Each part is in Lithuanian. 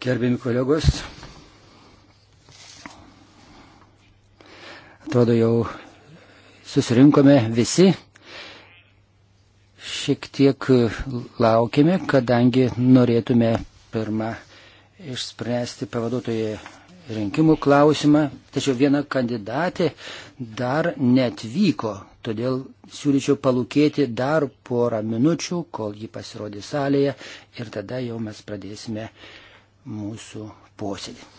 Gerbimi kolegos, atrodo jau susirinkome visi. Šiek tiek laukime, kadangi norėtume pirmą išspręsti pavaduotoje rinkimų klausimą. Tačiau viena kandidatė dar netvyko, todėl siūlyčiau palūkėti dar porą minučių, kol ji pasirodys salėje ir tada jau mes pradėsime mūsų posėdį.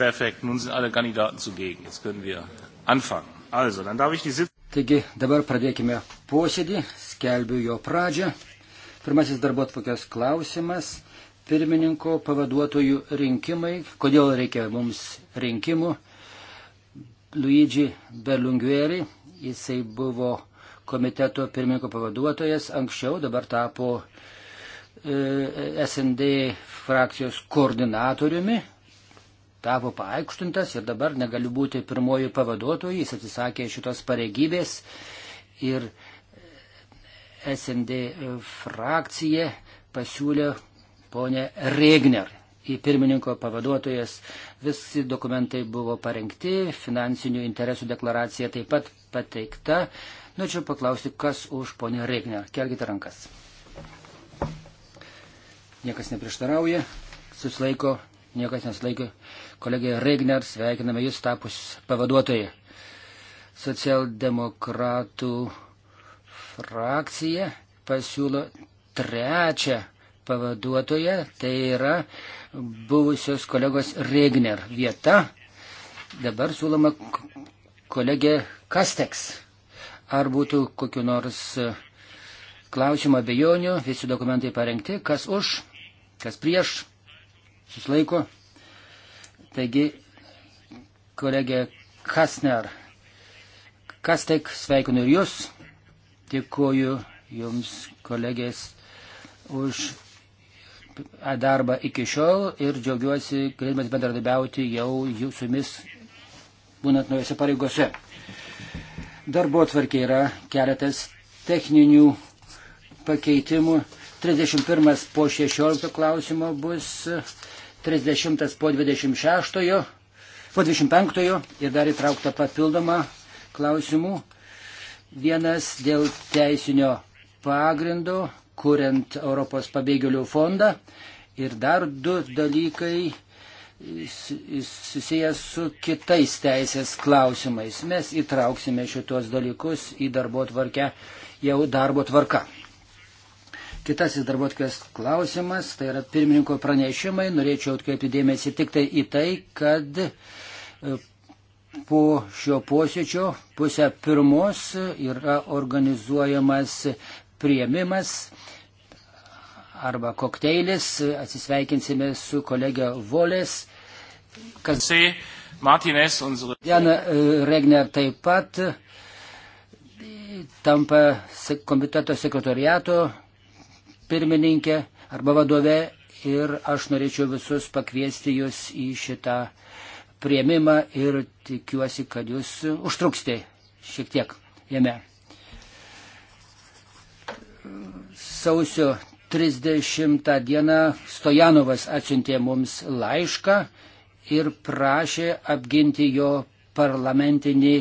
Perfekt, nun sind alle Kandidaten zugegen. Jetzt können wir anfangen. Also, dann darf ich die Sitzung. Taigi, dabar pradėkime posėdį, skelbiu jo pradžią. Pirmasis darbo atvarkės klausimas - pirmininko pavaduotojų rinkimai. Kodėl reikia mums rinkimų? Luigi Berlungueri, jisai buvo komiteto pirmininko pavaduotojas, anksčiau dabar tapo e, SND frakcijos koordinatoriumi tapo paaikštintas ir dabar negaliu būti pirmoji pavaduotoja, jis atsisakė šitos pareigybės ir SND frakcija pasiūlė ponę Regner į pirmininko pavaduotojas. Visi dokumentai buvo parengti, finansinių interesų deklaracija taip pat pateikta. Norėčiau nu, paklausti, kas už ponę Regner. Kelkite rankas. Niekas neprieštarauja, susilaiko niekas neslaikė. Kolegė Regner, sveikiname Jūs tapus pavaduotojai. Socialdemokratų frakcija pasiūlo trečią pavaduotoją, tai yra buvusios kolegos Regner vieta. Dabar siūloma kolegė Kasteks. Ar būtų kokiu nors klausimų abejonių, visi dokumentai parengti, kas už, kas prieš susilaiko. Taigi, kolegė Kasner, kas tik sveikinu ir jūs, dėkuoju jums, kolegės, už darbą iki šiol ir džiaugiuosi, galėdamas bendradarbiauti jau jūsumis, būnant naujose pareigose. Darbo tvarkė yra keletas techninių pakeitimų. 31 po 16 klausimo bus 30 po 26, po 25 ir dar įtraukta papildoma klausimų. Vienas dėl teisinio pagrindo, kuriant Europos pabėgėlių fondą. Ir dar du dalykai susijęs su kitais teisės klausimais. Mes įtrauksime šitos dalykus į darbo tvarkę jau darbo tvarka. Kitasis darbuotkės klausimas, tai yra pirmininko pranešimai. Norėčiau atkreipti dėmesį tik tai į tai, kad e, po šio posėdžio pusę pirmos yra organizuojamas prieimimas arba kokteilis. Atsisveikinsime su kolegė Volės. Kas... Martinez, unsere. Diana e, Regner taip pat tampa komiteto sekretoriato pirmininkė arba vadove ir aš norėčiau visus pakviesti jūs į šitą prieimimą ir tikiuosi, kad jūs užtruksite šiek tiek jame. Sausio 30 dieną Stojanovas atsiuntė mums laišką ir prašė apginti jo parlamentinį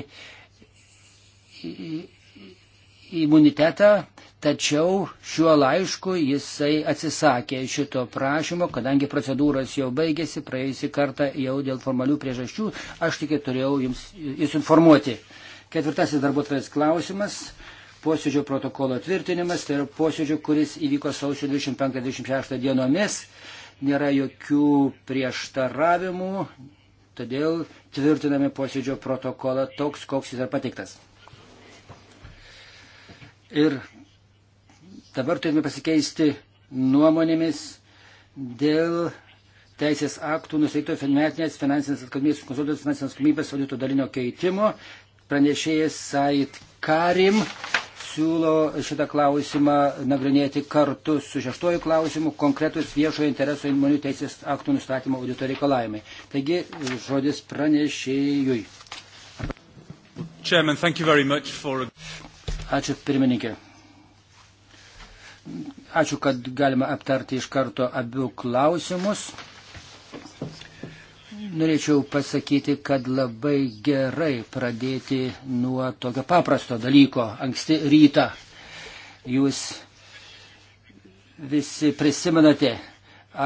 imunitetą Tačiau šiuo laišku jisai atsisakė šito prašymo, kadangi procedūros jau baigėsi, praėjusį kartą jau dėl formalių priežasčių, aš tik turėjau jums, jūs informuoti. Ketvirtasis darbuotojas klausimas posėdžio protokolo tvirtinimas, tai yra posėdžio, kuris įvyko sausio 25-26 dienomis, nėra jokių prieštaravimų, todėl tvirtiname posėdžio protokolą toks, koks jis yra patiktas. Ir Dabar turime pasikeisti nuomonėmis dėl teisės aktų nusteikto finansinės, finansinės atsakomybės, konsultacijos finansinės atsakomybės audito dalinio keitimo. Pranešėjas Said Karim siūlo šitą klausimą nagrinėti kartu su šeštoju klausimu konkretus viešojo intereso įmonių teisės aktų nustatymo audito reikalavimai. Taigi, žodis pranešėjui. Chairman, for... Ačiū pirmininkė. Ačiū, kad galima aptarti iš karto abių klausimus. Norėčiau pasakyti, kad labai gerai pradėti nuo tokio paprasto dalyko anksti rytą. Jūs visi prisimenate,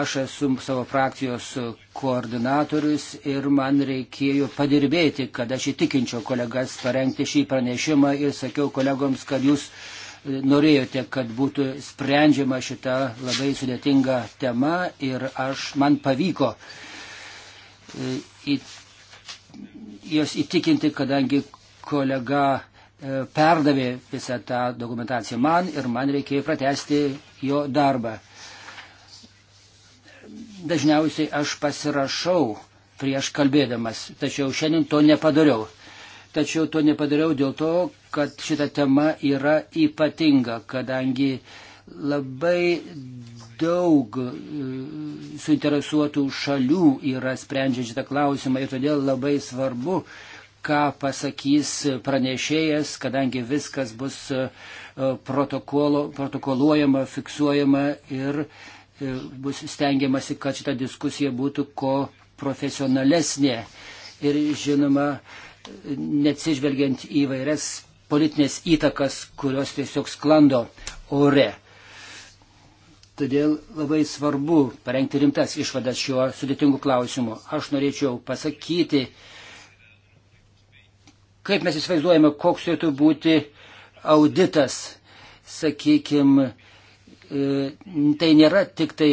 aš esu savo frakcijos koordinatorius ir man reikėjo padirbėti, kad aš įtikinčiau kolegas parengti šį pranešimą ir sakiau kolegoms, kad jūs norėjote, kad būtų sprendžiama šita labai sudėtinga tema ir aš, man pavyko e, į, jos įtikinti, kadangi kolega e, perdavė visą tą dokumentaciją man ir man reikėjo pratesti jo darbą. Dažniausiai aš pasirašau prieš kalbėdamas, tačiau šiandien to nepadariau tačiau to nepadariau dėl to, kad šita tema yra ypatinga, kadangi labai daug e, suinteresuotų šalių yra sprendžiant šitą klausimą ir todėl labai svarbu, ką pasakys pranešėjas, kadangi viskas bus e, protokoluojama, fiksuojama ir e, bus stengiamasi, kad šita diskusija būtų ko profesionalesnė. Ir žinoma, neatsižvelgiant į vairias politinės įtakas, kurios tiesiog sklando ore. Todėl labai svarbu parengti rimtas išvadas šiuo sudėtingu klausimu. Aš norėčiau pasakyti, kaip mes įsivaizduojame, koks turėtų būti auditas, sakykime, tai nėra tik tai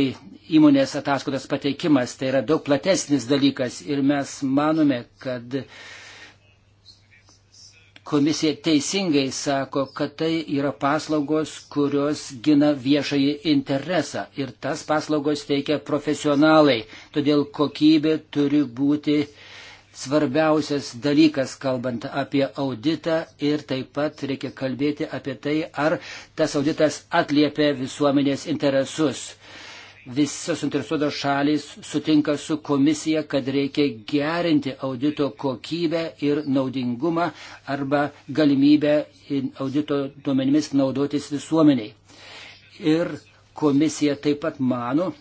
įmonės ataskaitos pateikimas, tai yra daug platesnis dalykas ir mes manome, kad Komisija teisingai sako, kad tai yra paslaugos, kurios gina viešąjį interesą ir tas paslaugos teikia profesionalai. Todėl kokybė turi būti svarbiausias dalykas, kalbant apie auditą ir taip pat reikia kalbėti apie tai, ar tas auditas atliepia visuomenės interesus visi suinteresuotos šalis sutinka su komisija, kad reikia gerinti audito kokybę ir naudingumą arba galimybę audito duomenimis naudotis visuomeniai. Ir komisija taip pat mano,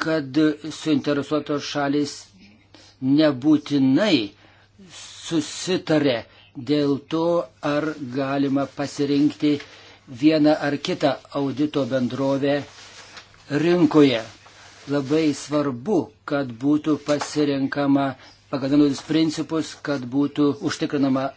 kad suinteresuotos šalis nebūtinai susitarė dėl to, ar galima pasirinkti vieną ar kitą audito bendrovę rinkoje. Labai svarbu, kad būtų pasirenkama pagal vienodus principus, kad būtų užtikrinama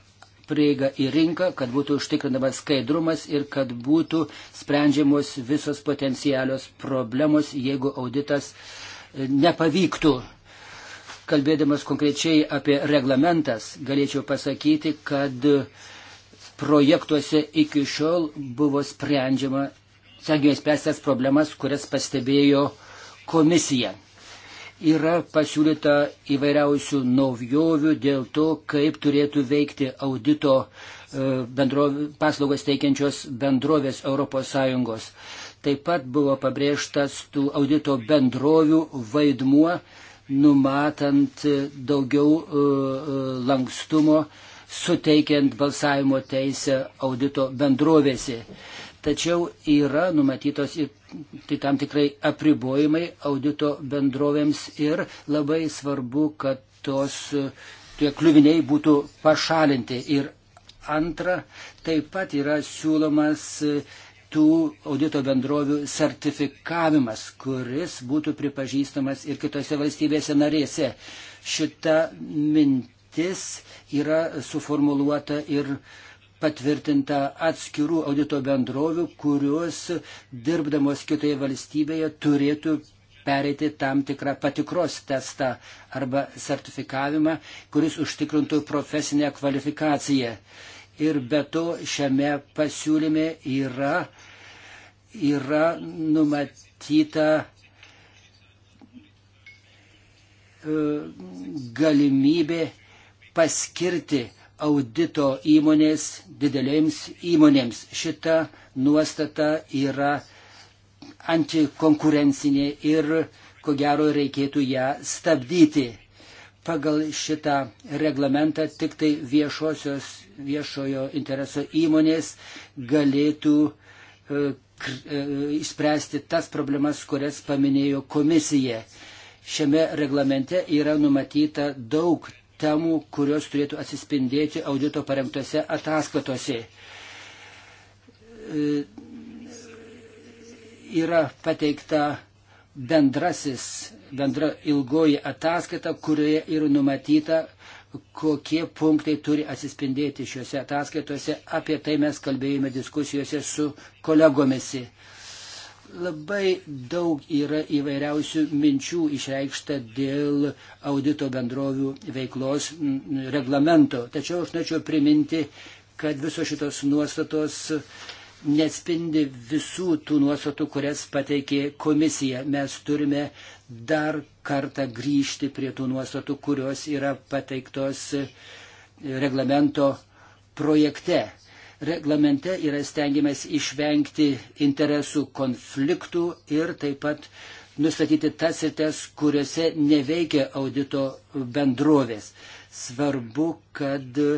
prieiga į rinką, kad būtų užtikrinamas skaidrumas ir kad būtų sprendžiamos visos potencialios problemos, jeigu auditas e, nepavyktų. Kalbėdamas konkrečiai apie reglamentas, galėčiau pasakyti, kad uh, projektuose iki šiol buvo sprendžiama, stengiamės spręstas problemas, kurias pastebėjo komisija. Yra pasiūlyta įvairiausių naujovių dėl to, kaip turėtų veikti audito e, bendrov, paslaugas teikiančios bendrovės ES. Taip pat buvo pabrėžtas tų audito bendrovių vaidmuo, numatant daugiau e, e, lankstumo uh, suteikiant balsavimo teisę audito bendrovėse. Tačiau yra numatytos ir tai tam tikrai apribojimai audito bendrovėms ir labai svarbu, kad tos, tie kliuviniai būtų pašalinti. Ir antra, taip pat yra siūlomas e, tų audito bendrovių sertifikavimas, kuris būtų pripažįstamas ir kitose valstybėse narėse. Šita mintis mintis yra suformuluota ir patvirtinta atskirų audito bendrovių, kurios dirbdamos kitoje valstybėje turėtų pereiti tam tikrą patikros testą arba sertifikavimą, kuris užtikrintų profesinę kvalifikaciją. Ir be to šiame pasiūlyme yra, yra numatyta e, galimybė paskirti audito įmonės didelėms įmonėms. Šita nuostata yra antikonkurencinė ir ko gero reikėtų ją stabdyti. Pagal šitą reglamentą tik tai viešosios, viešojo intereso įmonės galėtų e, k, e, išspręsti tas problemas, kurias paminėjo komisija. Šiame reglamente yra numatyta daug temų, kurios turėtų atsispindėti audito paremtose ataskatose. E, yra pateikta bendrasis, bendra ilgoji ataskaita, kurioje yra numatyta, kokie punktai turi atsispindėti šiuose ataskaitose. Apie tai mes kalbėjome diskusijose su kolegomisi. Labai daug yra įvairiausių minčių išreikšta dėl audito bendrovių veiklos reglamento. Tačiau aš norėčiau priminti, kad visos šitos nuostatos neatspindi visų tų nuostatų, kurias pateikė komisija. Mes turime dar kartą grįžti prie tų nuostatų, kurios yra pateiktos reglamento projekte reglamente yra stengiamės išvengti interesų konfliktų ir taip pat nustatyti tas ir tas, kuriuose neveikia audito bendrovės. Svarbu, kad e,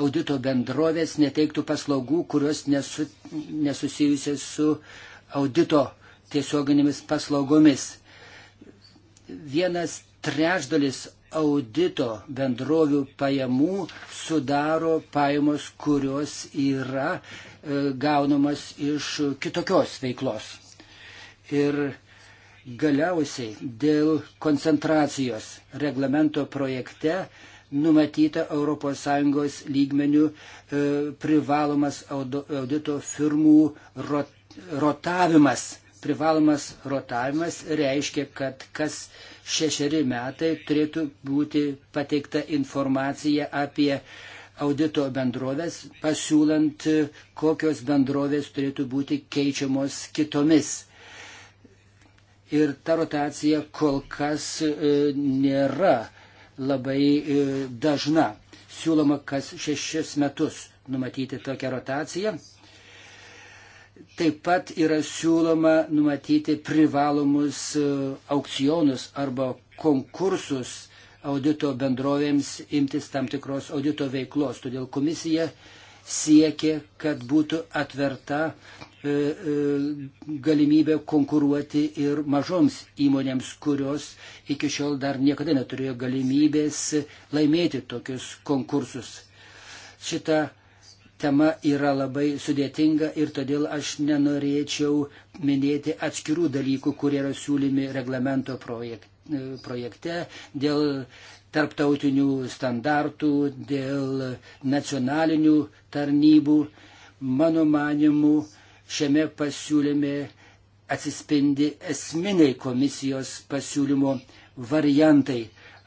audito bendrovės neteiktų paslaugų, kurios nesu, nesusijusios su audito tiesioginėmis paslaugomis. Vienas trečdalis audito bendrovių pajamų sudaro pajamos, kurios yra e, gaunamas iš kitokios veiklos. Ir galiausiai dėl koncentracijos reglamento projekte numatyta ES lygmenių e, privalomas audito firmų rotavimas privalomas rotavimas reiškia, kad kas šešeri metai turėtų būti pateikta informacija apie audito bendrovės, pasiūlant, kokios bendrovės turėtų būti keičiamos kitomis. Ir ta rotacija kol kas e, nėra labai e, dažna. Siūloma kas šešis metus numatyti tokią rotaciją. Taip pat yra siūloma numatyti privalomus e, aukcionus arba konkursus audito bendrovėms imtis tam tikros audito veiklos. Todėl komisija siekia, kad būtų atverta e, e, galimybė konkuruoti ir mažoms įmonėms, kurios iki šiol dar niekada neturėjo galimybės laimėti tokius konkursus. Šita tema yra labai sudėtinga ir todėl aš nenorėčiau minėti atskirų dalykų, kurie yra siūlymi reglamento projek e, projekte dėl tarptautinių standartų, dėl nacionalinių tarnybų. Mano manimu, šiame pasiūlyme atsispindi esminiai komisijos pasiūlymo variantai.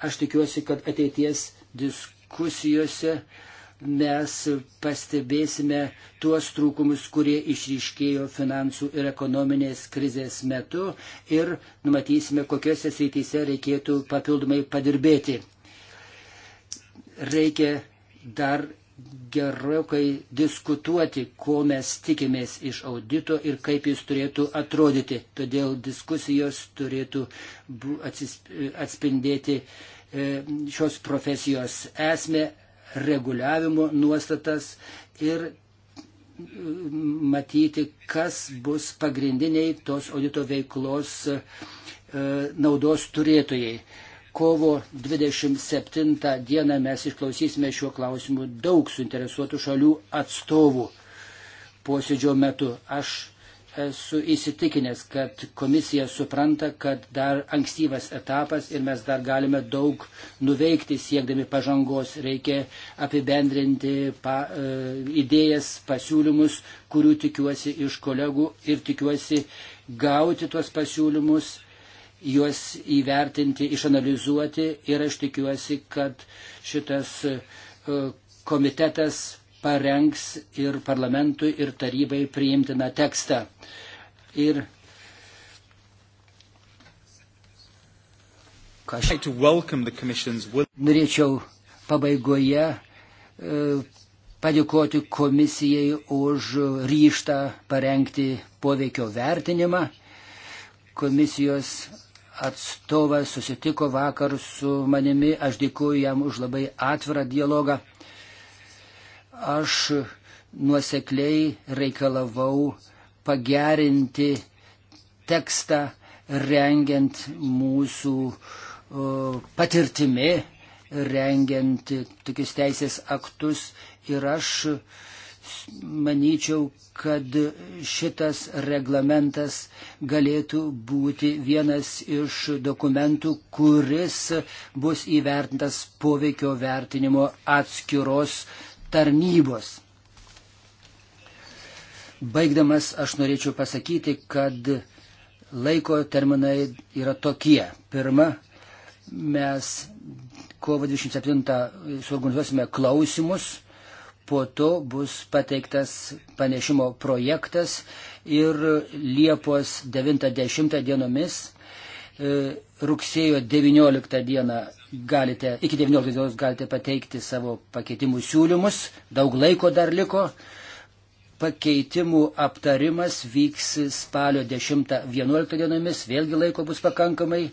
Aš tikiuosi, kad ateities diskusijose uh, mes pastebėsime tuos trūkumus, kurie išryškėjo finansų ir ekonominės krizės metu ir numatysime, kokiuose srityse reikėtų papildomai padirbėti. Reikia dar gerokai diskutuoti, ko mes tikimės iš audito ir kaip jis turėtų atrodyti. Todėl diskusijos turėtų atspindėti e, šios profesijos esmę, reguliavimo nuostatas ir mm, matyti, kas bus pagrindiniai tos audito veiklos e, naudos turėtojai. Kovo 27 dieną mes išklausysime šiuo klausimu daug suinteresuotų šalių atstovų posėdžio metu. Aš esu įsitikinęs, kad komisija supranta, kad dar ankstyvas etapas ir mes dar galime daug nuveikti siekdami pažangos. Reikia apibendrinti pa, e, idėjas, pasiūlymus, kurių tikiuosi iš kolegų ir tikiuosi gauti tuos pasiūlymus, juos įvertinti, išanalizuoti ir aš tikiuosi, kad šitas e, komitetas parengs ir parlamentui, ir tarybai priimtiną tekstą. Ir kažkaip norėčiau pabaigoje e, padėkoti komisijai už ryštą parengti poveikio vertinimą. Komisijos atstovas susitiko vakar su manimi, aš dėkuoju jam už labai atvirą dialogą aš nuosekliai reikalavau pagerinti tekstą, rengiant mūsų patirtimi, rengiant tokius teisės aktus. Ir aš manyčiau, kad šitas reglamentas galėtų būti vienas iš dokumentų, kuris bus įvertintas poveikio vertinimo atskiros tarnybos. Baigdamas aš norėčiau pasakyti, kad laiko terminai yra tokie. Pirma, mes kovo 27 suorganizuosime klausimus, po to bus pateiktas panešimo projektas ir Liepos 90 dienomis, e, rugsėjo 19 dieną galite, iki 19 dienos galite pateikti savo pakeitimų siūlymus, daug laiko dar liko. Pakeitimų aptarimas vyks spalio 10-11 dienomis, vėlgi laiko bus pakankamai.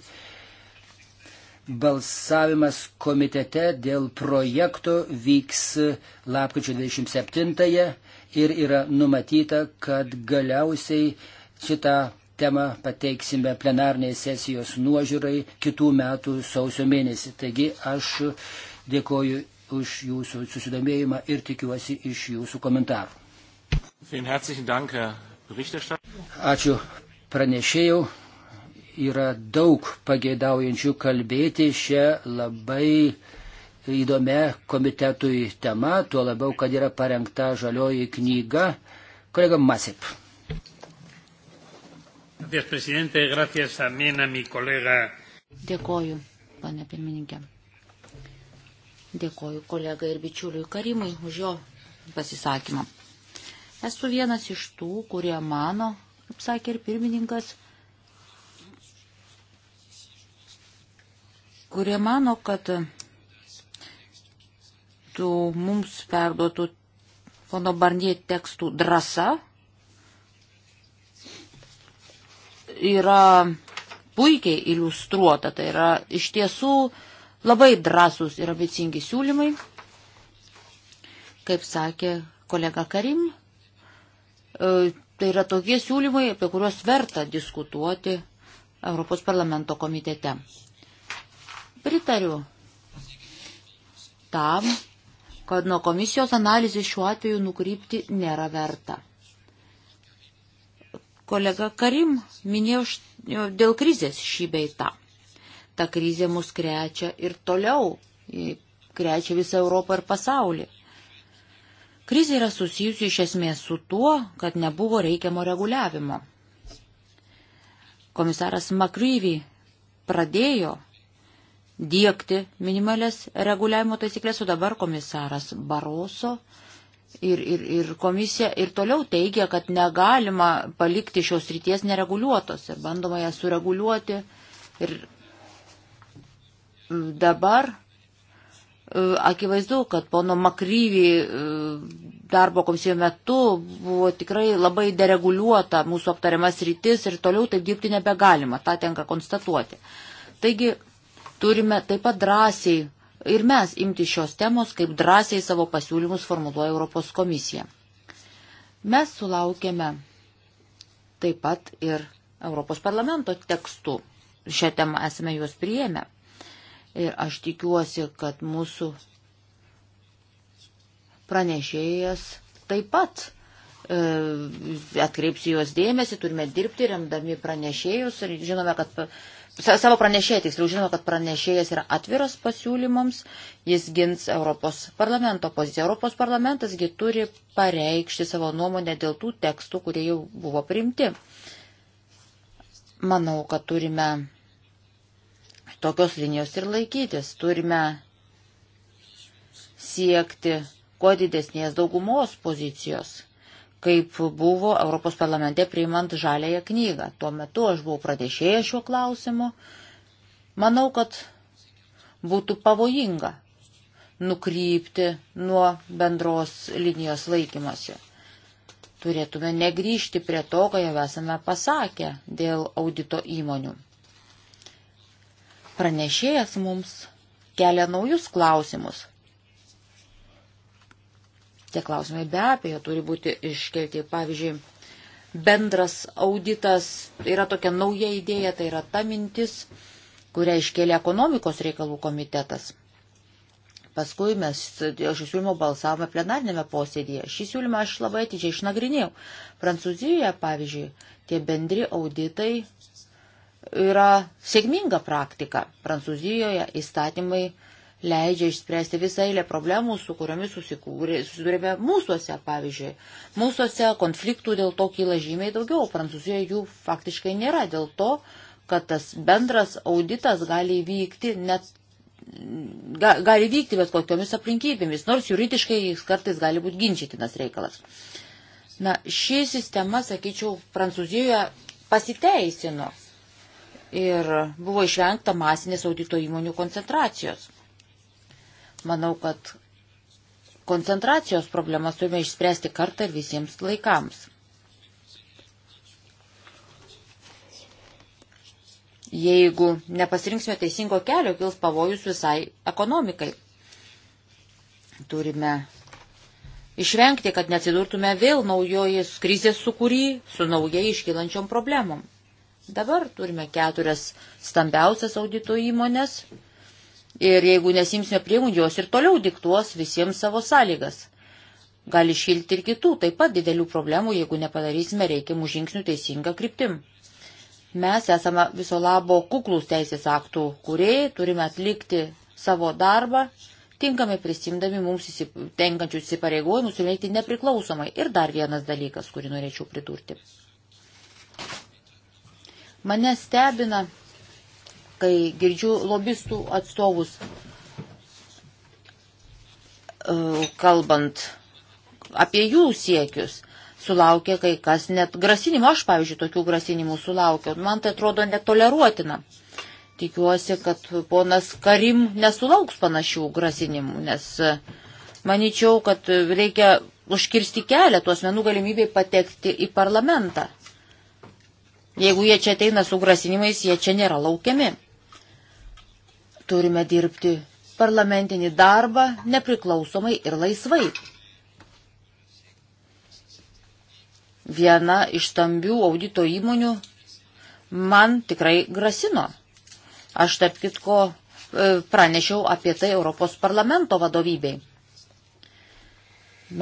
Balsavimas komitete dėl projekto vyks lapkričio 27 ir yra numatyta, kad galiausiai šitą temą pateiksime plenarniai sesijos nuožiūrai kitų metų sausio mėnesį. Taigi aš dėkoju už jūsų susidomėjimą ir tikiuosi iš jūsų komentarų. Ačiū pranešėjau. Yra daug pageidaujančių kalbėti šią labai įdomia komitetui tema, tuo labiau, kad yra parengta žalioji knyga. Kolega Masip. Gracias, presidente. Gracias también a mi kolega. Dėkoju, pane pirmininkė. Dėkoju kolegai ir bičiuliui Karimui už jo pasisakymą. Esu vienas iš tų, kurie mano, kaip sakė ir pirmininkas, kurie mano, kad tų mums perduotų pono Barnie tekstų drąsa yra puikiai iliustruota, tai yra iš tiesų labai drąsus ir abicingi siūlymai, kaip sakė kolega Karim. E, tai yra tokie siūlymai, apie kuriuos verta diskutuoti Europos parlamento komitete. Pritariu tam, kad nuo komisijos analizės šiuo atveju nukrypti nėra verta. Kolega Karim minėjo dėl krizės šį beitą. Ta krizė mus krečia ir toliau, krečia visą Europą ir pasaulį. Krizė yra susijusi iš esmės su tuo, kad nebuvo reikiamo reguliavimo. Komisaras Makryvy pradėjo diegti minimalės reguliavimo taisyklės, o dabar komisaras Baroso uh, ir, ir, ir komisija ir toliau teigia, kad negalima palikti šios ryties nereguliuotos ir bandoma ją sureguliuoti. Ir dabar e, akivaizdu, kad pono Makryvį e, darbo komisijoje metu buvo tikrai labai dereguliuota mūsų aptariamas rytis ir toliau taip dirbti nebegalima, tą tenka konstatuoti. Taigi turime taip pat drąsiai ir mes imti šios temos, kaip drąsiai savo pasiūlymus formuluoja Europos komisija. Mes sulaukėme taip pat ir Europos parlamento tekstų. Šią temą esame juos priėmę. Ir aš tikiuosi, kad mūsų pranešėjas taip pat e, atkreipsiu juos dėmesį, turime dirbti remdami pranešėjus ir žinome, kad savo pranešėją, tiksliau žinoma, kad pranešėjas yra atviras pasiūlymams, jis gins Europos parlamento poziciją. Europos parlamentasgi turi pareikšti savo nuomonę dėl tų tekstų, kurie jau buvo priimti. Manau, kad turime tokios linijos ir laikytis. Turime siekti kuo didesnės daugumos pozicijos kaip buvo Europos parlamente priimant žalėją knygą. Tuo metu aš buvau pradėšėjęs šiuo klausimu. Manau, kad būtų pavojinga nukrypti nuo bendros linijos laikymosi. Turėtume negryžti prie to, ką jau esame pasakę dėl audito įmonių. Pranešėjas mums kelia naujus klausimus, Tie klausimai be abejo turi būti iškelti. Pavyzdžiui, bendras auditas yra tokia nauja idėja, tai yra ta mintis, kurią iškėlė ekonomikos reikalų komitetas. Paskui mes šį siūlymą balsavome plenarnėme posėdėje. Šį siūlymą aš labai atidžiai išnagrinėjau. Prancūzijoje, pavyzdžiui, tie bendri auditai yra sėkminga praktika. Prancūzijoje įstatymai leidžia išspręsti visą eilę problemų, su kuriomis susidūrėme mūsųse, pavyzdžiui. Mūsųse konfliktų dėl to kyla žymiai daugiau, Prancūzijoje jų faktiškai nėra, dėl to, kad tas bendras auditas gali vykti net ga, gali vykti bet kokiomis aplinkybėmis, nors juridiškai jis kartais gali būti ginčytinas reikalas. Na, ši sistema, sakyčiau, Prancūzijoje pasiteisino ir buvo išvengta masinės audito įmonių koncentracijos manau, kad koncentracijos problemas turime išspręsti kartą ir visiems laikams. Jeigu nepasirinksime teisingo kelio, kils pavojus visai ekonomikai. Turime išvengti, kad neatsidurtume vėl naujoji krizės sukūry su naujai iškylančiom problemom. Dabar turime keturias stambiausias audito įmonės Ir jeigu nesimsime priemonių, jos ir toliau diktuos visiems savo sąlygas. Gali iškilti ir kitų taip pat didelių problemų, jeigu nepadarysime reikiamų žingsnių teisingą kryptim. Mes esame viso labo kuklus teisės aktų kuriejai, turime atlikti savo darbą, tinkamai prisimdami mums tenkančius įsipareigojimus ir veikti nepriklausomai. Ir dar vienas dalykas, kurį norėčiau pridurti. Mane stebina kai girdžiu lobistų atstovus e, kalbant apie jų siekius, sulaukė kai kas net grasinimų. Aš, pavyzdžiui, tokių grasinimų sulaukiau. Man tai atrodo netoleruotina. Tikiuosi, kad ponas Karim nesulauks panašių grasinimų, nes e, manyčiau, kad reikia užkirsti kelią tuos menų galimybėj patekti į parlamentą. Jeigu jie čia ateina su grasinimais, jie čia nėra laukiami. Turime dirbti parlamentinį darbą nepriklausomai ir laisvai. Viena iš stambių audito įmonių man tikrai grasino. Aš tarp kitko e, pranešiau apie tai Europos parlamento vadovybei.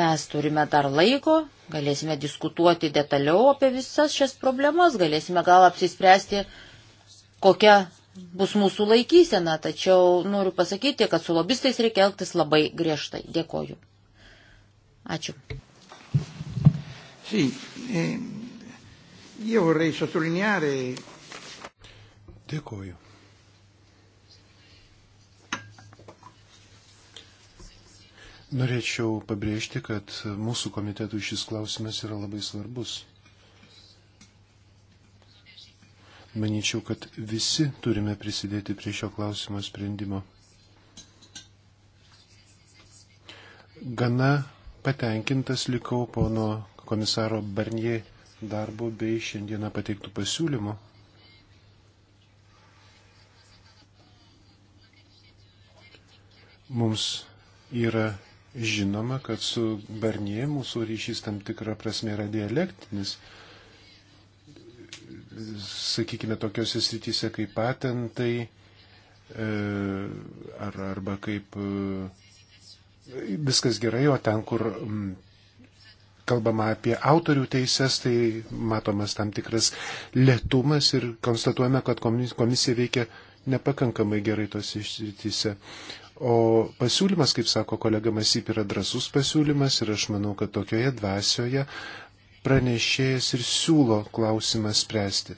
Mes turime dar laiko, galėsime diskutuoti detaliau apie visas šias problemas, galėsime gal apsispręsti, kokia bus mūsų laikysena, tačiau noriu pasakyti, kad su lobistais reikia elgtis labai griežtai. Dėkoju. Ačiū. Sì, eh, io vorrei sottolineare. Dėkoju. Norėčiau pabrėžti, kad mūsų komitetui šis klausimas yra labai svarbus. Manyčiau, kad visi turime prisidėti prie šio klausimo sprendimo. Gana patenkintas likau pono komisaro Barnie darbo bei šiandieną pateiktų pasiūlymų. Mums yra žinoma, kad su Barnie mūsų ryšys tam tikrą prasme yra dialektinis sakykime, tokiuose srityse kaip patentai e, ar, arba kaip e, viskas gerai, o ten, kur kalbama apie autorių teises, tai matomas tam tikras lėtumas ir konstatuojame, kad komisija veikia nepakankamai gerai tose išsityse. O pasiūlymas, kaip sako kolega Masyp, yra drasus pasiūlymas ir aš manau, kad tokioje dvasioje pranešėjas ir siūlo klausimą spręsti.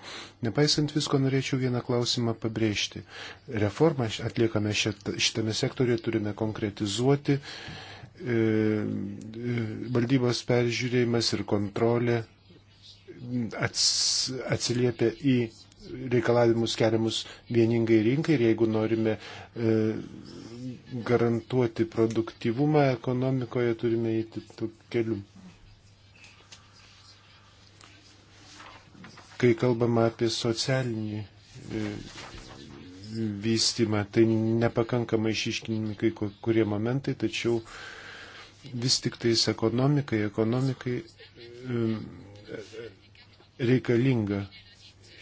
Nepaisant visko, norėčiau vieną klausimą pabrėžti. Reformą atliekame šitame sektoriuje, turime konkretizuoti. E, e, valdybos peržiūrėjimas ir kontrolė atsiliepia į reikalavimus keliamus vieningai rinkai ir jeigu norime e, garantuoti produktivumą ekonomikoje, turime eiti tų kelių. kai kalbama apie socialinį e, vystimą, tai nepakankamai išiškinami kai kurie momentai, tačiau vis tik tais ekonomikai, ekonomikai e, e, reikalinga.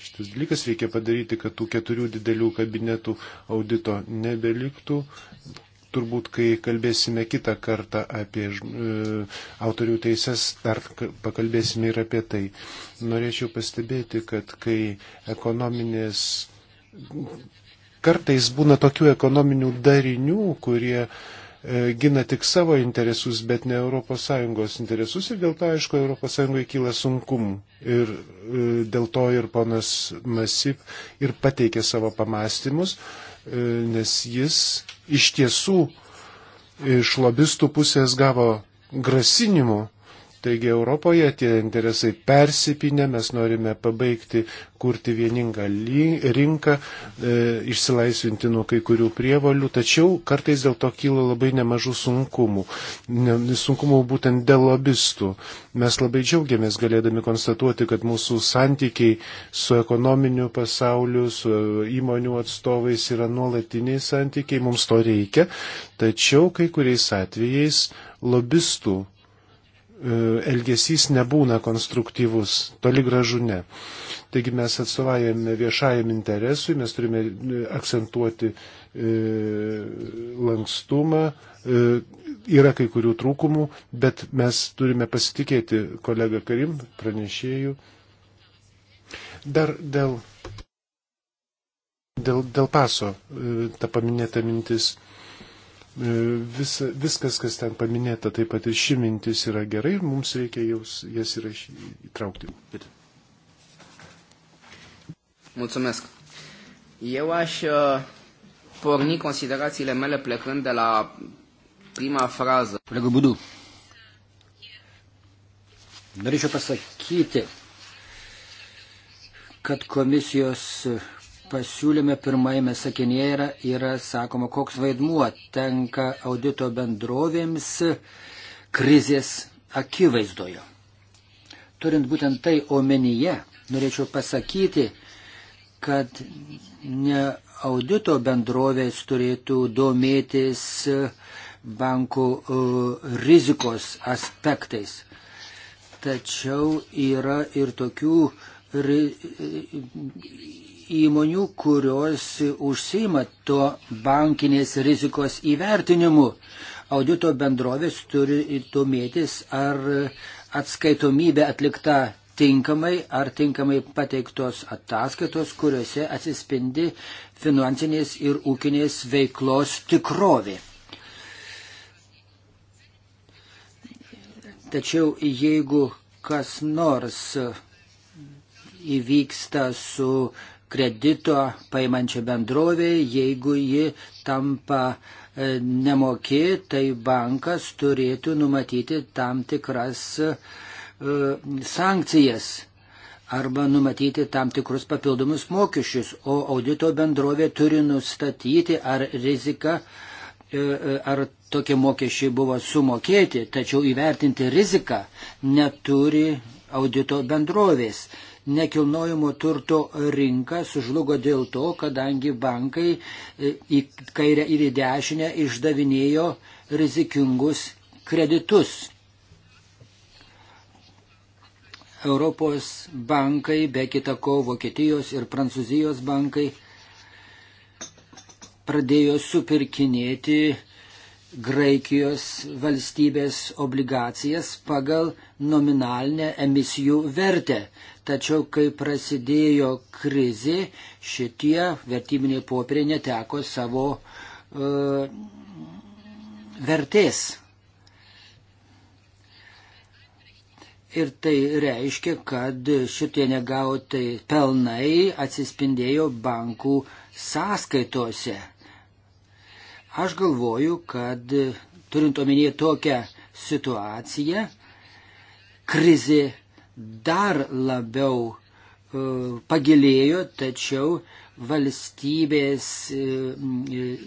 Šitas dalykas reikia padaryti, kad tų keturių didelių kabinetų audito nebeliktų, turbūt, kai kalbėsime kitą kartą apie e, autorių teises, dar pakalbėsime ir apie tai. Norėčiau pastebėti, kad kai ekonominės. Kartais būna tokių ekonominių darinių, kurie e, gina tik savo interesus, bet ne ES interesus ir dėl to, aišku, ES kyla sunkumų. Ir e, dėl to ir ponas Masip ir pateikė savo pamastymus. E, nes jis iš tiesų iš lobistų pusės gavo grasinimų Taigi Europoje tie interesai persipinę, mes norime pabaigti kurti vieningą rinką, e, išsilaisvinti nuo kai kurių prievalių, tačiau kartais dėl to kyla labai nemažų sunkumų. Ne, sunkumų būtent dėl lobistų. Mes labai džiaugiamės galėdami konstatuoti, kad mūsų santykiai su ekonominiu pasauliu, su įmonių atstovais yra nuolatiniai santykiai, mums to reikia, tačiau kai kuriais atvejais lobistų E, elgesys nebūna konstruktyvus, toli gražu ne. Taigi mes atstovavome viešajam interesui, mes turime e, akcentuoti e, lankstumą, yra kai kurių trūkumų, bet mes turime pasitikėti kolega Karim, pranešėjų. Dar dėl, dėl, dėl paso, ta paminėta mintis E, Vis, viskas, kas ten paminėta, taip pat ir ši mintis yra gerai ir mums reikia jaus, jas įraš, įtraukti. Mulțumesc. Eu aș e, porni considerațiile mele plecând de la prima frază. Colegul Budu. Norėčiau pasakyti, kad komisijos pasiūlyme pirmajame sakinėje yra, yra sakoma, koks vaidmuo tenka audito bendrovėms krizės akivaizdoje. Turint būtent tai omenyje, norėčiau pasakyti, kad ne audito bendrovės turėtų domėtis bankų e, rizikos aspektais. Tačiau yra ir tokių įmonių, kurios užsima to bankinės rizikos įvertinimu. Audito bendrovės turi domėtis, ar atskaitomybė atlikta tinkamai, ar tinkamai pateiktos ataskaitos, kuriuose atsispindi finansinės ir ūkinės veiklos tikrovė. Tačiau jeigu kas nors įvyksta su kredito paimančią bendrovę, jeigu ji tampa e, nemoki, tai bankas turėtų numatyti tam tikras e, sankcijas arba numatyti tam tikrus papildomus mokesčius, o audito bendrovė turi nustatyti, ar rizika, e, ar tokie mokesčiai buvo sumokėti, tačiau įvertinti riziką neturi audito bendrovės. Nekilnojimo turto rinka sužlugo dėl to, kadangi bankai e, į kairę ir į dešinę išdavinėjo rizikingus kreditus. Europos bankai, be kitako Vokietijos ir Prancūzijos bankai pradėjo supirkinėti Graikijos valstybės obligacijas pagal nominalinę emisijų vertę. Tačiau, kai prasidėjo krizė, šitie vertybiniai popieriai neteko savo uh, vertės. Ir tai reiškia, kad šitie negautai pelnai atsispindėjo bankų sąskaitose Aš galvoju, kad turint omenyje tokią situaciją, krizė dar labiau uh, pagilėjo, tačiau valstybės uh,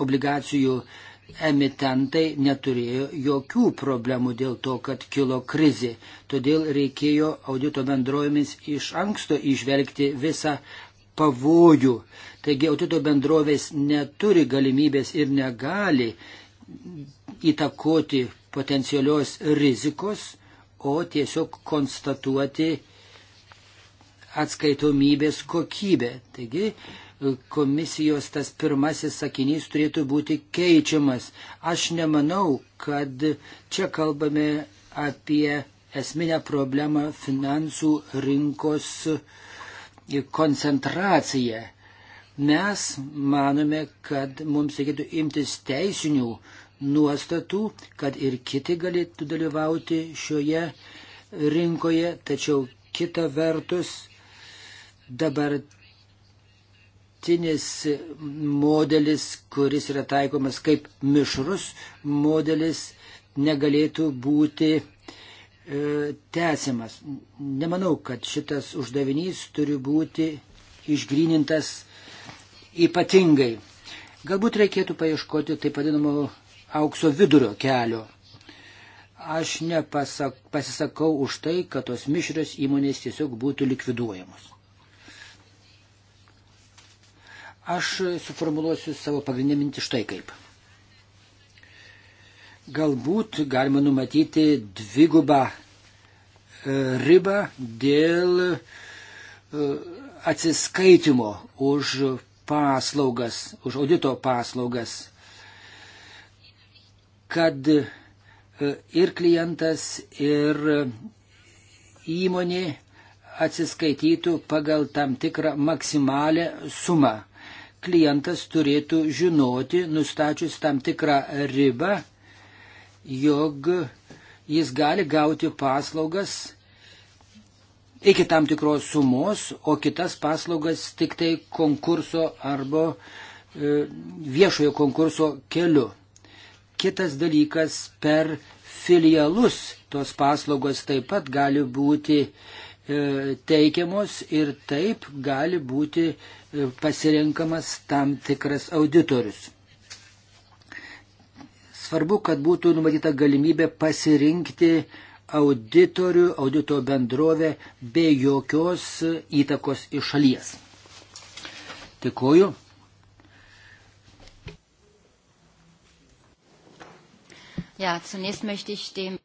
obligacijų emitentai neturėjo jokių problemų dėl to, kad kilo krizė. Todėl reikėjo audito bendrojėmis iš anksto išvelgti visą pavojų. Taigi audito bendrovės neturi galimybės ir negali įtakoti potencialios rizikos, o tiesiog konstatuoti atskaitomybės kokybę. Taigi e, komisijos tas pirmasis sakinys turėtų būti keičiamas. Aš nemanau, kad čia kalbame apie esminę problemą finansų rinkos uh, koncentracija. Mes manome, kad mums reikėtų imtis teisinių nuostatų, kad ir kiti galėtų dalyvauti šioje rinkoje, tačiau kita vertus dabartinis modelis, kuris yra taikomas kaip mišrus modelis, negalėtų būti E, tęsiamas. Nemanau, kad šitas uždavinys turi būti išgrynintas ypatingai. Galbūt reikėtų paieškoti taip vadinamo aukso vidurio kelio. Aš nepasak, pasisakau už tai, kad tos mišrios įmonės tiesiog būtų likviduojamos. Aš suformuluosiu savo pagrindinę mintį štai kaip. Galbūt galima numatyti dvigubą e, ribą dėl e, atsiskaitimo už paslaugas, už audito paslaugas, kad e, ir klientas, ir įmonė atsiskaitytų pagal tam tikrą maksimalę sumą. Klientas turėtų žinoti, nustačius tam tikrą ribą, jog jis gali gauti paslaugas iki tam tikros sumos, o kitas paslaugas tik tai konkurso arba e, viešojo konkurso keliu. Kitas dalykas per filialus tos paslaugos taip pat gali būti e, teikiamos ir taip gali būti e, pasirinkamas tam tikras auditorius. Svarbu, kad būtų numatyta galimybė pasirinkti auditorių, audito bendrovę be jokios įtakos iš šalies. Dėkuoju. Ja, zunächst möchte ich dem.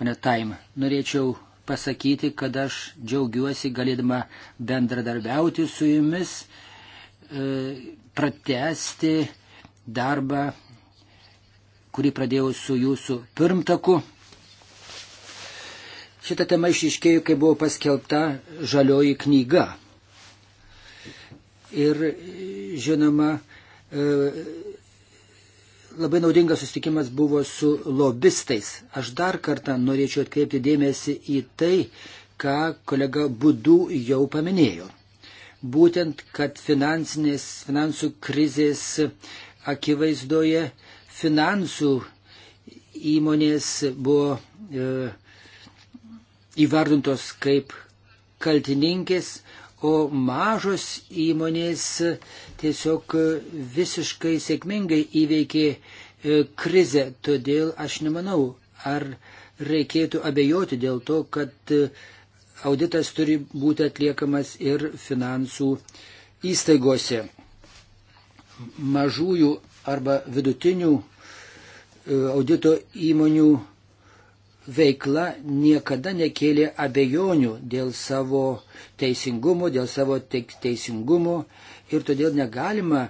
Pane Taim, norėčiau pasakyti, kad aš džiaugiuosi galėdama bendradarbiauti su jumis, e, pratesti darbą kurį pradėjau su jūsų pirmtaku. Šitą temą išiškėjo, kai buvo paskelbta žalioji knyga. Ir žinoma, e, labai naudingas susitikimas buvo su lobistais. Aš dar kartą norėčiau atkreipti dėmesį į tai, ką kolega Budu jau paminėjo. Būtent, kad finansų krizės akivaizdoje finansų įmonės buvo e, įvardintos kaip kaltininkės, o mažos įmonės tiesiog visiškai sėkmingai įveikė e, krizę. Todėl aš nemanau, ar reikėtų abejoti dėl to, kad e, auditas turi būti atliekamas ir finansų įstaigose. Mažųjų arba vidutinių e, audito įmonių veikla niekada nekėlė abejonių dėl savo teisingumo, dėl savo teisingumo ir todėl negalima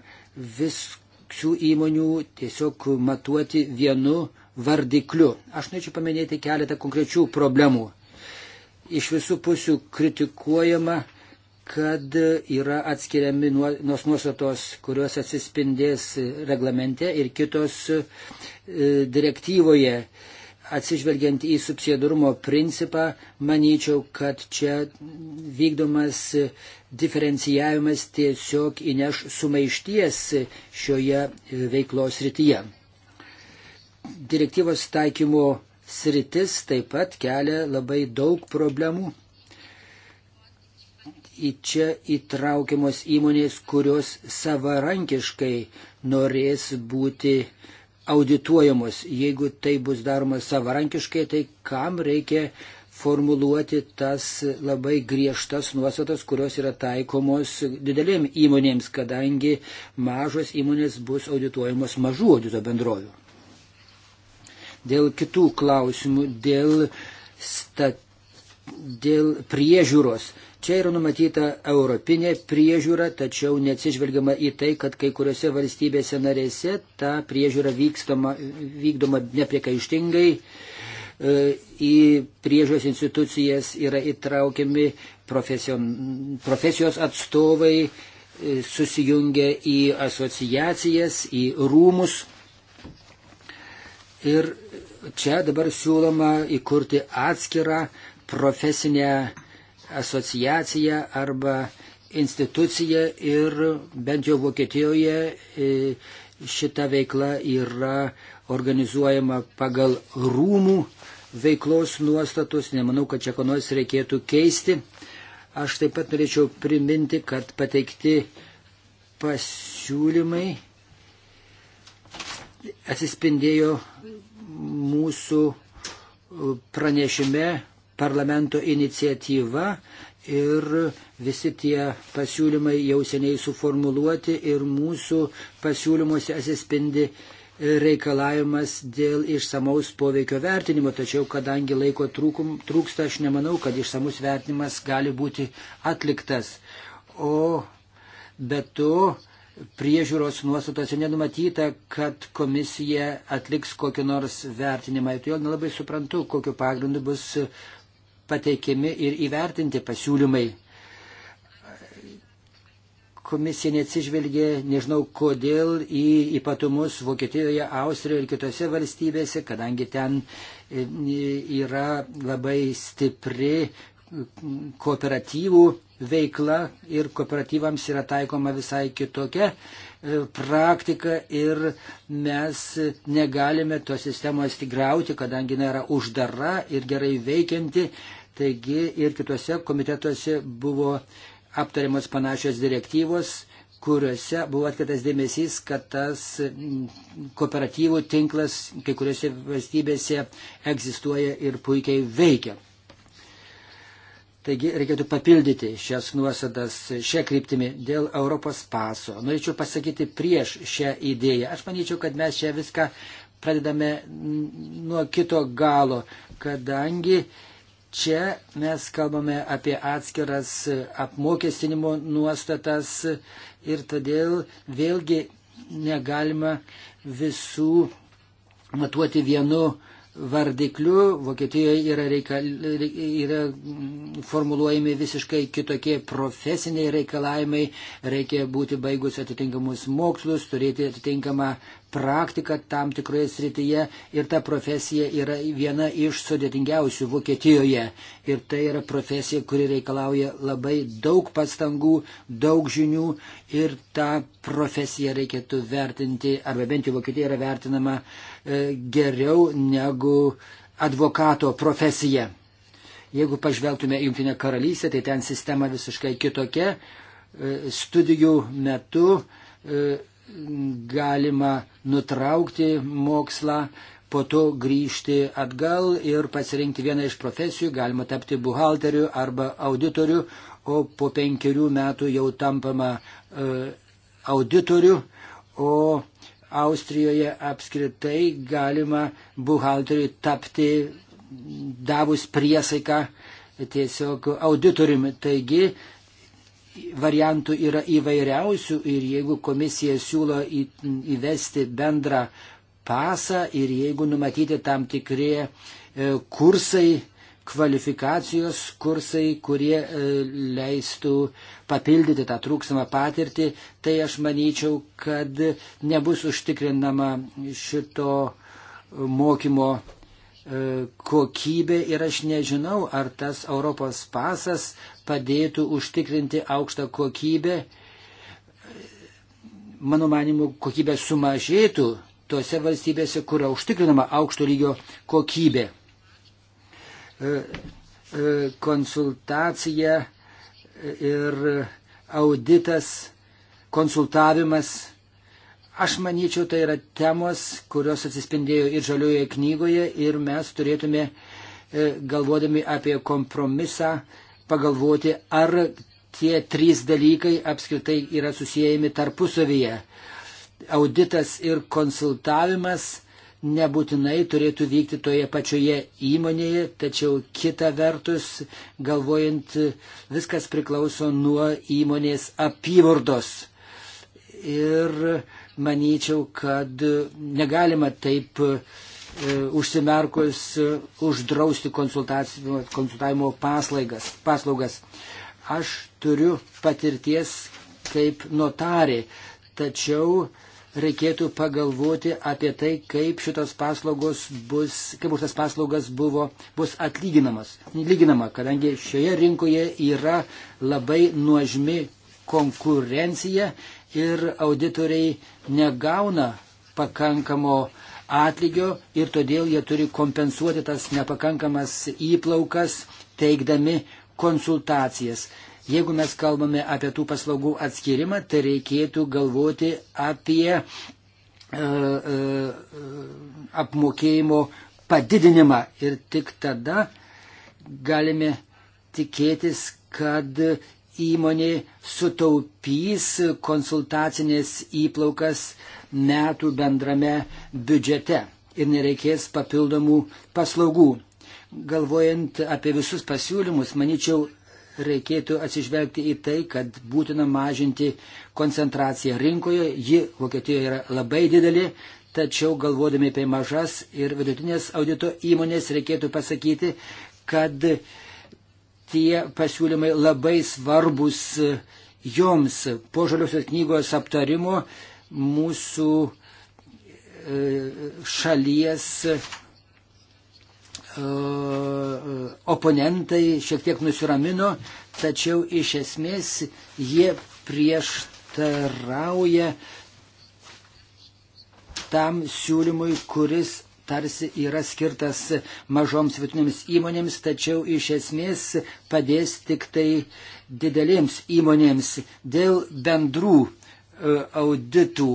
visų įmonių tiesiog matuoti vienu vardikliu. Aš norėčiau paminėti keletą konkrečių problemų. Iš visų pusių kritikuojama kad yra atskiriami nuos nuostatos, kurios atsispindės reglamente ir kitos e, direktyvoje. Atsižvelgiant į subsidiarumo principą, manyčiau, kad čia vykdomas diferencijavimas tiesiog įneš sumaišties šioje veiklos rytyje. Direktyvos taikymo sritis taip pat kelia labai daug problemų į čia įtraukiamos įmonės, kurios savarankiškai norės būti audituojamos. Jeigu tai bus daroma savarankiškai, tai kam reikia formuluoti tas labai griežtas nuostatas, kurios yra taikomos didelėm įmonėms, kadangi mažos įmonės bus audituojamos mažų audito bendrovių. Dėl kitų klausimų, dėl, sta, dėl priežiūros Čia yra numatyta europinė priežiūra, tačiau neatsižvelgiama į tai, kad kai kuriuose valstybėse narėse ta priežiūra vykstama, vykdoma nepriekaištingai. E, į priežiūros institucijas yra įtraukiami profesion, profesijos atstovai, e, susijungia į asociacijas, į rūmus. Ir čia dabar siūloma įkurti atskirą profesinę asociacija arba institucija ir bent jau Vokietijoje e, šita veikla yra organizuojama pagal rūmų veiklos nuostatus. Nemanau, kad čia ko nors reikėtų keisti. Aš taip pat norėčiau priminti, kad pateikti pasiūlymai atsispindėjo mūsų pranešime parlamento iniciatyva ir visi tie pasiūlymai jau seniai suformuluoti ir mūsų pasiūlymuose atsispindi reikalavimas dėl išsamaus poveikio vertinimo, tačiau kadangi laiko trūkum, trūksta, aš nemanau, kad išsamus vertinimas gali būti atliktas. O be to priežiūros nuostatose nenumatyta, kad komisija atliks kokį nors vertinimą. Ir todėl nelabai suprantu, kokiu pagrindu bus pateikiami ir įvertinti pasiūlymai. Komisija neatsižvelgė, nežinau kodėl, į ypatumus Vokietijoje, Austrijoje ir kitose valstybėse, kadangi ten e, yra labai stipri kooperatyvų veikla ir kooperatyvams yra taikoma visai kitokia e, praktika ir mes negalime tos sistemos įgrauti, kadangi jinai yra uždara ir gerai veikianti, Taigi ir kitose komitetuose buvo aptariamas panašios direktyvos, kuriuose buvo atkitas dėmesys, kad tas kooperatyvų tinklas kai kuriuose valstybėse egzistuoja ir puikiai veikia. Taigi reikėtų papildyti šias nuosadas šią kryptimį dėl Europos paso. Norėčiau pasakyti prieš šią idėją. Aš manyčiau, kad mes čia viską pradedame nuo kito galo, kadangi uh, Čia mes kalbame apie atskiras apmokestinimo nuostatas ir todėl vėlgi negalima visų matuoti vienu vardikliu, Vokietijoje yra, reikal, yra formuluojami visiškai kitokie profesiniai reikalavimai, reikia būti baigus atitinkamus mokslus, turėti atitinkamą praktiką tam tikroje srityje ir ta profesija yra viena iš sudėtingiausių Vokietijoje. Ir tai yra profesija, kuri reikalauja labai daug pastangų, daug žinių ir tą profesiją reikėtų vertinti, arba bent jau Vokietija yra vertinama uh, E, geriau negu advokato profesija. Jeigu pažvelgtume į Junktinę karalystę, tai ten sistema visiškai kitokia. E, studijų metu e, galima nutraukti mokslą, po to grįžti atgal ir pasirinkti vieną iš profesijų, galima tapti buhalteriu arba auditoriu, o po penkerių metų jau tampama auditoriu, o Austrijoje apskritai galima buhalteriui tapti davus priesaiką tiesiog auditoriumi. Taigi variantų yra įvairiausių ir jeigu komisija siūlo į, įvesti bendrą pasą ir jeigu numatyti tam tikrie kursai kvalifikacijos kursai, kurie e, leistų papildyti tą trūksamą patirtį, tai aš manyčiau, kad nebus užtikrinama šito mokymo e, kokybė ir aš nežinau, ar tas Europos pasas padėtų užtikrinti aukštą kokybę. Mano manimu, kokybė sumažėtų tose valstybėse, kur užtikrinama aukšto lygio kokybė. E, e, konsultacija ir auditas, konsultavimas. Aš manyčiau, tai yra temos, kurios atsispindėjo ir žaliojoje knygoje ir mes turėtume, e, galvodami apie kompromisą, pagalvoti, ar tie trys dalykai apskritai yra susijęjami tarpusavyje. Auditas ir konsultavimas nebūtinai turėtų vykti toje pačioje įmonėje, tačiau kita vertus, galvojant, viskas priklauso nuo įmonės apyvardos. Ir manyčiau, kad negalima taip e, užsimerkus uždrausti konsultavimo paslaugas. paslaugas. Aš turiu patirties kaip notarė, tačiau reikėtų pagalvoti apie tai, kaip šitos paslaugos bus, kaip už tas paslaugas buvo, bus atlyginamas. Lyginama, kadangi šioje rinkoje yra labai nuožmi konkurencija ir auditoriai negauna pakankamo atlygio ir todėl jie turi kompensuoti tas nepakankamas įplaukas, teikdami konsultacijas. Jeigu mes kalbame apie tų paslaugų atskirimą, tai reikėtų galvoti apie uh, uh, apmokėjimo padidinimą ir tik tada galime tikėtis, kad įmonė sutaupys konsultacinės įplaukas metų bendrame biudžete ir nereikės papildomų paslaugų. Galvojant apie visus pasiūlymus, manyčiau, reikėtų atsižvelgti į tai, kad būtina mažinti koncentraciją rinkoje. Ji Vokietijoje yra labai didelė, tačiau galvodami apie mažas ir vidutinės audito įmonės reikėtų pasakyti, kad tie pasiūlymai labai svarbus joms. Po žaliosios knygos aptarimo mūsų e, šalies Uh, oponentai šiek tiek nusiramino, tačiau iš esmės jie prieštarauja tam siūlymui, kuris tarsi yra skirtas mažoms vidutinėms įmonėms, tačiau iš esmės padės tik tai didelėms įmonėms dėl bendrų uh, auditų.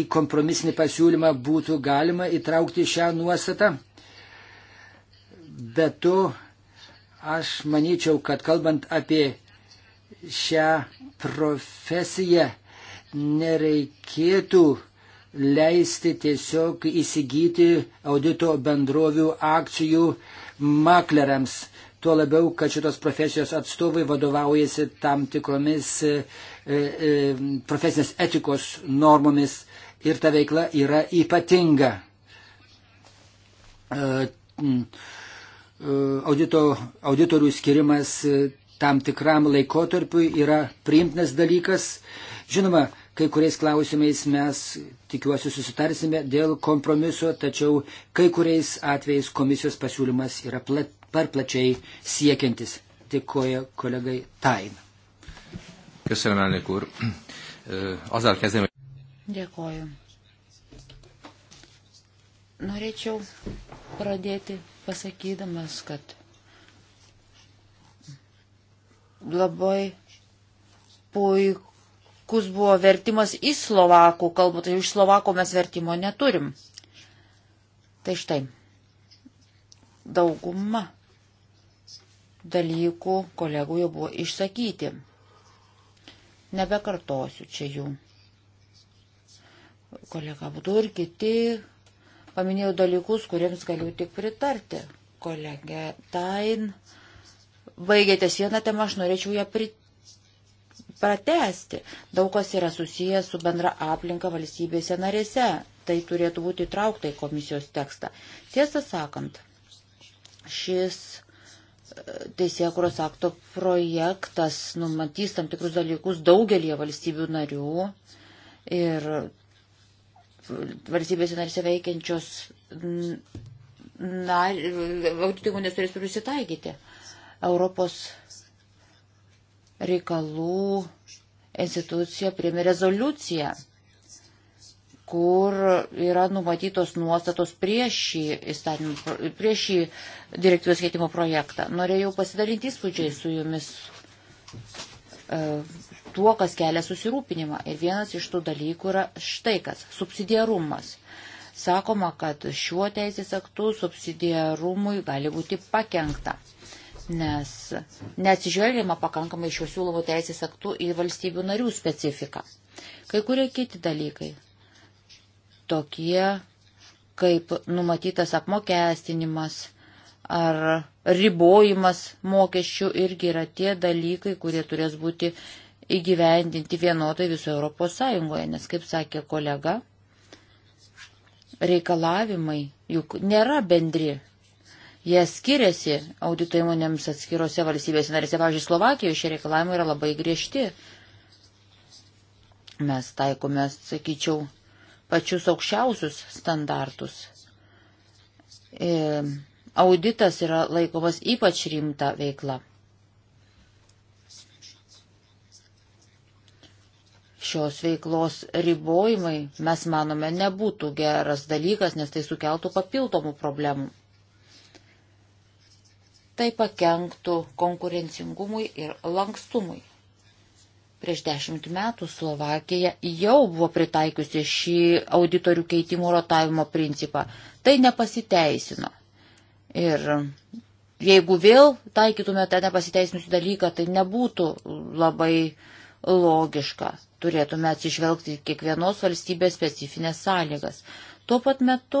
Į kompromisinį pasiūlymą būtų galima įtraukti šią nuostatą, Bet tu, aš manyčiau, kad kalbant apie šią profesiją, nereikėtų leisti tiesiog įsigyti audito bendrovių akcijų makleriams. Tuo labiau, kad šitos profesijos atstovai vadovaujasi tam tikromis e, e, profesinės etikos normomis ir ta veikla yra ypatinga. E, E, audito, auditorių skirimas e, tam tikram laikotarpiui yra priimtinas dalykas. Žinoma, kai kuriais klausimais mes, tikiuosi, susitarsime dėl kompromiso, tačiau kai kuriais atvejais komisijos pasiūlymas yra plat, per plačiai siekiantis. Tikoja kolegai Tain. Köszönöm, elnök úr. Azzal kezdem. Dėkoju. Norėčiau pradėti pasakydamas, kad labai puikus buvo vertimas į slovakų kalbą, tai iš slovakų mes vertimo neturim. Tai štai, dauguma dalykų kolegų jau buvo išsakyti. Nebekartosiu čia jų. Kolega būtų ir kiti paminėjau dalykus, kuriems galiu tik pritarti. Kolegė Tain, baigėte vieną temą, aš norėčiau ją pritarti pratesti. Daug kas yra susijęs su bendra aplinka valstybėse narėse. Tai turėtų būti įtraukta į komisijos tekstą. Tiesą sakant, šis e, teisėkuros akto projektas numatys tam tikrus dalykus daugelį valstybių narių ir valstybėse narse veikiančios audito įmonės turės prisitaikyti. Europos reikalų institucija priėmė rezoliuciją, kur yra numatytos nuostatos prieš šį, įstatymą, prieš šį direktyvos keitimo projektą. Norėjau pasidalinti įspūdžiai su jumis e, tuo, kas kelia susirūpinimą. Ir vienas iš tų dalykų yra štai kas - subsidiarumas. Sakoma, kad šiuo teisės aktu subsidiarumui gali būti pakengta, nes neatsižvelgiama pakankamai šiuo siūlomu teisės aktu į valstybių narių specifiką. Kai kurie kiti dalykai, tokie kaip numatytas apmokestinimas ar ribojimas mokesčių irgi yra tie dalykai, kurie turės būti įgyvendinti vienodai viso Europos Sąjungoje, nes, kaip sakė kolega, reikalavimai juk nėra bendri. Jie skiriasi audito įmonėms atskirose valstybėse narėse. Pavyzdžiui, Slovakijoje šie reikalavimai yra labai griežti. Mes taikome, sakyčiau, pačius aukščiausius standartus. E, auditas yra laikomas ypač rimta veikla. šios veiklos ribojimai, mes manome, nebūtų geras dalykas, nes tai sukeltų papildomų problemų. Tai pakenktų konkurencingumui ir lankstumui. Prieš dešimt metų Slovakija jau buvo pritaikiusi šį auditorių keitimo rotavimo principą. Tai nepasiteisino. Ir jeigu vėl taikytume tą nepasiteisinusį dalyką, tai nebūtų labai logiška turėtume atsižvelgti kiekvienos valstybės specifines sąlygas. Tuo pat metu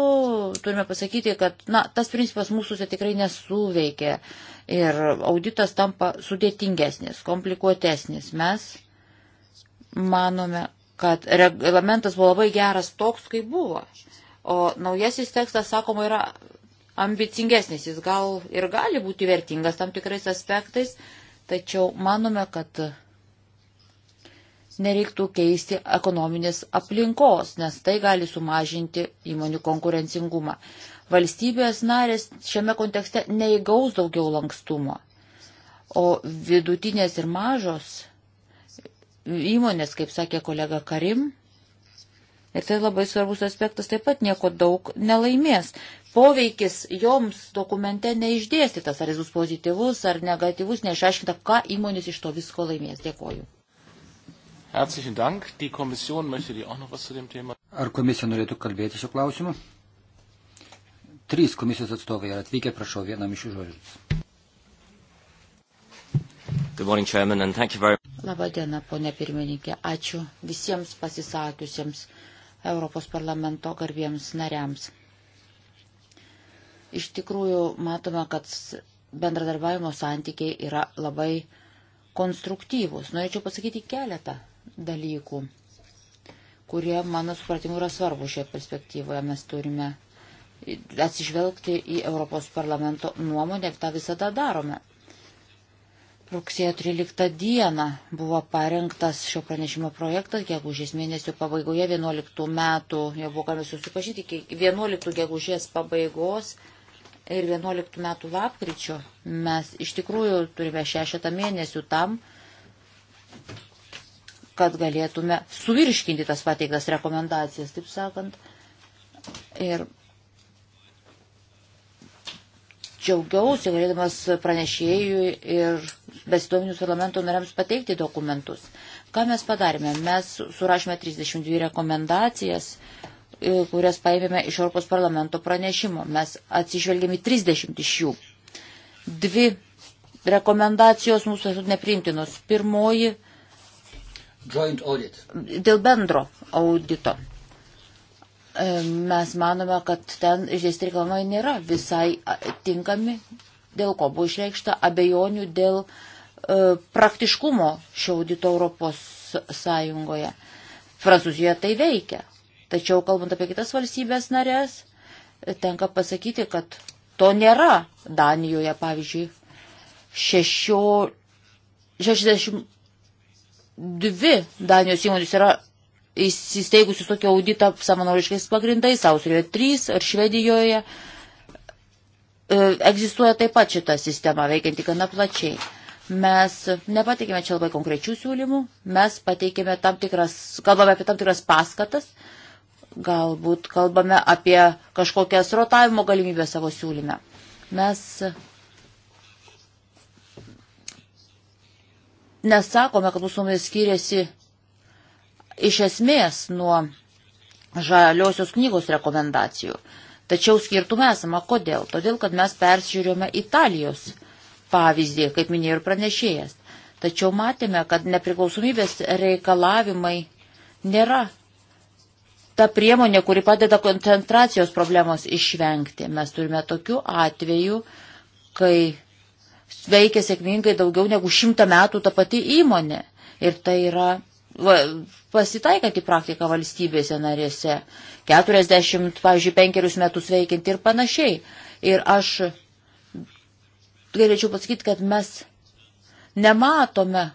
turime pasakyti, kad na, tas principas mūsų tikrai nesuveikia ir auditas tampa sudėtingesnis, komplikuotesnis. Mes manome, kad reglamentas buvo labai geras toks, kaip buvo. O naujasis tekstas, sakoma, yra ambicingesnis, jis gal ir gali būti vertingas tam tikrais aspektais, tačiau manome, kad nereiktų keisti ekonominės aplinkos, nes tai gali sumažinti įmonių konkurencingumą. Valstybės narės šiame kontekste neįgaus daugiau lankstumo, o vidutinės ir mažos įmonės, kaip sakė kolega Karim, ir tai labai svarbus aspektas, taip pat nieko daug nelaimės. Poveikis joms dokumente neišdėstytas, ar jis bus pozityvus ar negatyvus, neišaiškinta, ką įmonės iš to visko laimės. Dėkoju. Herzlichen Dank. Die Kommission möchte die auch noch was zu dem Thema. Ar komisija norėtų kalbėti šiuo klausimu? Trys komisijos atstovai yra atvykę, prašau, vienam iš jų žodžius. Good morning, Chairman, and thank you very much. Labadiena, ponė pirmininkė. Ačiū visiems pasisakiusiems Europos parlamento garbiems nariams. Iš tikrųjų, matome, kad bendradarbiavimo santykiai yra labai konstruktyvūs. Norėčiau pasakyti keletą dalykų, kurie, mano supratimu, yra svarbu šioje perspektyvoje. Mes turime atsižvelgti į Europos parlamento nuomonę ir tą visada darome. Rugsėjo 13 dieną buvo parengtas šio pranešimo projektas, gegužės mėnesio pabaigoje 11 metų, jau buvo galima susipažinti, iki 11 gegužės pabaigos ir 11 metų lapkričio mes iš tikrųjų turime šešetą mėnesių tam, kad galėtume suvirškinti tas pateiktas rekomendacijas, taip sakant. Ir džiaugiausi galėdamas pranešėjui ir besidominius parlamento nariams pateikti dokumentus. Ką mes padarėme? Mes surašėme 32 rekomendacijas, e, kurias paėmėme iš Europos parlamento pranešimo. Mes atsižvelgėme 30 iš jų. Dvi rekomendacijos mūsų nepriimtinos. Pirmoji dėl bendro audito. E, mes manome, kad ten išdėsti reikalavimai nėra visai tinkami, dėl ko buvo išreikšta abejonių dėl e, praktiškumo šio audito Europos Sąjungoje. Prancūzijoje tai veikia. Tačiau, kalbant apie kitas valstybės narės, tenka pasakyti, kad to nėra Danijoje, pavyzdžiui, šešio, 60 dvi Danijos įmonės yra įsisteigusius tokio auditą savanoriškais pagrindais, Austrijoje 3 ar Švedijoje. E, egzistuoja taip pat šita sistema, veikianti gana plačiai. Mes nepateikėme čia labai konkrečių siūlymų, mes pateikėme tam tikras, kalbame apie tam tikras paskatas, galbūt kalbame apie kažkokias rotavimo galimybę savo siūlyme. Mes nesakome, kad mūsų nuomonė skiriasi iš esmės nuo žaliosios knygos rekomendacijų. Tačiau skirtumą esama kodėl? Todėl, kad mes persižiūrėjome Italijos pavyzdį, kaip minėjo ir pranešėjas. Tačiau matėme, kad nepriklausomybės reikalavimai nėra ta priemonė, kuri padeda koncentracijos problemos išvengti. Mes turime tokių atvejų, kai veikia sėkmingai daugiau negu šimtą metų ta pati įmonė. Ir tai yra va, pasitaikanti praktika valstybėse narėse. 40, pavyzdžiui, penkerius metus veikianti ir panašiai. Ir aš galėčiau pasakyti, kad mes nematome,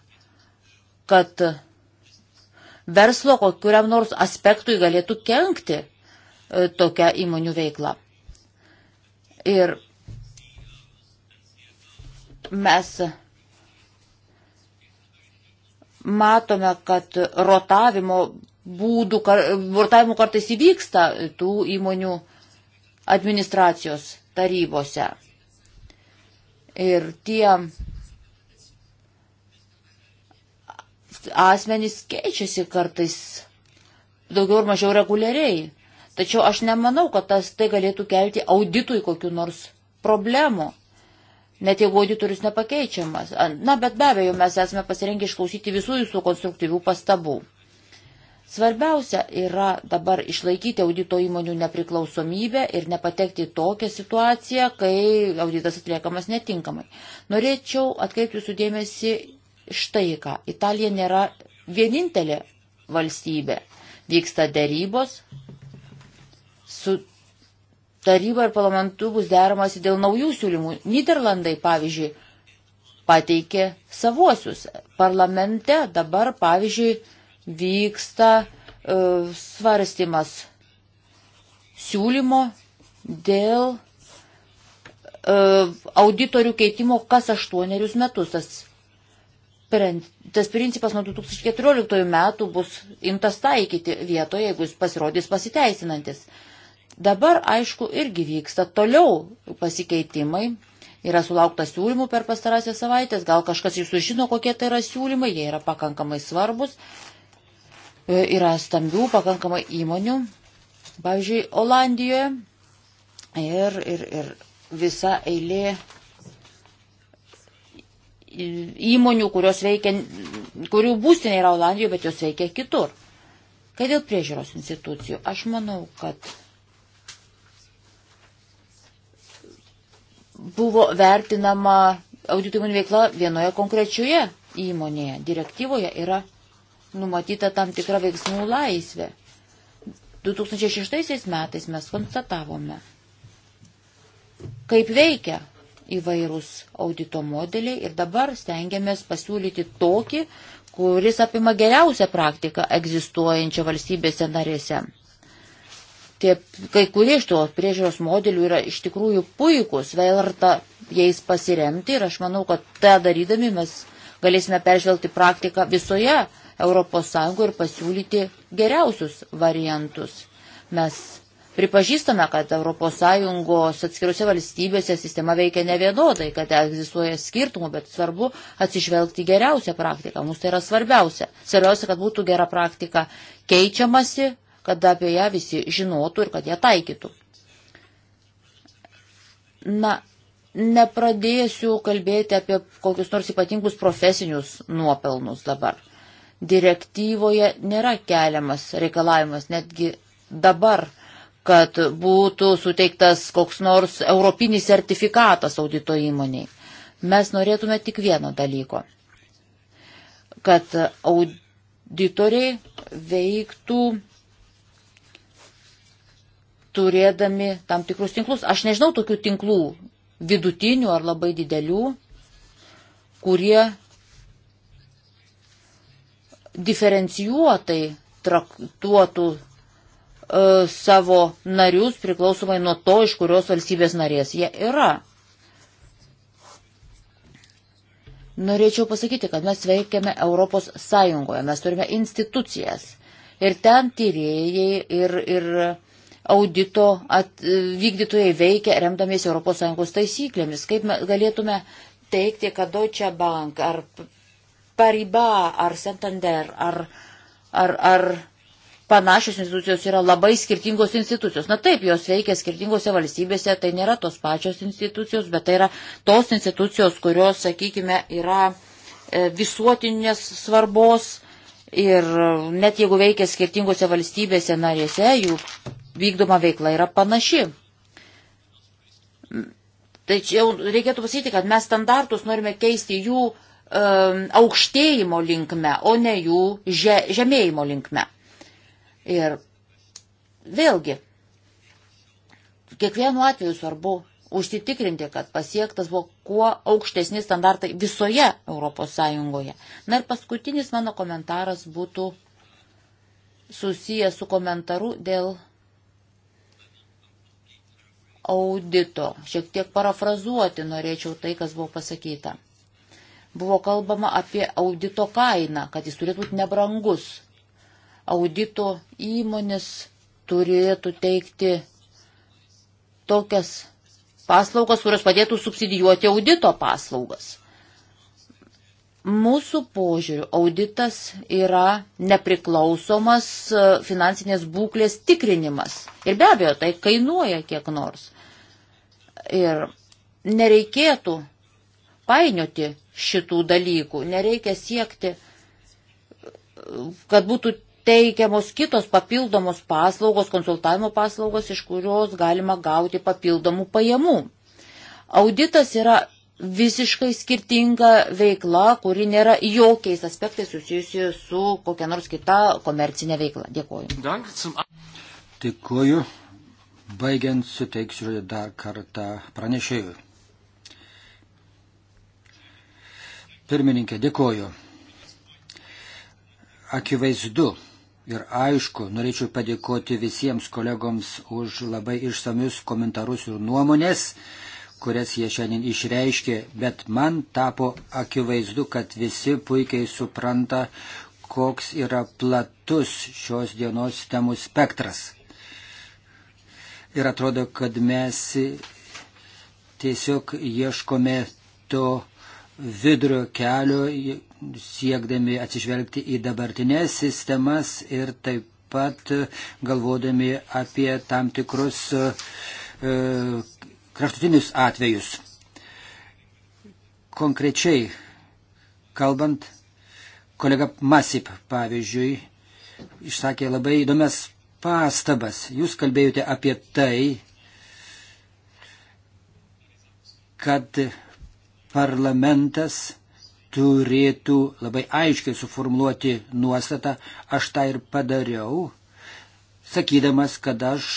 kad verslo kokiam nors aspektui galėtų kenkti e, tokia įmonių veikla. Ir mes matome, kad rotavimo būdų, rotavimo kartais įvyksta tų įmonių administracijos tarybose. Ir tie asmenys keičiasi kartais daugiau ir mažiau reguliariai. Tačiau aš nemanau, kad tas tai galėtų kelti auditui kokiu nors problemu net jeigu auditorius nepakeičiamas. Na, bet be abejo, mes esame pasirengę išklausyti visų jūsų konstruktyvių pastabų. Svarbiausia yra dabar išlaikyti audito įmonių nepriklausomybę ir nepatekti į tokią situaciją, kai auditas atliekamas netinkamai. Norėčiau atkreipti jūsų dėmesį štai ką. Italija nėra vienintelė valstybė. Vyksta dėrybos su taryba ir parlamentu bus deramasi dėl naujų siūlymų. Niderlandai, pavyzdžiui, pateikė savuosius. Parlamente dabar, pavyzdžiui, vyksta uh, svarstymas siūlymo dėl uh, auditorių keitimo kas aštuonerius metus. Tas, tas principas nuo 2014 metų bus imtas taikyti vietoje, jeigu jis pasirodys pasiteisinantis. Uh, Dabar, aišku, irgi vyksta toliau pasikeitimai. Yra sulaukta siūlymų per pastarąsią savaitės, gal kažkas jūsų žino, kokie tai yra siūlymai, jie yra pakankamai svarbus. E, yra stambių pakankamai įmonių, pavyzdžiui, Olandijoje ir, ir, ir visa eilė įmonių, kurios veikia, kurių būstinė yra Olandijoje, bet jos veikia kitur. Kai dėl priežiūros institucijų, aš manau, kad buvo vertinama auditorių veikla vienoje konkrečioje įmonėje. Direktyvoje yra numatyta tam tikra veiksmų laisvė. 2006 metais mes konstatavome, kaip veikia įvairūs audito modeliai ir dabar stengiamės pasiūlyti tokį, kuris apima geriausią praktiką egzistuojančią valstybėse narėse. Tie, kai kurie iš to priežiūros modelių yra iš tikrųjų puikus, verta jais pasiremti ir aš manau, kad tą darydami mes galėsime peržvelgti praktiką visoje ES ir pasiūlyti geriausius variantus. Mes pripažįstame, kad ES atskiruose valstybėse sistema veikia nevienodai, kad egzistuoja skirtumų, bet svarbu atsižvelgti geriausią praktiką. Mums tai yra svarbiausia. Svarbiausia, kad būtų gera praktika keičiamasi kad apie ją visi žinotų ir kad ją taikytų. Na, nepradėsiu kalbėti apie kokius nors ypatingus profesinius nuopelnus dabar. Direktyvoje nėra keliamas reikalavimas netgi dabar, kad būtų suteiktas koks nors europinis sertifikatas audito įmoniai. Mes norėtume tik vieno dalyko - kad auditoriai veiktų turėdami tam tikrus tinklus. Aš nežinau tokių tinklų vidutinių ar labai didelių, kurie diferencijuotai traktuotų e, savo narius priklausomai nuo to, iš kurios valstybės narės jie yra. Norėčiau pasakyti, kad mes veikiame Europos Sąjungoje, mes turime institucijas ir ten tyrėjai ir, ir audito at, vykdytojai veikia remdamiesi ES taisyklėmis. Kaip galėtume teikti, kad Deutsche Bank ar Pariba ar Santander ar, ar, ar panašios institucijos yra labai skirtingos institucijos. Na taip, jos veikia skirtingose valstybėse, tai nėra tos pačios institucijos, bet tai yra tos institucijos, kurios, sakykime, yra e, visuotinės svarbos ir net jeigu veikia skirtingose valstybėse narėse, jų vykdoma veikla yra panaši. Tačiau reikėtų pasakyti, kad mes standartus norime keisti jų um, aukštėjimo linkme, o ne jų že, žemėjimo linkme. Ir vėlgi, kiekvienu atveju svarbu užsitikrinti, kad pasiektas buvo kuo aukštesni standartai visoje Europos Sąjungoje. Na ir paskutinis mano komentaras būtų susijęs su komentaru dėl audito. Šiek tiek parafrazuoti norėčiau tai, kas buvo pasakyta. Buvo kalbama apie audito kainą, kad jis turėtų būti nebrangus. Audito įmonės turėtų teikti tokias paslaugas, kurios padėtų subsidijuoti audito paslaugas. Mūsų požiūrių auditas yra nepriklausomas e, finansinės būklės tikrinimas. Ir be abejo, tai kainuoja kiek nors. Ir nereikėtų painioti šitų dalykų, nereikia siekti, e, kad būtų teikiamos kitos papildomos paslaugos, konsultavimo paslaugos, iš kurios galima gauti papildomų pajamų. Auditas yra visiškai skirtinga veikla, kuri nėra jokiais aspektais susijusi su kokia nors kita komercinė veikla. Dėkuoju. Dėkuoju. Baigiant suteiksiu dar kartą pranešėjui. Pirmininkė, dėkuoju. Akivaizdu ir aišku, norėčiau padėkoti visiems kolegoms už labai išsamius komentarus ir nuomonės kurias jie šiandien išreiškė, bet man tapo akivaizdu, kad visi puikiai supranta, koks yra platus šios dienos temų spektras. Ir atrodo, kad mes tiesiog ieškome to vidurio kelio, siekdami atsižvelgti į dabartinės sistemas ir taip pat galvodami apie tam tikrus e, kraštutinius atvejus. Konkrečiai kalbant, kolega Masip, pavyzdžiui, išsakė labai įdomias pastabas. Jūs kalbėjote apie tai, kad parlamentas turėtų labai aiškiai suformuoluoti nuostatą, aš tą ir padariau, sakydamas, kad aš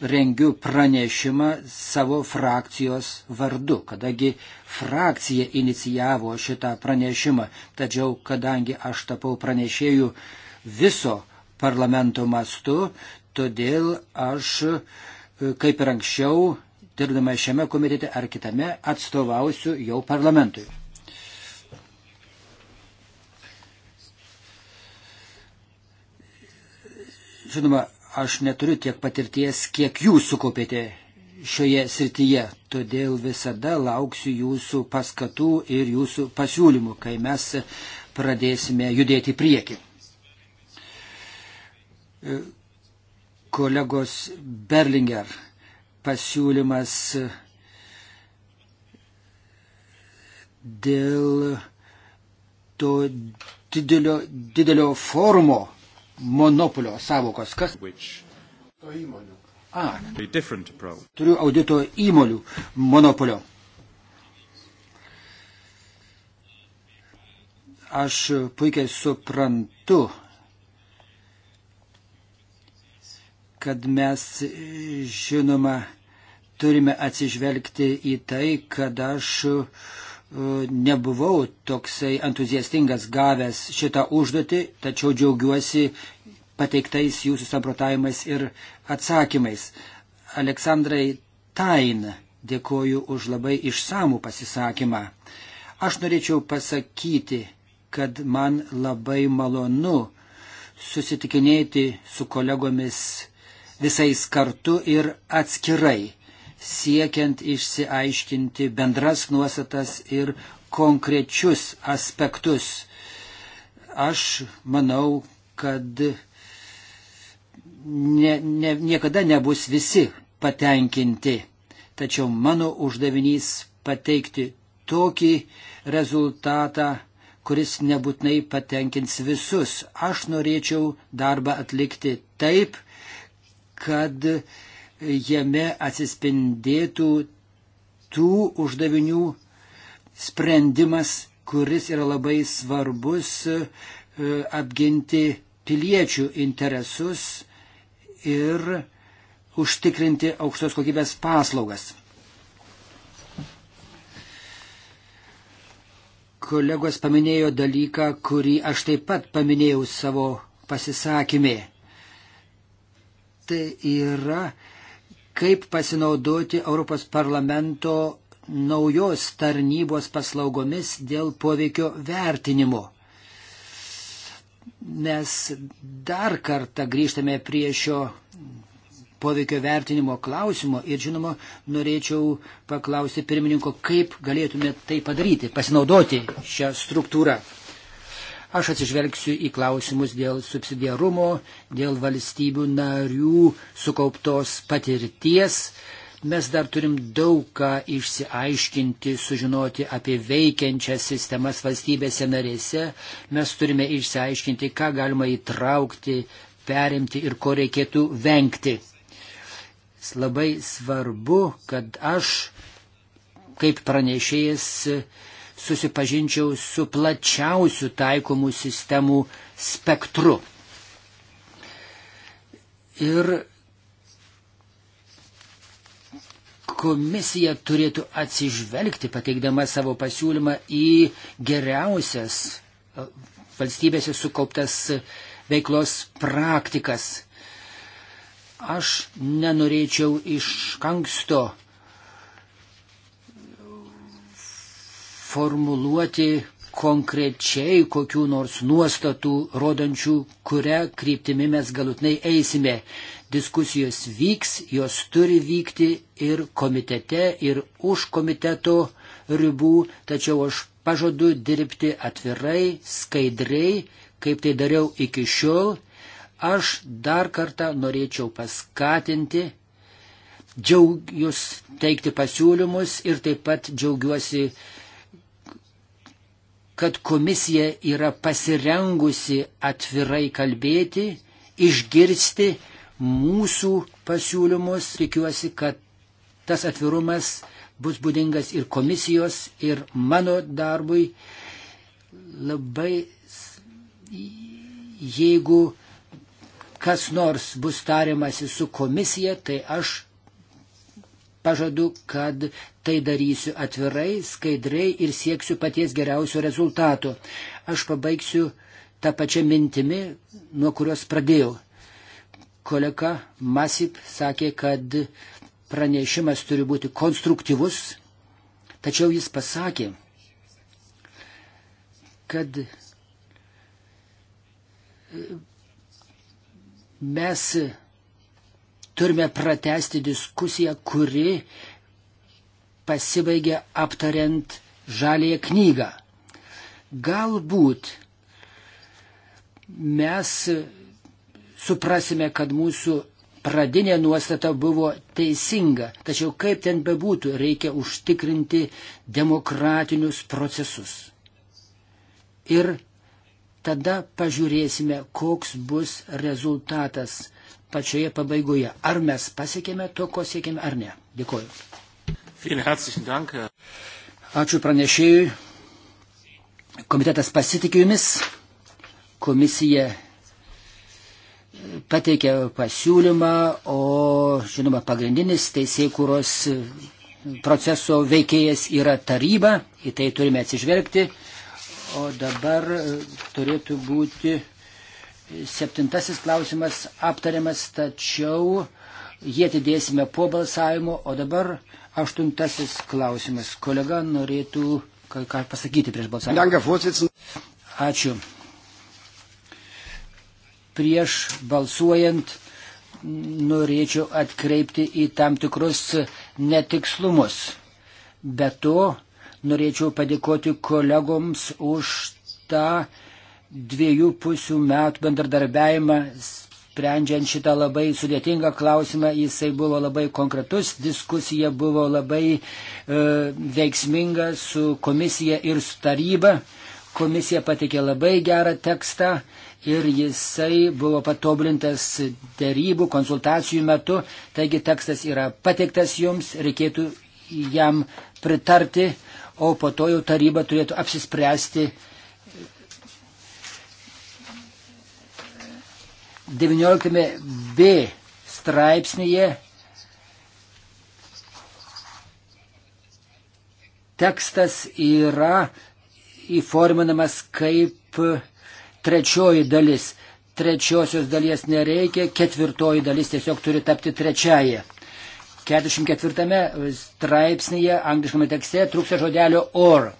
rengiu pranešimą savo frakcijos vardu, kadangi frakcija inicijavo šitą pranešimą, tačiau kadangi aš tapau pranešėjų viso parlamento mastu, todėl aš, e, kaip ir anksčiau, dirbdama šiame komitete ar kitame, atstovausiu jau parlamentui. Žinoma, aš neturiu tiek patirties, kiek jūs sukopėte šioje srityje. Todėl visada lauksiu jūsų paskatų ir jūsų pasiūlymų, kai mes pradėsime judėti į priekį. E, kolegos Berlinger pasiūlymas dėl to didelio, didelio forumo monopolio savokos. Kas? Which... A. Turiu audito įmonių monopolio. Aš puikiai suprantu, kad mes žinoma turime atsižvelgti į tai, kad aš uh, nebuvau toksai entuziastingas gavęs šitą užduotį, tačiau džiaugiuosi pateiktais jūsų samprotavimais ir atsakymais. Aleksandrai Tain, dėkoju už labai išsamų pasisakymą. Aš norėčiau pasakyti, kad man labai malonu susitikinėti su kolegomis visais kartu ir atskirai siekiant išsiaiškinti bendras nuostatas ir konkrečius aspektus. Aš manau, kad ne, ne, niekada nebus visi patenkinti, tačiau mano uždavinys pateikti tokį rezultatą, kuris nebūtinai patenkins visus. Aš norėčiau darbą atlikti taip, kad uh, jame atsispindėtų tų uždavinių sprendimas, kuris yra labai svarbus e, apginti piliečių interesus ir užtikrinti aukštos kokybės paslaugas. Kolegos paminėjo dalyką, kurį aš taip pat paminėjau savo pasisakymė. Tai yra kaip pasinaudoti Europos parlamento naujos tarnybos paslaugomis dėl poveikio vertinimo. Mes dar kartą grįžtame prie šio poveikio vertinimo klausimo ir žinoma, norėčiau paklausti pirmininko, kaip galėtume tai padaryti, pasinaudoti šią struktūrą. Aš atsižvelgsiu į klausimus dėl subsidiarumo, dėl valstybių narių sukauptos patirties. Mes dar turim daug ką išsiaiškinti, sužinoti apie veikiančias sistemas valstybėse narėse. Mes turime išsiaiškinti, ką galima įtraukti, perimti ir ko reikėtų vengti labai svarbu, kad aš kaip pranešėjas susipažinčiau su plačiausiu taikomų sistemų spektru. Ir komisija turėtų atsižvelgti, pateikdama savo pasiūlymą į geriausias e, valstybėse sukauptas veiklos praktikas. Aš nenorėčiau iš anksto formuluoti konkrečiai kokių nors nuostatų, rodančių, kurią kryptimi mes galutinai eisime. Diskusijos vyks, jos turi vykti ir komitete, ir už komiteto ribų, tačiau aš pažadu dirbti atvirai, skaidriai, kaip tai dariau iki šiol. Aš dar kartą norėčiau paskatinti, džiaugius teikti pasiūlymus ir taip pat džiaugiuosi kad komisija yra pasirengusi atvirai kalbėti, išgirsti mūsų pasiūlymus. Tikiuosi, kad tas atvirumas bus būdingas ir komisijos, ir mano darbui. Labai jeigu kas nors bus tariamasi su komisija, tai aš pažadu, kad tai darysiu atvirai, skaidrai ir sieksiu paties geriausio rezultato. Aš pabaigsiu tą pačią mintimį, nuo kurios pradėjau. Kolega Masip sakė, kad pranešimas turi būti konstruktyvus, tačiau jis pasakė, kad e, mes turime pratesti diskusiją, kuri pasibaigė aptariant žalėje knygą. Galbūt mes suprasime, kad mūsų pradinė nuostata buvo teisinga, tačiau kaip ten bebūtų, reikia užtikrinti demokratinius procesus. Ir tada pažiūrėsime, koks bus rezultatas pačioje pabaigoje. Ar mes pasiekėme to, ko siekėme, ar ne? Dėkoju. Ačiū pranešėjui. Komitetas pasitikė jumis. Komisija e, pateikė pasiūlymą, o žinoma, pagrindinis teisėkūros e, proceso veikėjas yra taryba, į tai turime atsižvelgti, o dabar e, turėtų būti Septintasis klausimas aptariamas, tačiau jie atidėsime po balsavimo, o dabar aštuntasis klausimas. Kolega norėtų ką pasakyti prieš balsavimą. Ačiū. Prieš balsuojant norėčiau atkreipti į tam tikrus netikslumus. Be to, norėčiau padėkoti kolegoms už tą dviejų pusių metų bendradarbiavimą, sprendžiant šitą labai sudėtingą klausimą. Jisai buvo labai konkretus, diskusija buvo labai e, veiksminga su komisija ir su taryba. Komisija patikė labai gerą tekstą ir jisai buvo patobulintas dėrybų, konsultacijų metu. Taigi tekstas yra pateiktas jums, reikėtų jam pritarti, o po to jau taryba turėtų apsispręsti 19b straipsnėje tekstas yra įforminamas kaip trečioji dalis. Trečiosios dalies nereikia, ketvirtoji dalis tiesiog turi tapti trečiaja. 44 straipsnėje angliškame tekste trūksta žodelio or.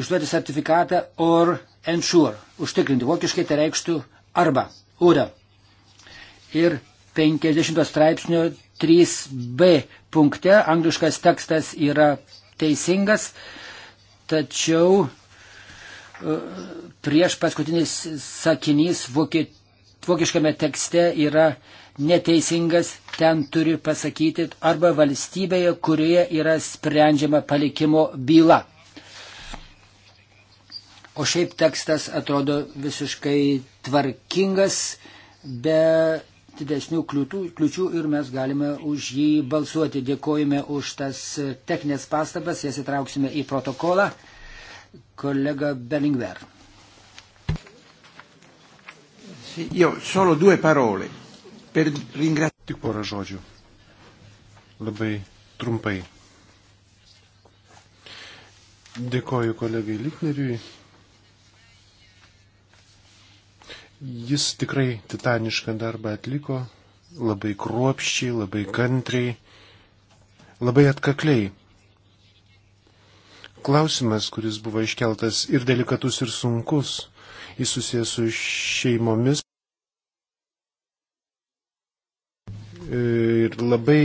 išduoti sertifikatą or ensure, užtikrinti. Vokiškai tai reikštų arba, ura. Ir 50 straipsnio 3b punkte angliškas tekstas yra teisingas, tačiau e, prieš paskutinis sakinys vokiškame tekste yra neteisingas, ten turi pasakyti arba valstybėje, kurioje yra sprendžiama palikimo byla. O šiaip tekstas atrodo visiškai tvarkingas, be didesnių kliūtų, kliučių ir mes galime už jį balsuoti. Dėkojame už tas techninės pastabas, jas įtrauksime į protokolą. Kolega Bellingver. Tik porą žodžių. Labai trumpai. Dėkoju kolegai Likneriui Jis tikrai titanišką darbą atliko, labai kruopščiai, labai kantriai, labai atkakliai. Klausimas, kuris buvo iškeltas ir delikatus, ir sunkus, jis susijęs su šeimomis. ir labai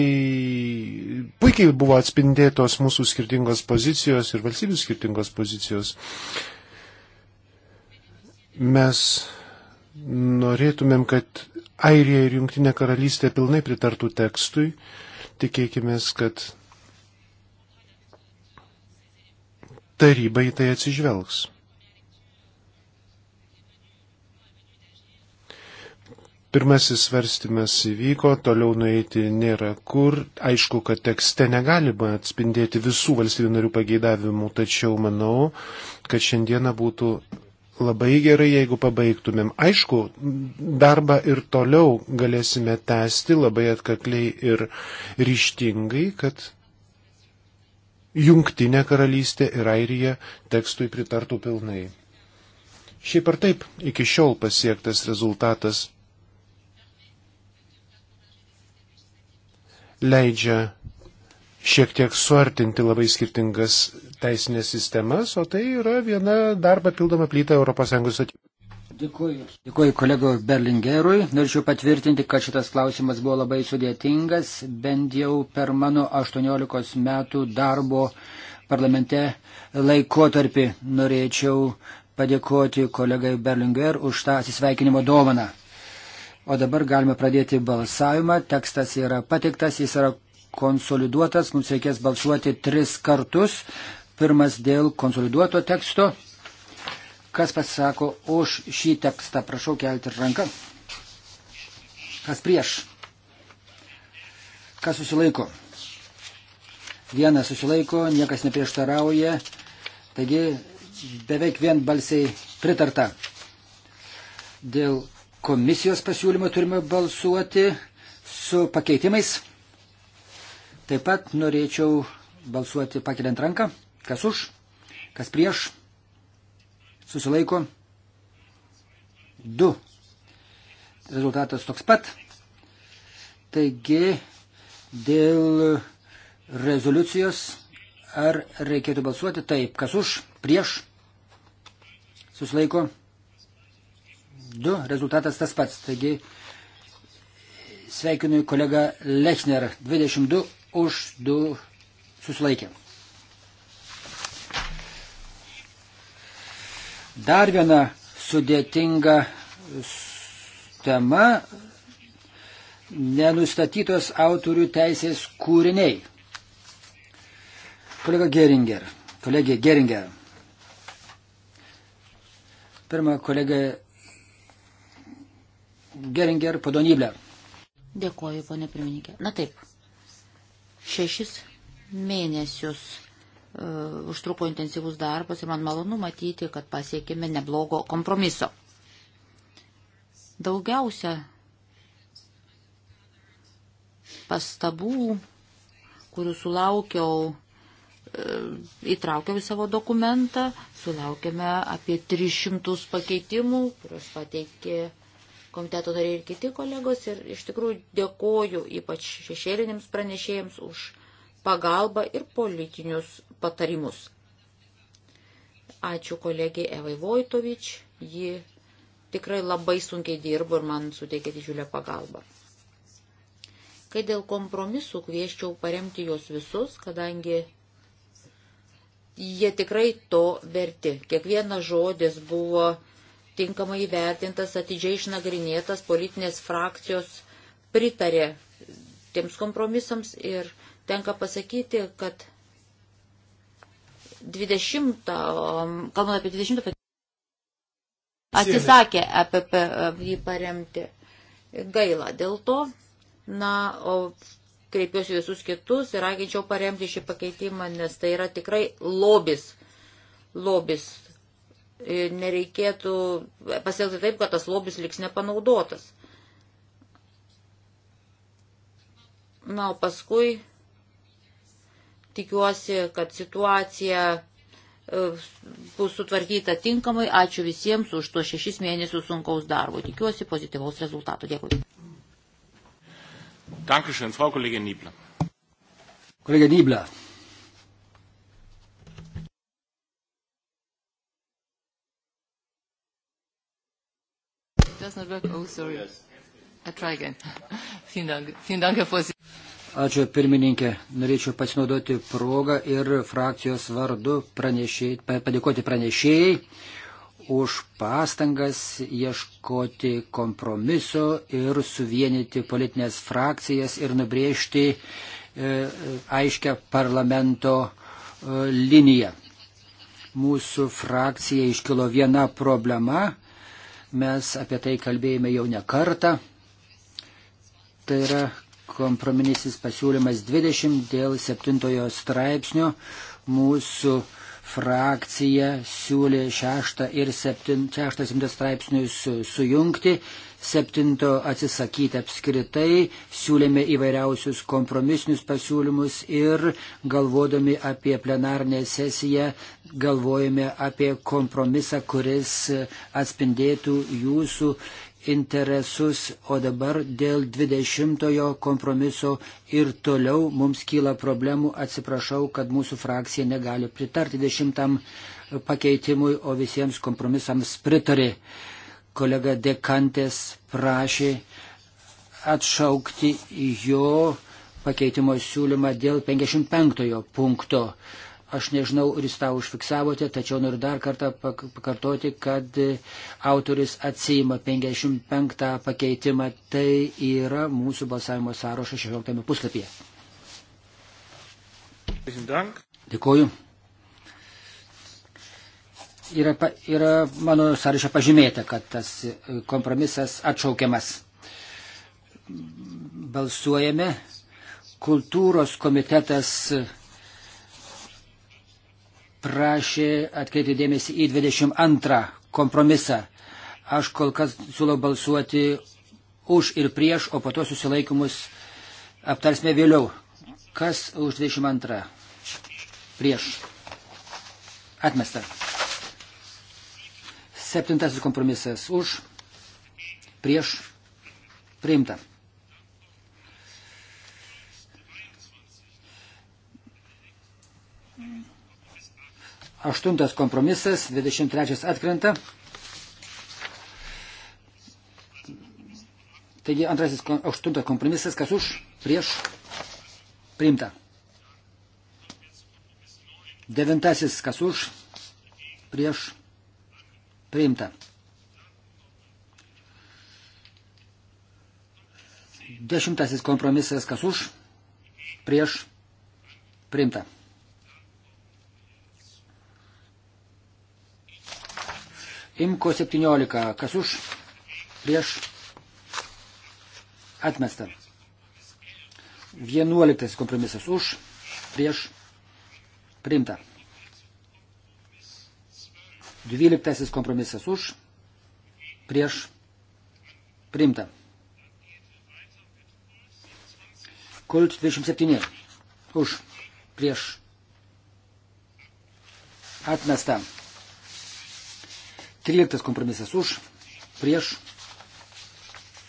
puikiai buvo atspindėtos mūsų skirtingos pozicijos ir valstybių skirtingos pozicijos. Mes norėtumėm, kad Airija ir Junktinė karalystė pilnai pritartų tekstui. Tikėkime, kad taryba į tai atsižvelgs. Pirmasis svarstymas įvyko, toliau nueiti nėra kur. Aišku, kad tekste negalima atspindėti visų valstybių narių pageidavimų, tačiau manau, kad šiandieną būtų labai gerai, jeigu pabaigtumėm. Aišku, darbą ir toliau galėsime tęsti labai atkakliai ir ryštingai, kad jungtinė karalystė ir Airija tekstui pritartų pilnai. Šiaip ar taip, iki šiol pasiektas rezultatas leidžia šiek tiek suartinti labai skirtingas teisinės sistemas, o tai yra viena dar papildoma plyta ES. Dėkuoju. Dėkuoju kolego Berlingerui. Norėčiau patvirtinti, kad šitas klausimas buvo labai sudėtingas, bent jau per mano 18 metų darbo parlamente laikotarpį norėčiau padėkoti kolegai Berlinger už tą atsisveikinimo dovaną. O dabar galime pradėti balsavimą. Tekstas yra pateiktas, jis yra konsoliduotas, mums reikės balsuoti tris kartus. Pirmas dėl konsoliduoto teksto. Kas pasisako už šį tekstą, prašau kelti ranką. Kas prieš? Kas susilaiko? Vienas susilaiko, niekas neprieštarauja. Taigi beveik vien balsiai pritarta. Dėl komisijos pasiūlymo turime balsuoti su pakeitimais. Taip pat norėčiau balsuoti pakeliant ranką, kas už, kas prieš, susilaiko. Du. Rezultatas toks pat. Taigi, dėl rezoliucijos ar reikėtų balsuoti taip, kas už, prieš, susilaiko. Du, rezultatas tas pats. Taigi, sveikinu kolegą Lechner, 22 už 2 susilaikė. Dar viena sudėtinga tema - nenustatytos autorių teisės kūriniai. Kolega Geringer, kolegė Geringer. Pirma, kolega Geringer padonyblė. Dėkuoju, ponė pirmininkė. Na taip, Šešis mėnesius uh, užtruko intensyvus darbas ir man malonu matyti, kad pasiekime neblogo kompromiso. Daugiausia pastabų, kurių sulaukiau, e, įtraukiau į savo dokumentą, sulaukėme apie 300 pakeitimų, kuriuos pateikė komiteto nariai ir kiti kolegos. Ir iš tikrųjų dėkoju ypač šešėlinėms pranešėjams už pagalbą ir politinius patarimus. Ačiū kolegiai Evai Vojtovič, ji tikrai labai sunkiai dirbo ir man suteikė didžiulę pagalbą. Kai dėl kompromisų kvieščiau paremti juos visus, kadangi jie tikrai to verti. Kiekvienas žodis buvo tinkamai įvertintas, atidžiai išnagrinėtas, politinės frakcijos pritarė tiems kompromisams ir tenka pasakyti, kad 20, um, kalbant apie 20, atsisakė EPP um, jį paremti. Gaila dėl to, na, o kreipiuosi visus kitus ir raginčiau paremti šį pakeitimą, nes tai yra tikrai lobis, lobis nereikėtų pasielgti taip, kad tas lobis liks nepanaudotas. Na, o paskui tikiuosi, kad situacija e, bus sutvarkyta tinkamai. Ačiū visiems už tuos šešis mėnesius sunkaus darbo. Tikiuosi pozityvaus rezultato. Dėkui. Dankeschön, Frau Kollegin Niebler. Kollege Niebler. not work? Oh, sorry. I try again. Vielen Dank, Herr Vorsitzender. Ačiū pirmininkė. Norėčiau pasinaudoti progą ir frakcijos vardu pranešėjai, padėkoti pranešėjai už pastangas ieškoti kompromiso ir suvienyti politinės frakcijas ir nubrėžti e, aiškę parlamento e, liniją. Mūsų frakcija iškilo viena problema Mes apie tai kalbėjome jau ne kartą. Tai yra kompromisinis pasiūlymas 20 dėl 7 straipsnio. Mūsų frakcija siūlė 6 ir 7, 6 straipsnius sujungti septinto atsisakyti apskritai, siūlėme įvairiausius kompromisinius pasiūlymus ir galvodami apie plenarnę sesiją, galvojame apie kompromisą, kuris atspindėtų jūsų interesus, o dabar dėl 20-ojo kompromiso ir toliau mums kyla problemų. Atsiprašau, kad mūsų frakcija negali pritarti 20-am pakeitimui, o visiems kompromisams pritarė kolega Dekantės prašė atšaukti jo pakeitimo siūlymą dėl 55 punkto. Aš nežinau, ar jūs tą užfiksavote, tačiau noriu dar kartą pakartoti, kad autoris atsima 55 pakeitimą. Tai yra mūsų balsavimo sąrašo 16 puslapyje. Dėkuoju yra, yra mano sąrašo pažymėta, kad tas e, kompromisas atšaukiamas. Balsuojame. Kultūros komitetas e, prašė atkreipti dėmesį į 22 kompromisą. Aš kol kas siūlau balsuoti už ir prieš, o po to susilaikymus aptarsime vėliau. Kas už 22? Prieš. Atmesta. Septintasis kompromisas už, prieš, priimta. Aštuntas kompromisas, 23 atkrenta. Taigi antrasis aštuntas kompromisas, kas už, prieš, priimta. Devintasis, kas už, prieš, Priimta. Dešimtasis kompromisas, kas už, prieš, priimta. Imko 17, kas už, prieš, atmesta. Vienuoliktas kompromisas už, prieš, priimta. Dvyliktasis kompromisas už, prieš, primta. Kult 27 už, prieš, atmesta. Tryliktas kompromisas už, prieš,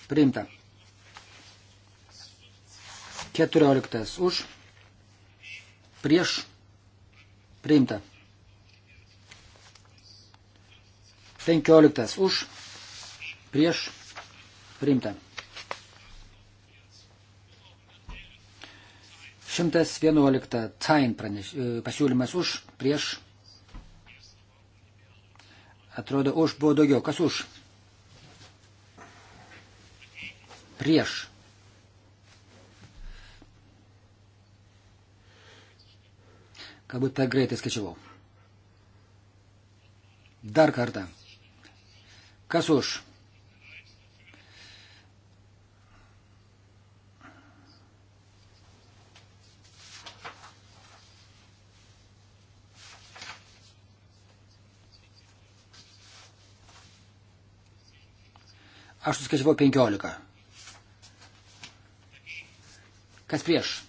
primta. Keturioliktas už, prieš, primta. 15 už, prieš, priimta. 111 Tain praneš, e, pasiūlymas už, prieš, atrodo, už buvo daugiau. Kas už? Prieš. Galbūt per greitai skaičiavau. Dar kartą. Kas už? Aš suskaičiavau 15. Kas prieš?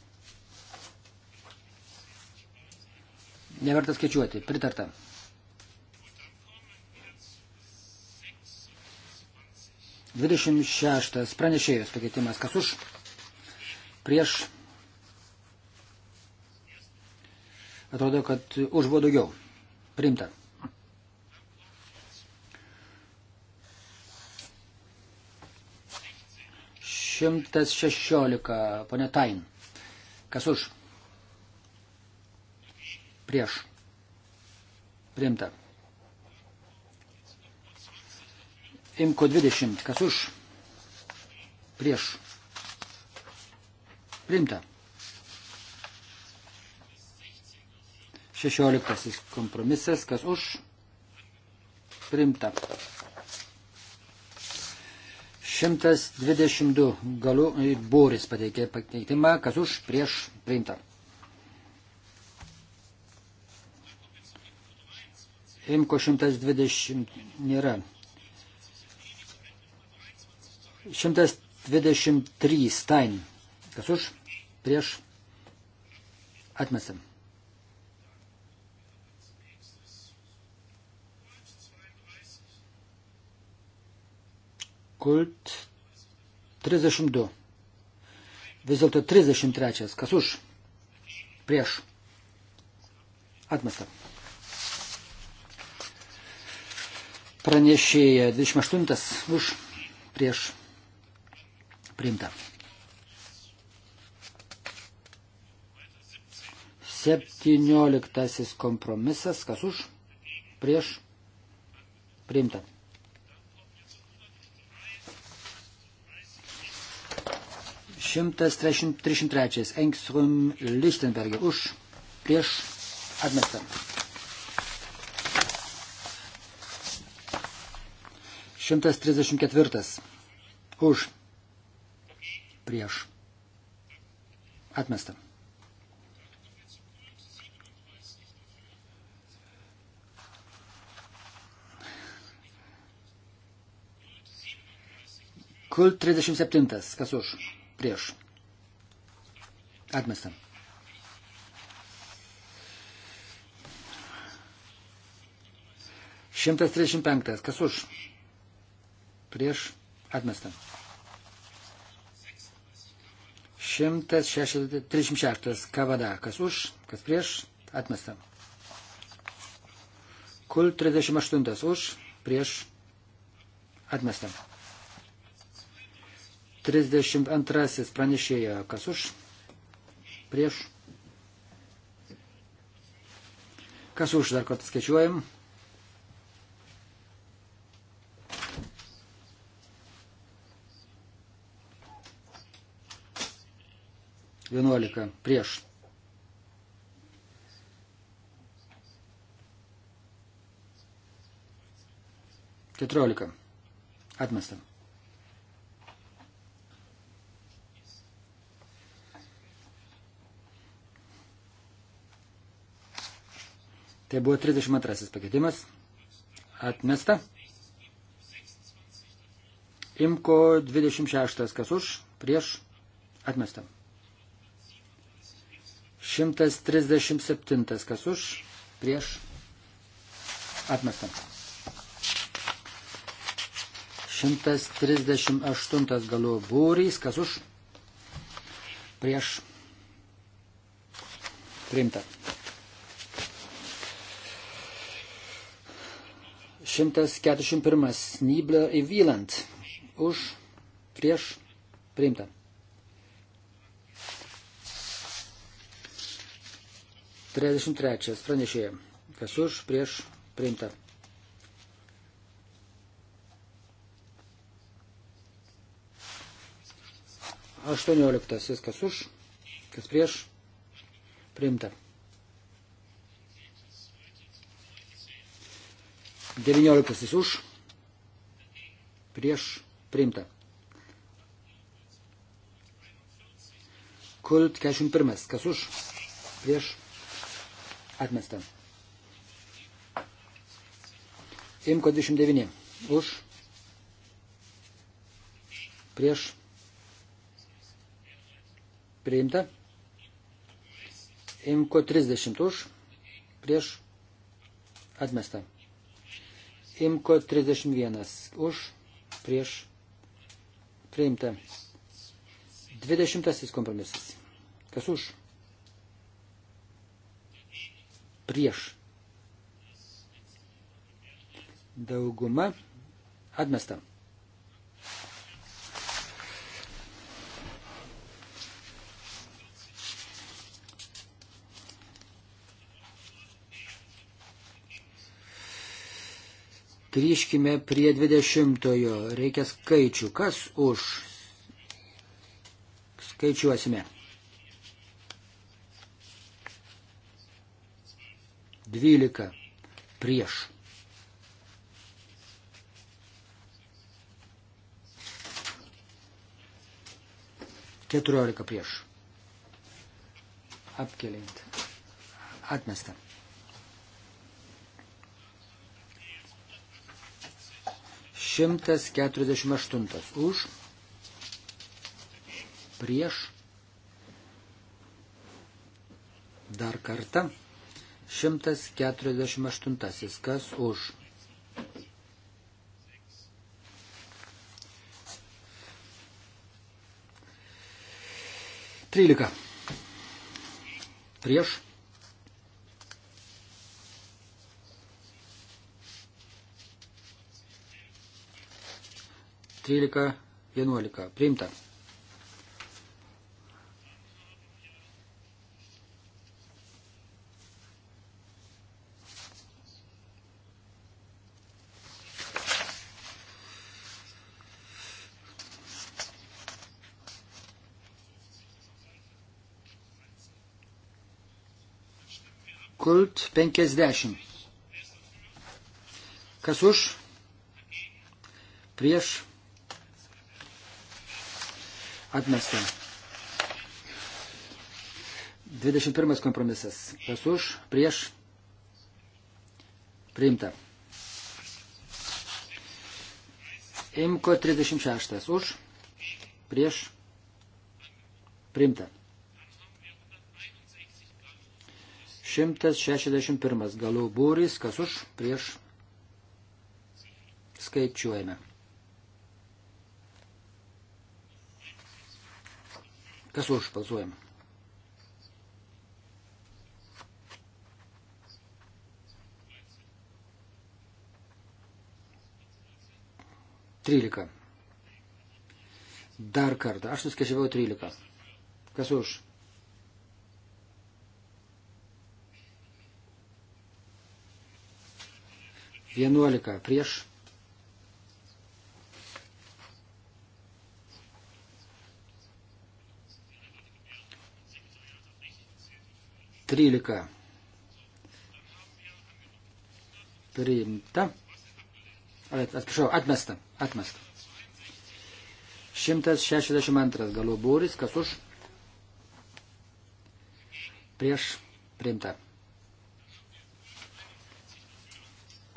Neverta skaičiuoti. Pritarta. 26 pranešėjos pakeitimas. Kas už? Prieš. Atrodo, kad už buvo daugiau. Primta. Šimtas šešiolika, ponė Tain. Kas už? Prieš. Primta. Imko 20. Kas už? Prieš. Primta. 16. Kompromisas. Kas už? Primta. 122 galų būris pateikė pakeitimą, kas už prieš priimtą. Imko 120 nėra. 123 Stein. Kas už? Prieš. Atmestam. Kult 32. Vis dėlto 33. Kas už? Prieš. Atmestam. Pranešėja 28. Už. Prieš Primta. 17 kompromisas, kas už, prieš, primta. Šimtas trisdešimt trečias, Engström Lichtenbergė, už, prieš, atmesta. Šimtas trisdešimt ketvirtas, už, prieš atmestą. Kul 37. Kas už? Prieš. Atmestam. Šimtas trisdešimt penktas. Kas už? Prieš. Atmestam. 136 kavada. Kas už, kas prieš, atmesta. Kul 38 už, prieš, atmesta. 32 pranešėjo, kas už, prieš. Kas už, dar kartą skaičiuojam. 11 prieš. Keturiolika. Atmesta. Tai buvo 32 pakeitimas. Atmesta. Imko 26. Kas už? Prieš. Atmesta. 137. Kas už? Prieš? Atmestam. 138 galiu būrys. Kas už? Prieš? Priimta. 141. Nyblio įvylant. Už? Prieš? Priimta. 33 pranešėja. Kas už prieš priimta. Aštuonioliktasis kas už, kas prieš priimta. 19 už, prieš priimta. Kult 41, kas už, prieš Atmesta. Imko 29. Už. Prieš. Priimta. Imko 30. Už. Prieš. Atmesta. Imko 31. Už. Prieš. Priimta. 20. kompromisas. Kas už? prieš. Dauguma atmesta. Grįžkime prie 20-ojo. Reikia skaičių. Kas už? Skaičiuosime. 12 prieš. Keturiolika prieš. Apkeliant. Atmesta. Šimtas keturiasdešimt aštuntas. Už. Prieš. Dar kartą. 148. Kas už? Trylika. Prieš. Trylika, vienuolika. Priimta. Kult 50. Kas už? Prieš? Atmesta. 21 kompromisas. Kas už? Prieš? Priimta. Imko 36. Už? Prieš? Priimta. 161 galų būris, kas už, prieš skaičiuojame. Kas už, balsuojame. Trylika. Dar kartą. Aš suskaičiavau trylika. Kas už? 11 prieš. Trylika priimta. Atsiprašau, atmesta. Atmesta. 162 galų būris, kas už prieš priimta.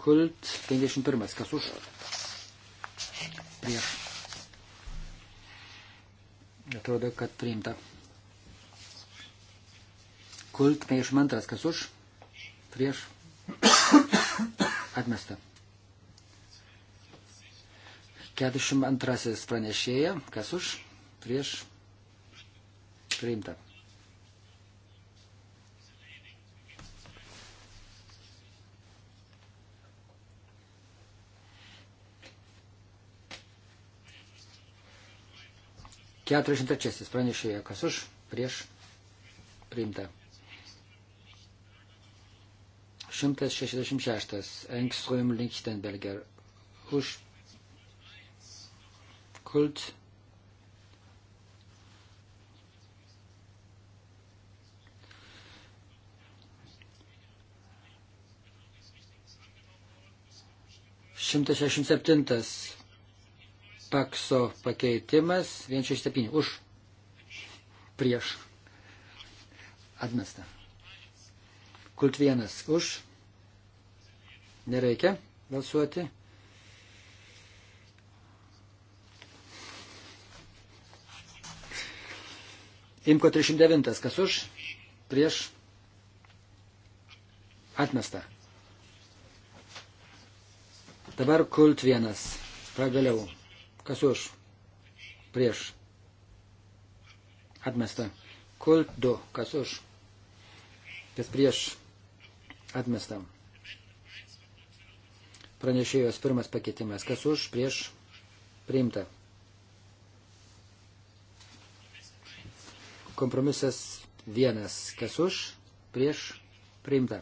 Kult 51. Kas už? Prieš. Atrodo, kad priimta. Kult 52. Kas už? Prieš. Atmesta. 42. Pranešėja. Kas už? Prieš. Priimta. 43 pranešėjo, kas už, prieš, priimta. 166 Engström Lichtenberger už Kult Šimtas šešim septintas pakso pakeitimas 167 už prieš atmestą. Kult vienas už. Nereikia balsuoti. Imko 309. Kas už? Prieš. Atmesta. Dabar kult vienas. Pagaliau. Kas už? Prieš. Atmesta. Kult 2. Kas už? Kas prieš? Atmesta. Pranešėjos pirmas pakeitimas. Kas už? Prieš. Priimta. Kompromisas vienas. Kas už? Prieš. Priimta.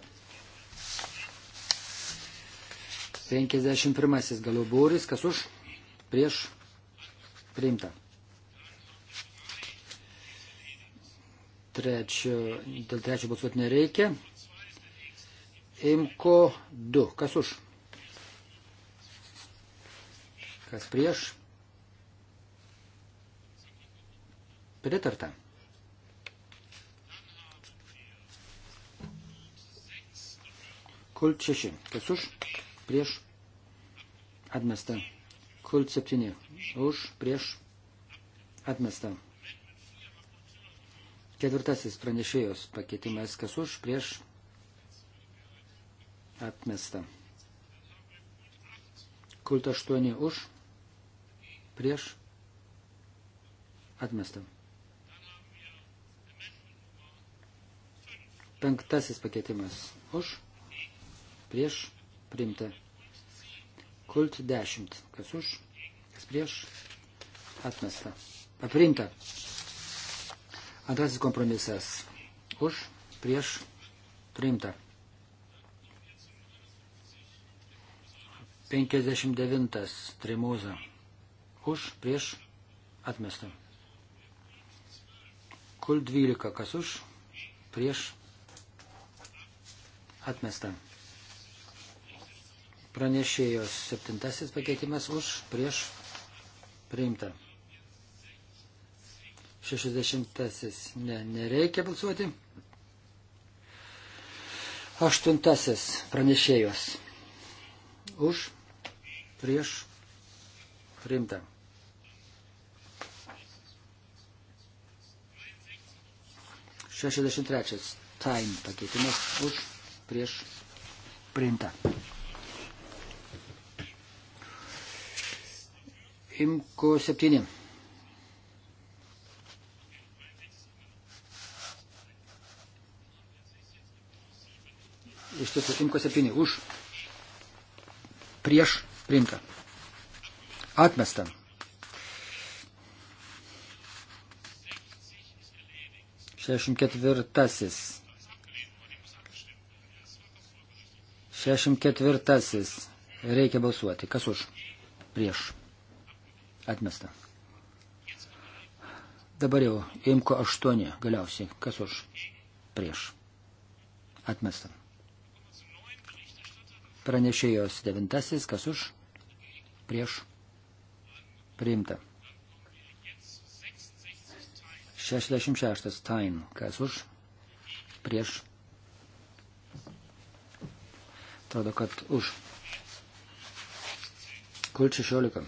51 galų būris. Kas už? prieš priimta. Trečio, dėl trečio balsuoti nereikia. Imko 2. Kas už? Kas prieš? Pritarta. Kult 6. Kas už? Prieš? Atmesta. Kult 7. Už, prieš, atmesta. Ketvirtasis pranešėjos pakeitimas, kas už, prieš, atmesta. Kult 8 už, prieš, atmesta. Penktasis pakeitimas už, prieš, priimta. Kult 10. Kas už, kas prieš, atmesta. Paprinta. Antrasis kompromisas. Už, prieš, priimta. 59. Tremoza. Už, prieš, atmesta. Kult 12. Kas už, prieš, atmesta. Pranešėjos septintasis pakeitimas už prieš priimta. Šešdešimtasis ne, nereikia balsuoti. Aštuntasis pranešėjos už prieš priimta. Šešdešimt trečias time pakeitimas už prieš priimta. Imko 7. Iš tiesų, Imko 7. Už. Prieš priimta. Atmesta. Šešim ketvirtasis. Šešim ketvirtasis. Reikia balsuoti. Kas už? Prieš. Atmesta. Dabar jau imko 8 galiausiai. Kas už? Prieš. Atmesta. Pranešėjos devintasis. Kas už? Prieš. Priimta. 66. Tain. Kas už? Prieš. Atrodo, kad už. Kult 16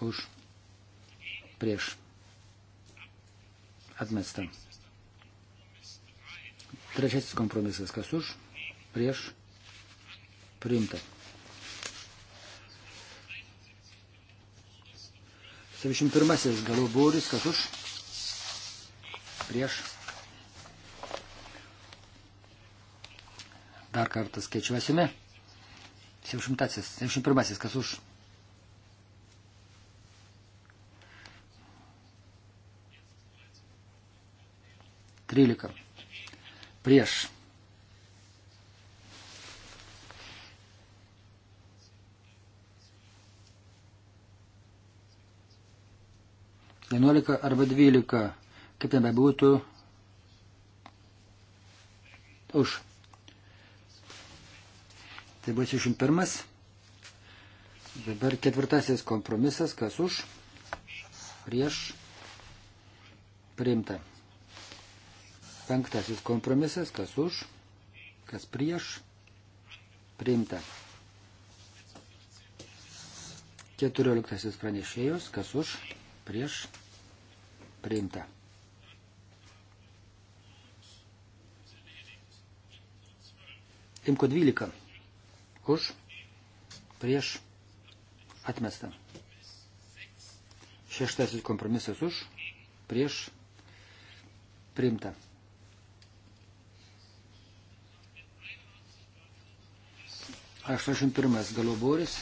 už prieš atmestą. Trečiasis kompromisas, kas už prieš priimta. 71 galų būris, kas už prieš. Dar kartą skaičiuosime. 71. 71. Kas už? 13. Prieš. Vienuolika arba dvylika, kaip ten bebūtų, už. Tai buvo 61. Dabar ketvirtasis kompromisas, kas už, prieš, priimta. Penktasis kompromisas, kas už, kas prieš, priimta. Keturioliktasis pranešėjos, kas už, prieš, priimta. Imko 12. Už, prieš, atmesta. Šeštasis kompromisas už, prieš, priimta. 81 galoboris.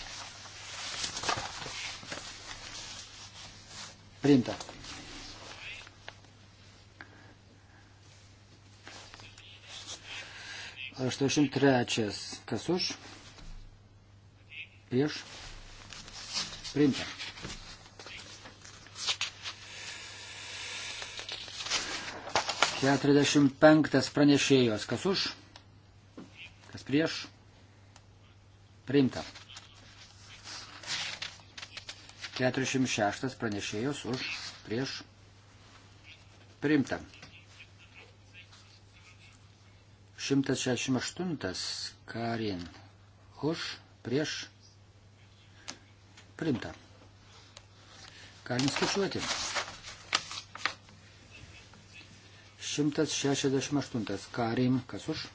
Priimta. Aštuošimt trečias. Kas už? Prieš. Priimta. Keturiasdešimt penktas pranešėjos. Kas už? Kas prieš? Priimta. 46 pranešėjos už prieš primta. 168 karin už prieš primta. Galim skaičiuoti. 168 karim kas už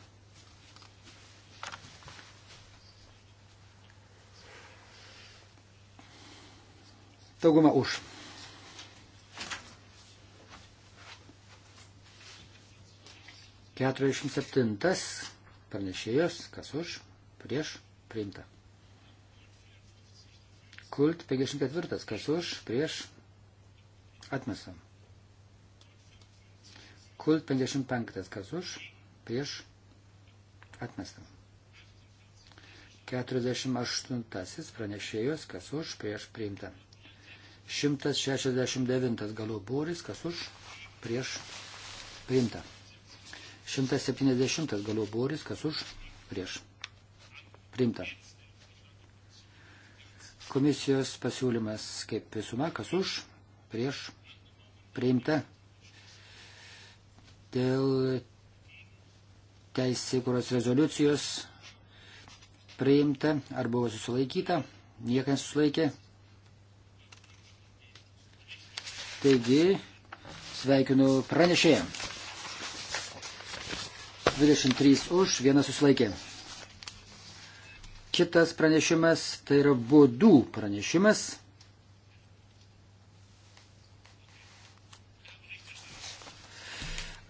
Dauguma už. Keturiasdešimt septintas pranešėjos, kas už, prieš, priimta. Kult 54, kas už, prieš, atmesam. Kult 55, kas už, prieš, atmesam. 48 pranešėjos, kas už, prieš, priimta. 169 galoburis, kas už, prieš, priimta. 170 galoburis, kas už, prieš, priimta. Komisijos pasiūlymas kaip visuma, kas už, prieš, priimta. Dėl teisėkuros rezoliucijos priimta ar buvo susilaikyta, niekas susilaikė, Taigi, sveikinu pranešėją. 23 už, vienas susilaikė. Kitas pranešimas, tai yra būdų pranešimas.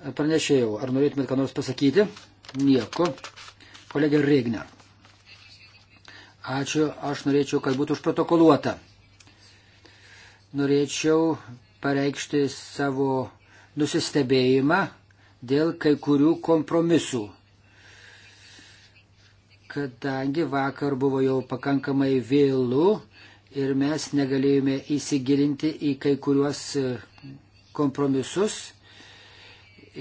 Pranešėjau, ar norėtumėt ką nors pasakyti? Nieko. Kolegė Regner. Ačiū, aš norėčiau, kad būtų užprotokoluota. Norėčiau pareikšti savo nusistebėjimą dėl kai kurių kompromisų. Kadangi vakar buvo jau pakankamai vėlų ir mes negalėjome įsigilinti į kai kuriuos e, kompromisus.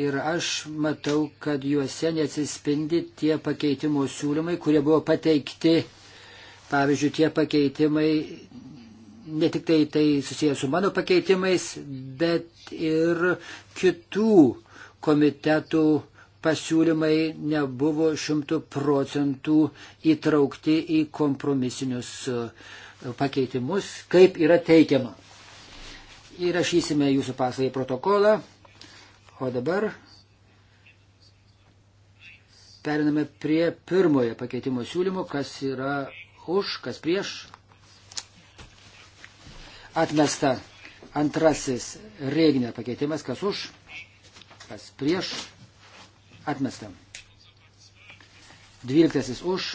Ir aš matau, kad juose neatsispindi tie pakeitimo siūlymai, kurie buvo pateikti. Pavyzdžiui, tie pakeitimai ne tik tai tai susijęs su mano pakeitimais, bet ir kitų komitetų pasiūlymai nebuvo šimtų procentų įtraukti į kompromisinius e, pakeitimus, kaip yra teikiama. Įrašysime jūsų pasą į protokolą, o dabar periname prie pirmojo pakeitimo siūlymo, kas yra už, kas prieš. Atmesta antrasis rėginė pakeitimas, kas už, kas prieš, atmesta. Dvyliktasis už,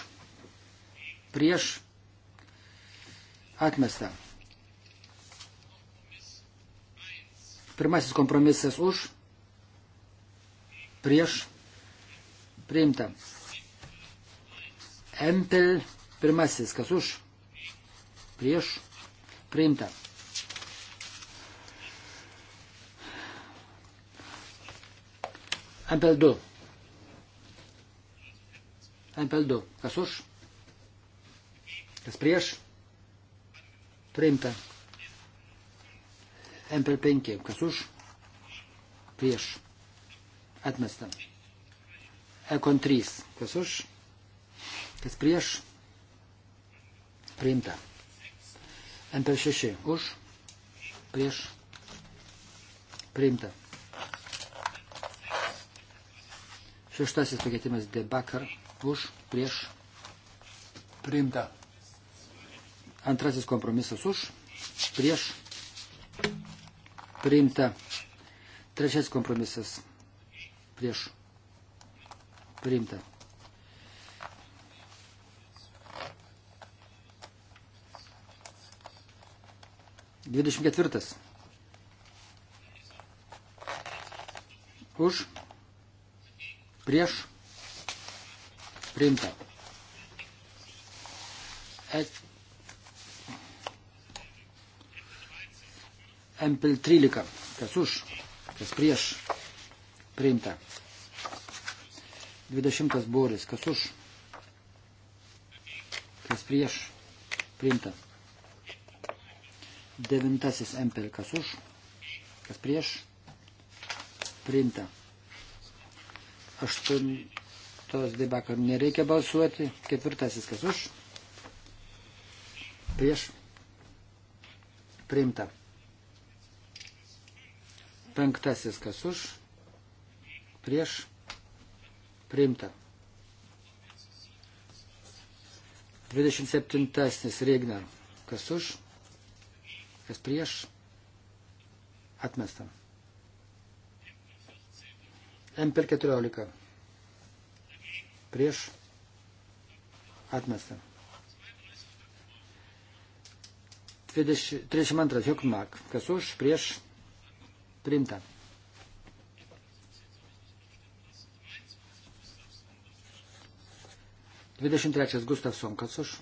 prieš, atmesta. Pirmasis kompromisas už, prieš, priimta. Empel pirmasis, kas už, prieš, priimta. Ampel 2. Ampel 2. Kas už? Kas prieš? Priimta. Ampel 5. Kas už? Prieš. Atmesta. Ekon 3. Kas už? Kas prieš? Priimta. Ampel 6. Už? Prieš? Priimta. Šeštasis pakeitimas debakar už prieš priimta. Antrasis kompromisas už prieš priimta. Trečiasis kompromisas prieš priimta. Dvidešimt ketvirtas. Už prieš priimta. Et... MPL 13, kas už, kas prieš priimta. 20 boris, kas už, kas prieš priimta. Devintasis MPL, kas už, kas prieš priimta. Aštuntos debakar nereikia balsuoti. Ketvirtasis kas už? Prieš. Priimta. Penktasis kas už? Prieš. Priimta. 27. Regna. Kas už? Kas prieš? Atmestam. MPL 14. Prieš atmestą. 32 Jokmak. Kas už, prieš primta. Dvidešimt trečias Gustafson, kas už?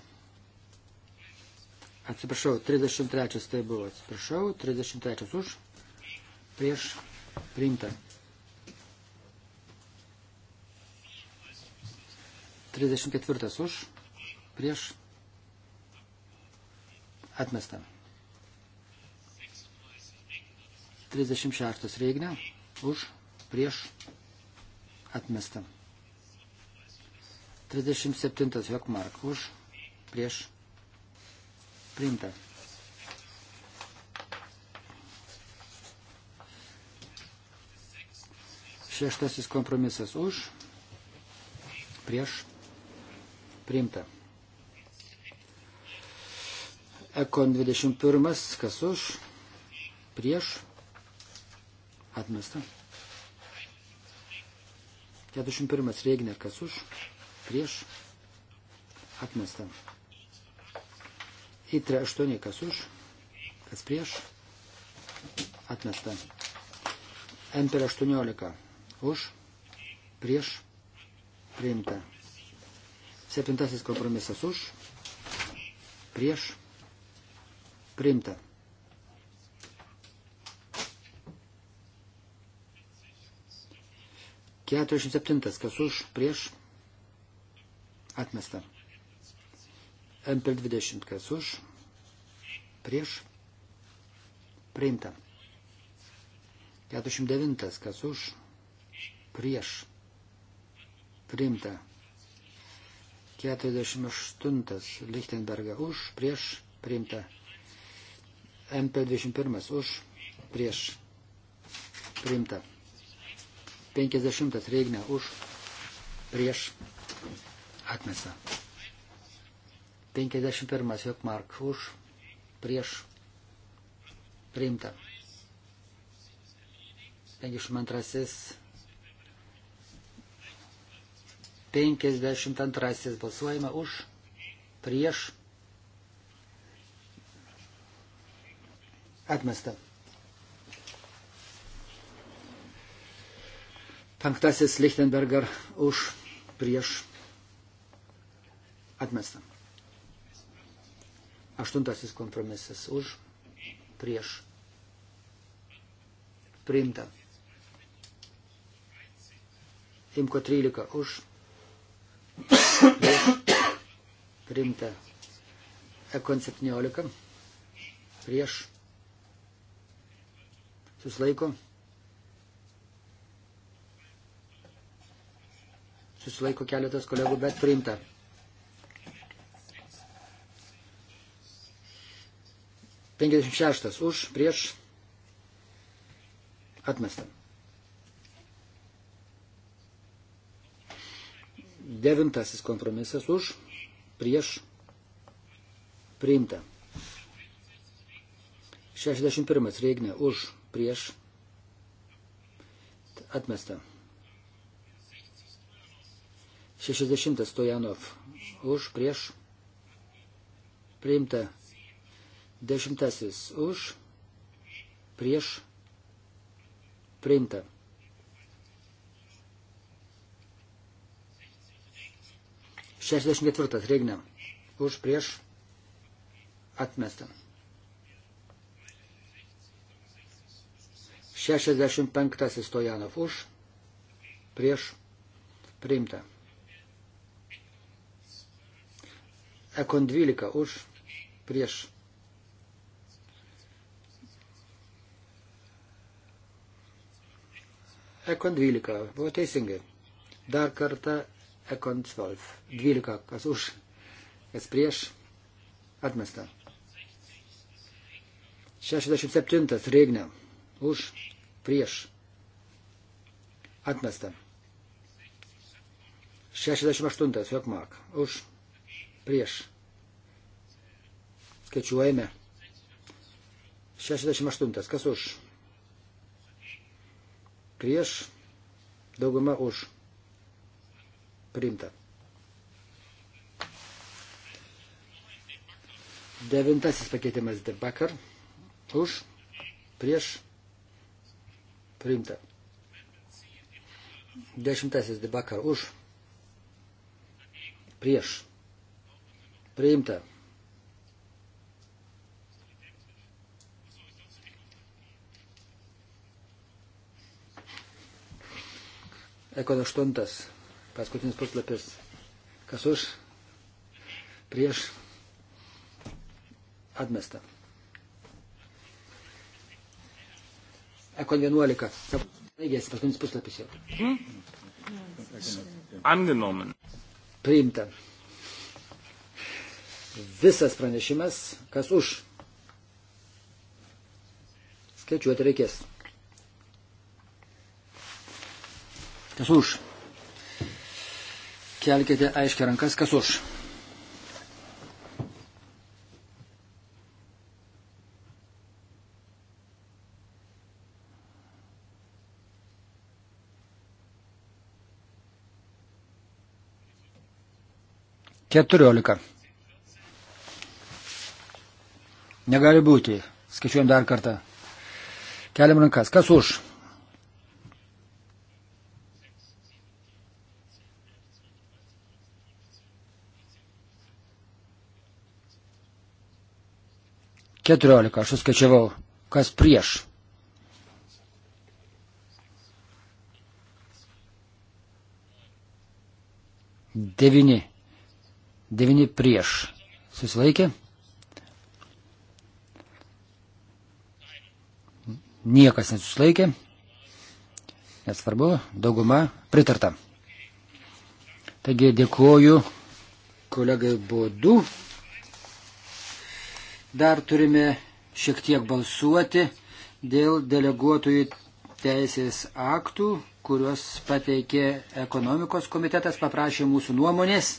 Atsiprašau, 33 tai buvo, atsiprašau, 33 už, prieš, priimta. 34 už, prieš, atmesta. 36 reignė, už, prieš, atmesta. 37 Jokmark, už, prieš, priimta. 6 kompromisas už, prieš, priimta. Ekon 21, kas už, prieš, atmesta. 41, Rėginė, kas už, prieš, atmesta. Įtre 8, kas už, kas prieš, atmesta. Emper 18, už, prieš, priimta. Septintasis kompromisas už, prieš, priimta. Keturiasdešimt septintas, kas už, prieš, atmesta. MPL 20, kas už, prieš, priimta. 49, kas už, prieš, priimta. 48 Lichtenbergą už, prieš priimta. MP21 už, prieš priimta. 50 Reigna už, prieš atmesta. 51 Jokmark už, prieš priimta. 52 52 balsuojame už, prieš, atmesta. Penktasis Lichtenberger už, prieš, atmesta. Aštuntasis kompromisas už, prieš, priimta. Imko 13 už, Primta. Ekon 17. Prieš. Susilaiko. Susilaiko keletas kolegų, bet priimta. Penkiasdešimt šeštas už, prieš, atmestam. Devintasis kompromisas už, prieš, priimta. 61. Reignė už, prieš, atmesta. 60. Stojanov už, prieš, priimta. Dešimtasis už, prieš, priimta. 64 regnė. Už prieš atmestą. 65 Stojanov už prieš priimtą. Ekon 12 už prieš. Ekon 12. Buvo teisingai. Dar kartą Ekon 12. 12. Kas už, kas prieš, atmesta. 67. Regnė. Už, prieš, atmesta. 68. Jokmak. Už, prieš. Skaičiuojame. 68. Kas už? Prieš. Dauguma už. Priimta. Devintasis pakeitimas debakar. Už. Prieš. Priimta. Dešimtasis debakar. Už. Prieš. Priimta. Ekon aštuntas. Paskutinis puslapis. Kas už? Prieš atmesta. Ekon 11. Baigėsi paskutinis puslapis jau. Hmm? Angenomen. Priimta. Visas pranešimas, kas už. Skaičiuoti reikės. Kas už? kelkite aiškiai rankas, kas už. Keturiolika. Negali būti. Skaičiuojam dar kartą. Keliam rankas. Kas už? 14, aš suskaičiavau, kas prieš. Devini. Devini prieš. Susilaikė? Niekas nesusilaikė. Nesvarbu, dauguma pritarta. Taigi dėkoju kolegai Bodu. Dar turime šiek tiek balsuoti dėl deleguotojų teisės aktų, kuriuos pateikė ekonomikos komitetas, paprašė mūsų nuomonės.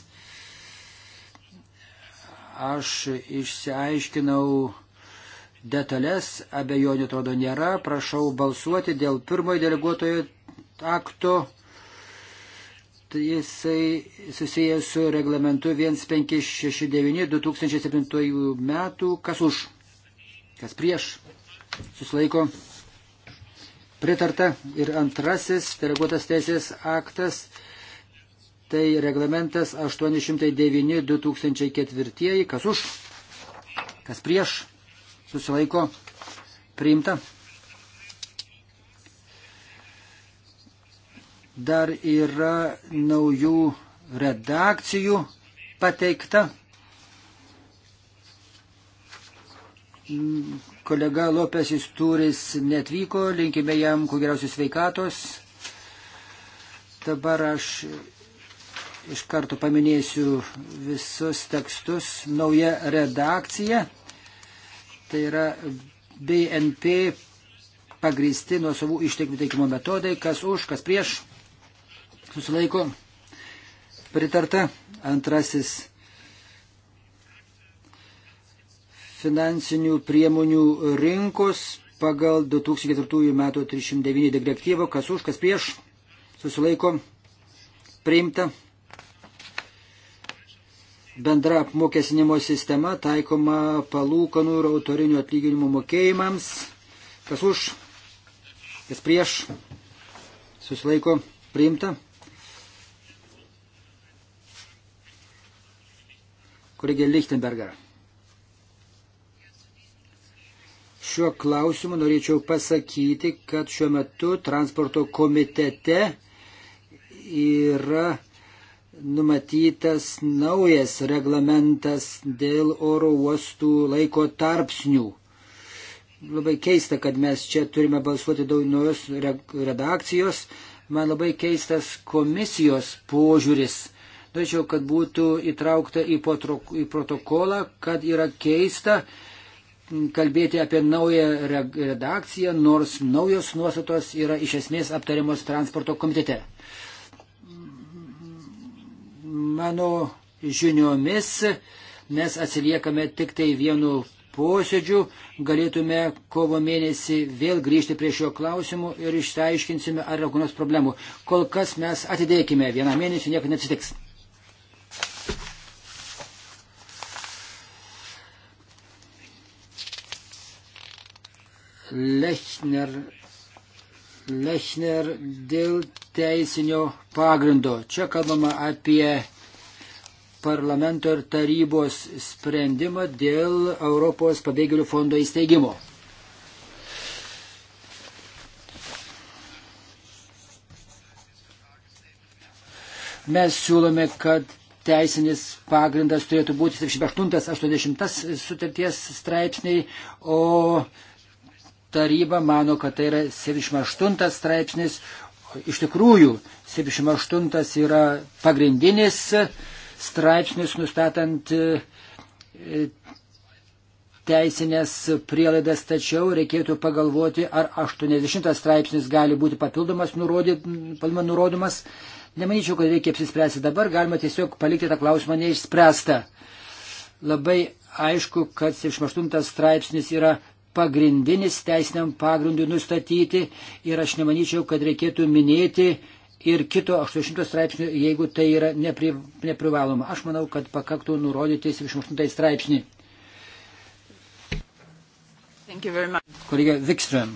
Aš išsiaiškinau detalės, abejonių atrodo nėra, prašau balsuoti dėl pirmojo deleguotojo akto jisai susijęs su reglamentu 1569-2007 metų. Kas už? Kas prieš? Susilaiko. Pritarta. Ir antrasis deleguotas teisės aktas. Tai reglamentas 809-2004. Kas už? Kas prieš? Susilaiko. Priimta. dar yra naujų redakcijų pateikta. Kolega Lopes Istūris netvyko, linkime jam kuo geriausios veikatos. Dabar aš iš karto paminėsiu visus tekstus. Nauja redakcija, tai yra BNP pagristi nuo savų išteklių teikimo metodai, kas už, kas prieš Susilaiko. Pritarta. Antrasis. Finansinių priemonių rinkos pagal 2004 m. 309 direktyvą. Kas už, kas prieš. Susilaiko. Priimta. Bendra apmokesinimo sistema taikoma palūkanų ir autorinių atlyginimų mokėjimams. Kas už, kas prieš. Susilaiko. Priimta. kolegė Lichtenberger. Šiuo klausimu norėčiau pasakyti, kad šiuo metu transporto komitete yra numatytas naujas reglamentas dėl oro uostų laiko tarpsnių. Labai keista, kad mes čia turime balsuoti daug naujos redakcijos. Man labai keistas komisijos požiūris Norėčiau, kad būtų įtraukta į, potrok, į protokolą, kad yra keista kalbėti apie naują redakciją, nors naujos nuostatos yra iš esmės aptariamos transporto komitete. Mano žiniomis mes atsiliekame tik tai vienu posėdžių, galėtume kovo mėnesį vėl grįžti prie šio klausimų ir išsiaiškinsime, ar yra kokios problemų. Kol kas mes atidėkime vieną mėnesį, nieko neatsitiks. Lechner, Lechner dėl teisinio pagrindo. Čia kalbama apie parlamento ir tarybos sprendimą dėl Europos pabėgėlių fondo įsteigimo. Mes siūlome, kad teisinis pagrindas turėtų būti 78-80 sutarties straipsniai, o taryba mano, kad tai yra 78 straipsnis. Iš tikrųjų, 78 yra pagrindinis straipsnis nustatant e, teisinės prielaidas, tačiau reikėtų pagalvoti, ar 80 straipsnis gali būti papildomas nurodyt, nurodomas. Nemanyčiau, kad reikia apsispręsti dabar, galima tiesiog palikti tą klausimą neišspręstą. Labai aišku, kad 78 straipsnis yra pagrindinis teisiniam pagrindui nustatyti ir aš nemanyčiau, kad reikėtų minėti ir kito 800 straipsnių, jeigu tai yra nepri, neprivaloma. Aš manau, kad pakaktų nurodyti 78 straipsnį. Kolega Vikström.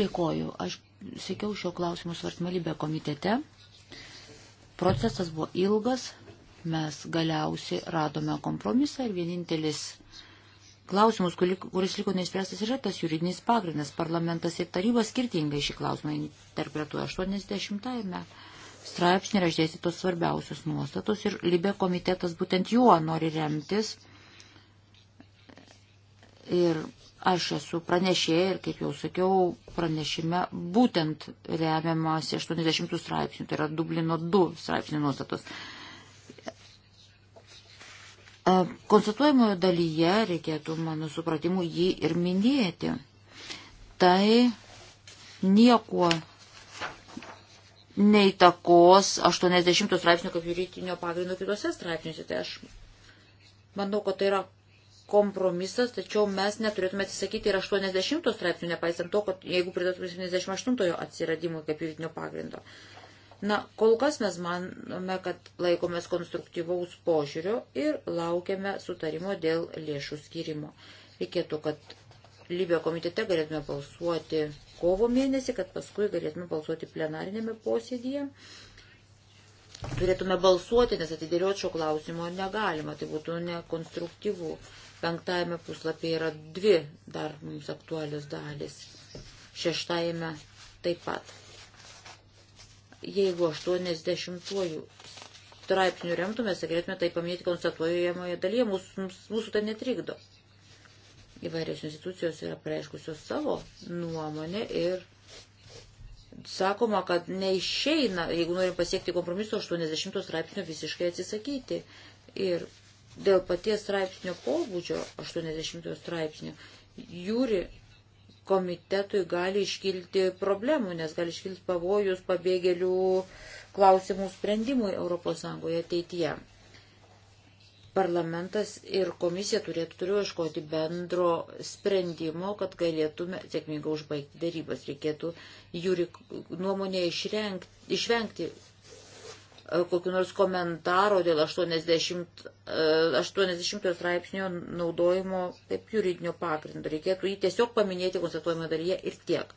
Dėkoju. Aš sėkiau šio klausimų svarsmelybę komitete. Procesas buvo ilgas, mes galiausiai radome kompromisą ir vienintelis klausimus, kuris liko neįspręstas, yra tas juridinis pagrindas. Parlamentas ir taryba skirtingai šį klausimą interpretuoja 80-ame straipsnį ir aš dėsiu tos svarbiausius nuostatus ir Libė komitetas būtent juo nori remtis. Ir aš esu pranešėja ir, kaip jau sakiau, pranešime būtent remiamas 80 straipsnių, tai yra Dublino 2 straipsnių nuostatos. E, konstatuojamojo dalyje reikėtų, mano supratimu, jį ir minėti. Tai nieko neįtakos 80 straipsnio kaip juridinio pagrindo kitose straipsniuose. Tai aš manau, kad tai yra kompromisas, tačiau mes neturėtume atsisakyti ir 80 straipsnių, nepaisant to, kad jeigu pridėtume 78 atsiradimui kaip juridinio pagrindo. Uh, Na, kol kas mes manome, kad laikomės konstruktyvaus požiūrio ir laukiame sutarimo dėl lėšų skirimo. Reikėtų, kad Libio komitete galėtume balsuoti kovo mėnesį, kad paskui galėtume balsuoti plenarinėme posėdyje. Turėtume balsuoti, nes atidėliot šio klausimo negalima, tai būtų nekonstruktyvu. Penktajame puslapyje yra dvi dar mums aktualios dalis. Šeštajame taip pat. Jeigu 80-ųjų straipsnių remtumės, tai galėtume tai paminėti konstatuojamoje dalyje, mūsų, mūsų tai netrikdo. Įvairios institucijos yra pareiškusios savo nuomonę ir sakoma, kad neišeina, jeigu norim pasiekti kompromiso, 80 straipsnio visiškai atsisakyti. Ir dėl paties straipsnio pobūdžio, 80 straipsnio, jūri komitetui gali iškilti problemų, nes gali iškilti pavojus pabėgėlių klausimų sprendimui ES ateityje. Parlamentas ir komisija turėtų turiu iškoti bendro sprendimo, kad galėtume sėkmingai užbaigti darybas. Reikėtų jų nuomonė išrengti, išvengti kokiu nors komentaro dėl 80, 80 e, straipsnio naudojimo kaip juridinio pagrindo. Reikėtų jį tiesiog paminėti konstatuojame dalyje ir tiek.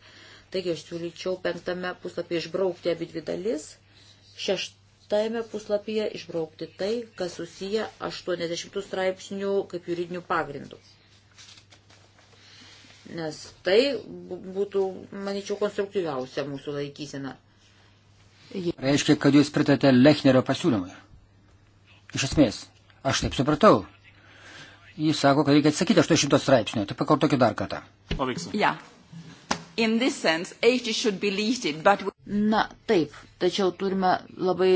Taigi aš siūlyčiau penktame puslapyje išbraukti abi dvi dalis, šeštame puslapyje išbraukti tai, kas susiję 80 straipsnių kaip juridinių pagrindų. Nes tai būtų, manyčiau, konstruktyviausia mūsų laikysena. Reiškia, kad jūs pritarėte Lechnerio pasiūlymui. Iš esmės, aš taip supratau. Jis sako, kad reikia atsakyti 800 straipsnio. Tai pakartokit dar kartą. Ja. Sense, deleted, but... Na, taip, tačiau turime labai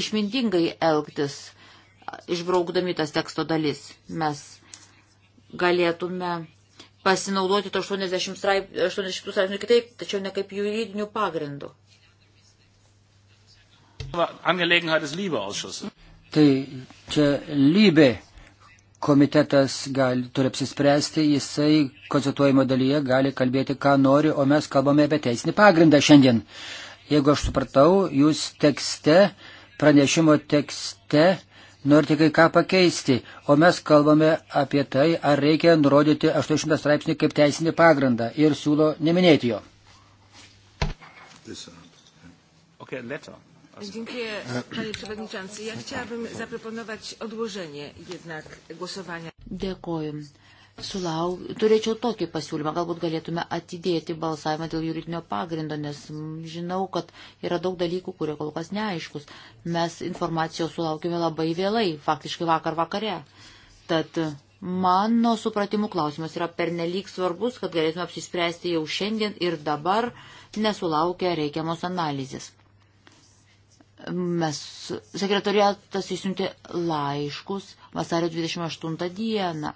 išmintingai elgtis, išbraukdami tas teksto dalis. Mes galėtume pasinaudoti to 80 straipsnių, 80 straipsnių kitaip, tačiau ne kaip juridinių pagrindų. Tai čia lybė komitetas gali, turi apsispręsti, jisai konsultuojimo dalyje gali kalbėti, ką nori, o mes kalbame apie teisinį pagrindą šiandien. Jeigu aš supratau, jūs tekste, pranešimo tekste norite kai ką pakeisti, o mes kalbame apie tai, ar reikia nurodyti 800 straipsnį kaip teisinį pagrindą ir siūlo neminėti jo. Uh, okay, letter. Dziękuję panie przewodniczący. Ja chciałabym zaproponować odłożenie jednak głosowania. Dėkoju. Sulau, turėčiau tokį pasiūlymą, galbūt galėtume atidėti balsavimą dėl juridinio pagrindo, nes žinau, kad yra daug dalykų, kurie kol kas neaiškus. Mes informacijos sulaukime labai vėlai, faktiškai vakar vakare. Tad mano supratimu klausimas yra pernelyg svarbus, kad galėtume apsispręsti jau šiandien ir dabar nesulaukę reikiamos analizės. Mes sekretariatas įsiuntė laiškus vasario 28 dieną.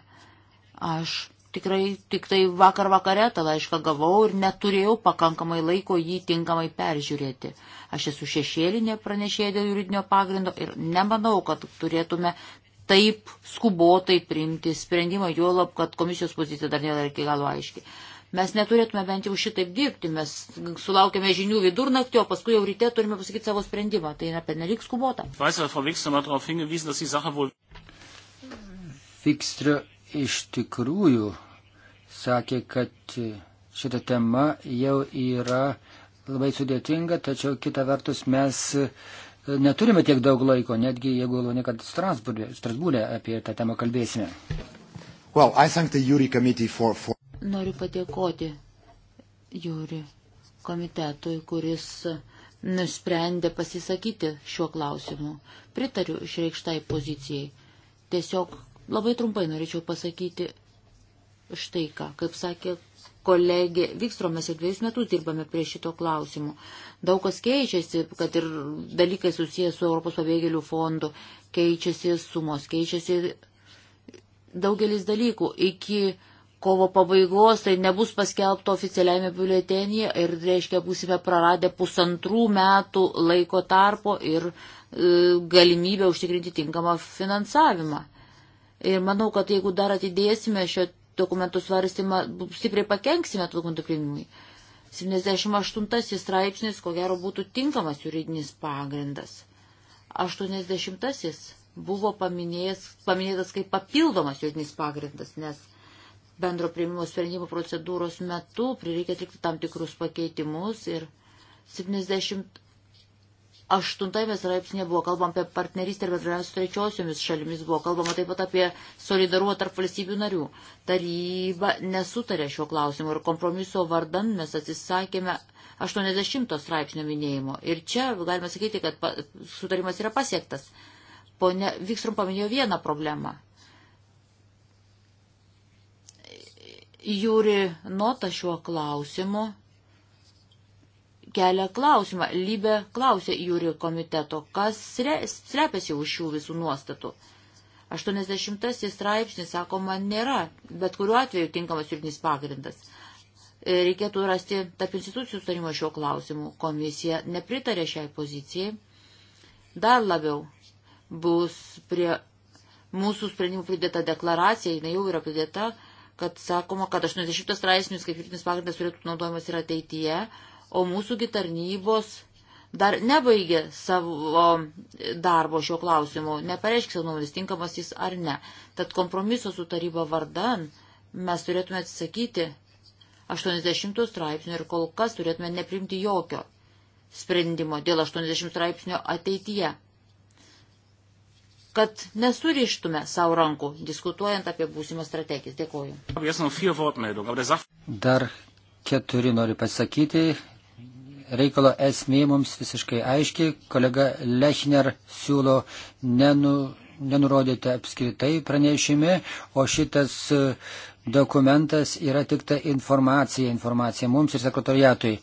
Aš tikrai tik tai vakar vakare tą laišką gavau ir neturėjau pakankamai laiko jį tinkamai peržiūrėti. Aš esu šešėlinė pranešėja dėl juridinio pagrindo ir nemanau, kad turėtume taip skubotai priimti sprendimą, juolab, kad komisijos pozicija dar nėra iki galo aiški. Mes neturėtume bent jau šitaip dirbti, mes sulaukėme žinių vidurnaktį, o paskui jau ryte turime pasakyti savo sprendimą. Tai yra pernelik skubota. Fikstrio iš tikrųjų sakė, kad šita tema jau yra labai sudėtinga, tačiau kita vertus mes neturime tiek daug laiko, netgi jeigu ne kad Strasbūrė, Strasbūrė apie tą temą kalbėsime. Well, for, for... Noriu padėkoti Jūri komitetui, kuris nusprendė pasisakyti šiuo klausimu. Pritariu išreikštai pozicijai. Tiesiog labai trumpai norėčiau pasakyti štai ką. Kaip sakė kolegė Vikstro, mes jau dviejus metus dirbame prie šito klausimu. Daug kas keičiasi, kad ir dalykai susijęs su Europos pabėgėlių fondu, keičiasi sumos, keičiasi daugelis dalykų. Iki kovo pabaigos, tai nebus paskelbto oficialiame biuletenyje ir, reiškia, būsime praradę pusantrų metų laiko tarpo ir e, galimybę užtikrinti tinkamą finansavimą. Ir manau, kad jeigu dar atidėsime šio dokumentų svarstymą, stipriai pakenksime dokumentų priimimui. 78 straipsnis, ko gero, būtų tinkamas juridinis pagrindas. 80 buvo paminėjęs, paminėtas kaip papildomas juridinis pagrindas, nes bendro priimimo sprendimų procedūros metu prireikia atlikti tam tikrus pakeitimus ir 78 straipsnė buvo kalbama apie partnerystę ir bendravimą su trečiosiomis šalimis, buvo kalbama taip pat apie solidarumą tarp valstybių narių. Taryba nesutarė šiuo klausimu ir kompromiso vardan mes atsisakėme 80 straipsnio minėjimo. Ir čia galime sakyti, kad sutarimas yra pasiektas. Pone Vikstrum paminėjo vieną problemą Jūri Nota šiuo klausimu kelia klausimą. Lybė klausė Jūri komiteto, kas slepiasi už šių visų nuostatų. 80 straipsnis, sakoma, nėra, bet kuriuo atveju tinkamas juridinis pagrindas. E, reikėtų rasti tarp institucijų sutarimo šiuo klausimu. Komisija nepritarė šiai pozicijai. Dar labiau bus prie mūsų sprendimų pridėta deklaracija, jinai jau yra pridėta, kad sakoma, kad 80 straipsnius kaip juridinis pagrindas turėtų naudojamas ir ateityje, o mūsų tarnybos dar nebaigė savo darbo šio klausimu, nepareiškia savo nuomonės, tinkamas jis ar ne. Tad kompromiso su taryba vardan mes turėtume atsisakyti 80 straipsnių ir kol kas turėtume neprimti jokio sprendimo dėl 80 straipsnio ateityje kad nesurištume savo rankų, diskutuojant apie būsimą strategiją. Dėkoju. Dar keturi nori pasakyti. Reikalo esmė mums visiškai aiški. Kolega Lechner siūlo nenu, nenurodyti apskritai pranešime, o šitas e, dokumentas yra tik ta informacija, informacija mums ir sekretoriatui.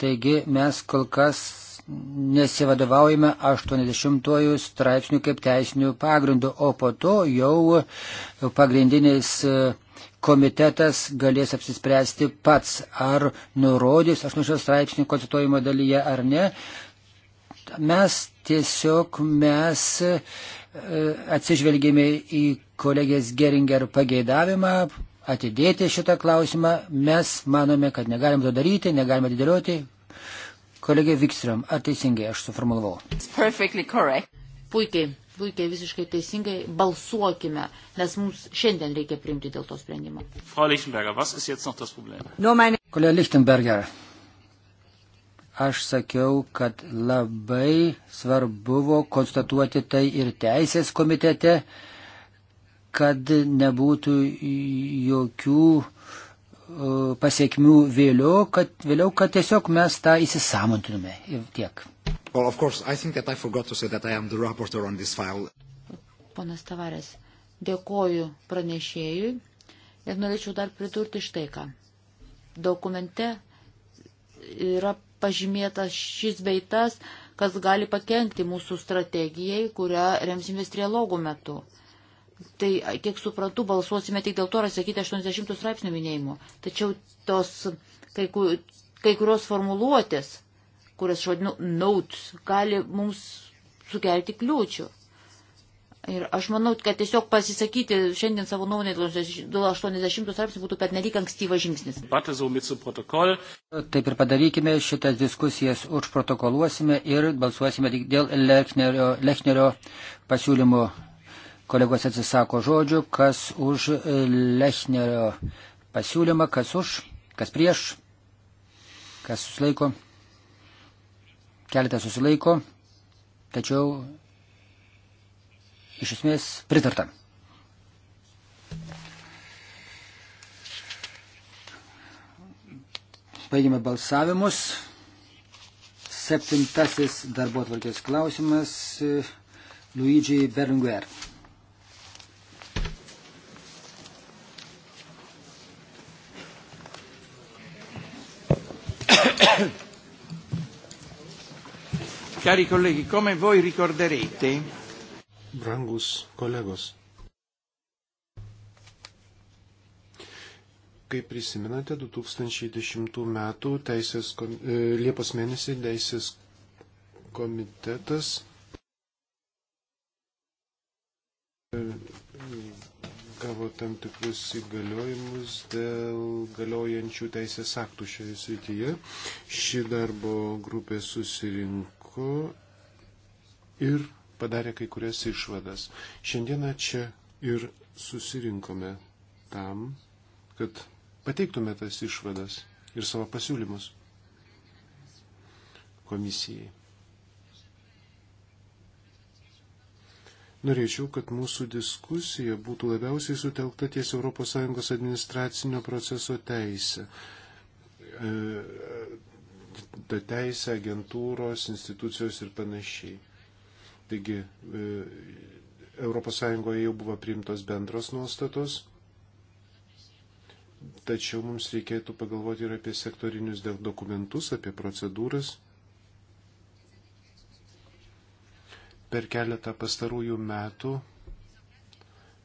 Taigi mes kol kas nesivadovaujame 80 straipsnių kaip teisinių pagrindų, o po to jau pagrindinis e, komitetas galės apsispręsti pats, ar nurodys 80 straipsnių konstituojimo dalyje ar ne. Mes tiesiog mes e, atsižvelgėme į kolegės Geringer pageidavimą, atidėti šitą klausimą. Mes manome, kad negalim to daryti, negalim atidėlioti, Kolegė Vikstrom, ar teisingai aš suformulavau? Puikiai, puikiai, visiškai teisingai balsuokime, nes mums šiandien reikia priimti dėl to sprendimo. Frau Lichtenberger, was ist jetzt noch das Problem? No, meine... Kolegė Lichtenberger, aš sakiau, kad labai svarbu buvo konstatuoti tai ir teisės komitete, kad nebūtų jokių E, pasiekmių vėliau, kad, vėliau, kad tiesiog mes tą įsisamontume ir tiek. Well, course, Ponas Tavarės, dėkoju pranešėjui ir norėčiau dar pridurti štai ką. Dokumente yra pažymėtas šis beitas, kas gali pakengti mūsų strategijai, kurią remsimės trialogų metu. Tai, kiek suprantu, balsuosime tik dėl to, ar sakyti 80 straipsnių minėjimo. Tačiau tos kai, kur, kai kurios formuluotės, kurias šodinu notes, gali mums sukelti kliūčių. Ir aš manau, kad tiesiog pasisakyti šiandien savo nuomonę dėl 80 straipsnių būtų per nelik ankstyvas žingsnis. Taip ir padarykime šitas diskusijas, užprotokoluosime ir balsuosime dėl Lechnerio, Lechnerio pasiūlymo Kolegos atsisako žodžių, kas už Lechnerio pasiūlymą, kas už, kas prieš, kas susilaiko. Keletas susilaiko, tačiau iš esmės pritarta. Baigime balsavimus. Septintasis darbo atvarkės klausimas Luigi Berlinguer. Cari colleghi, come voi ricorderete. Brangus kolegos. Kaip prisiminate, 2010 m. Teisės, e, Liepos mėnesį Teisės komitetas e, gavo tam tikrus įgaliojimus dėl galiojančių teisės aktų šioje srityje. Ši darbo grupė susirinko laiku ir padarė kai kurias išvadas. Šiandieną čia ir susirinkome tam, kad pateiktume tas išvadas ir savo pasiūlymus komisijai. Norėčiau, kad mūsų diskusija būtų labiausiai sutelkta ties ES administracinio proceso teisė. E, teisę, agentūros, institucijos ir panašiai. Taigi ES jau buvo priimtos bendros nuostatos, tačiau mums reikėtų pagalvoti ir apie sektorinius dokumentus, apie procedūras. Per keletą pastarųjų metų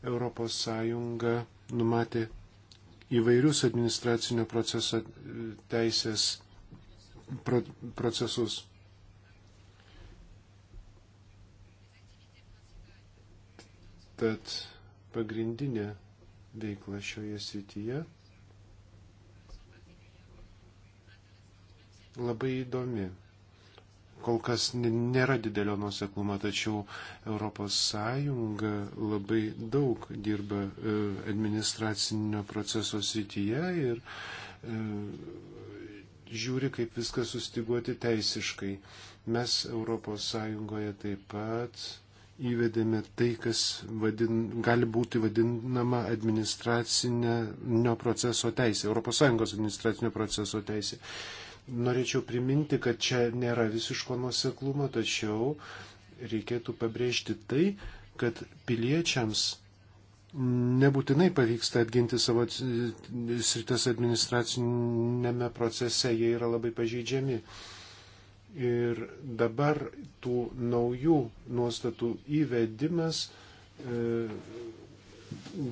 ES numatė įvairius administracinio proceso teisės procesus. Tad pagrindinė veikla šioje srityje labai įdomi. Kol kas nėra didelio nuseklumo, tačiau ES labai daug dirba e, administracinio proceso srityje ir e, žiūri, kaip viską sustiguoti teisiškai. Mes ES taip pat įvedėme tai, kas vadin, gali būti vadinama administracinio proceso teisė, ES administracinio proceso teisė. Norėčiau priminti, kad čia nėra visiško nuseklumo, tačiau reikėtų pabrėžti tai, kad piliečiams nebūtinai pavyksta atginti savo sritas administracinėme procese, jie yra labai pažeidžiami. Ir dabar tų naujų nuostatų įvedimas e,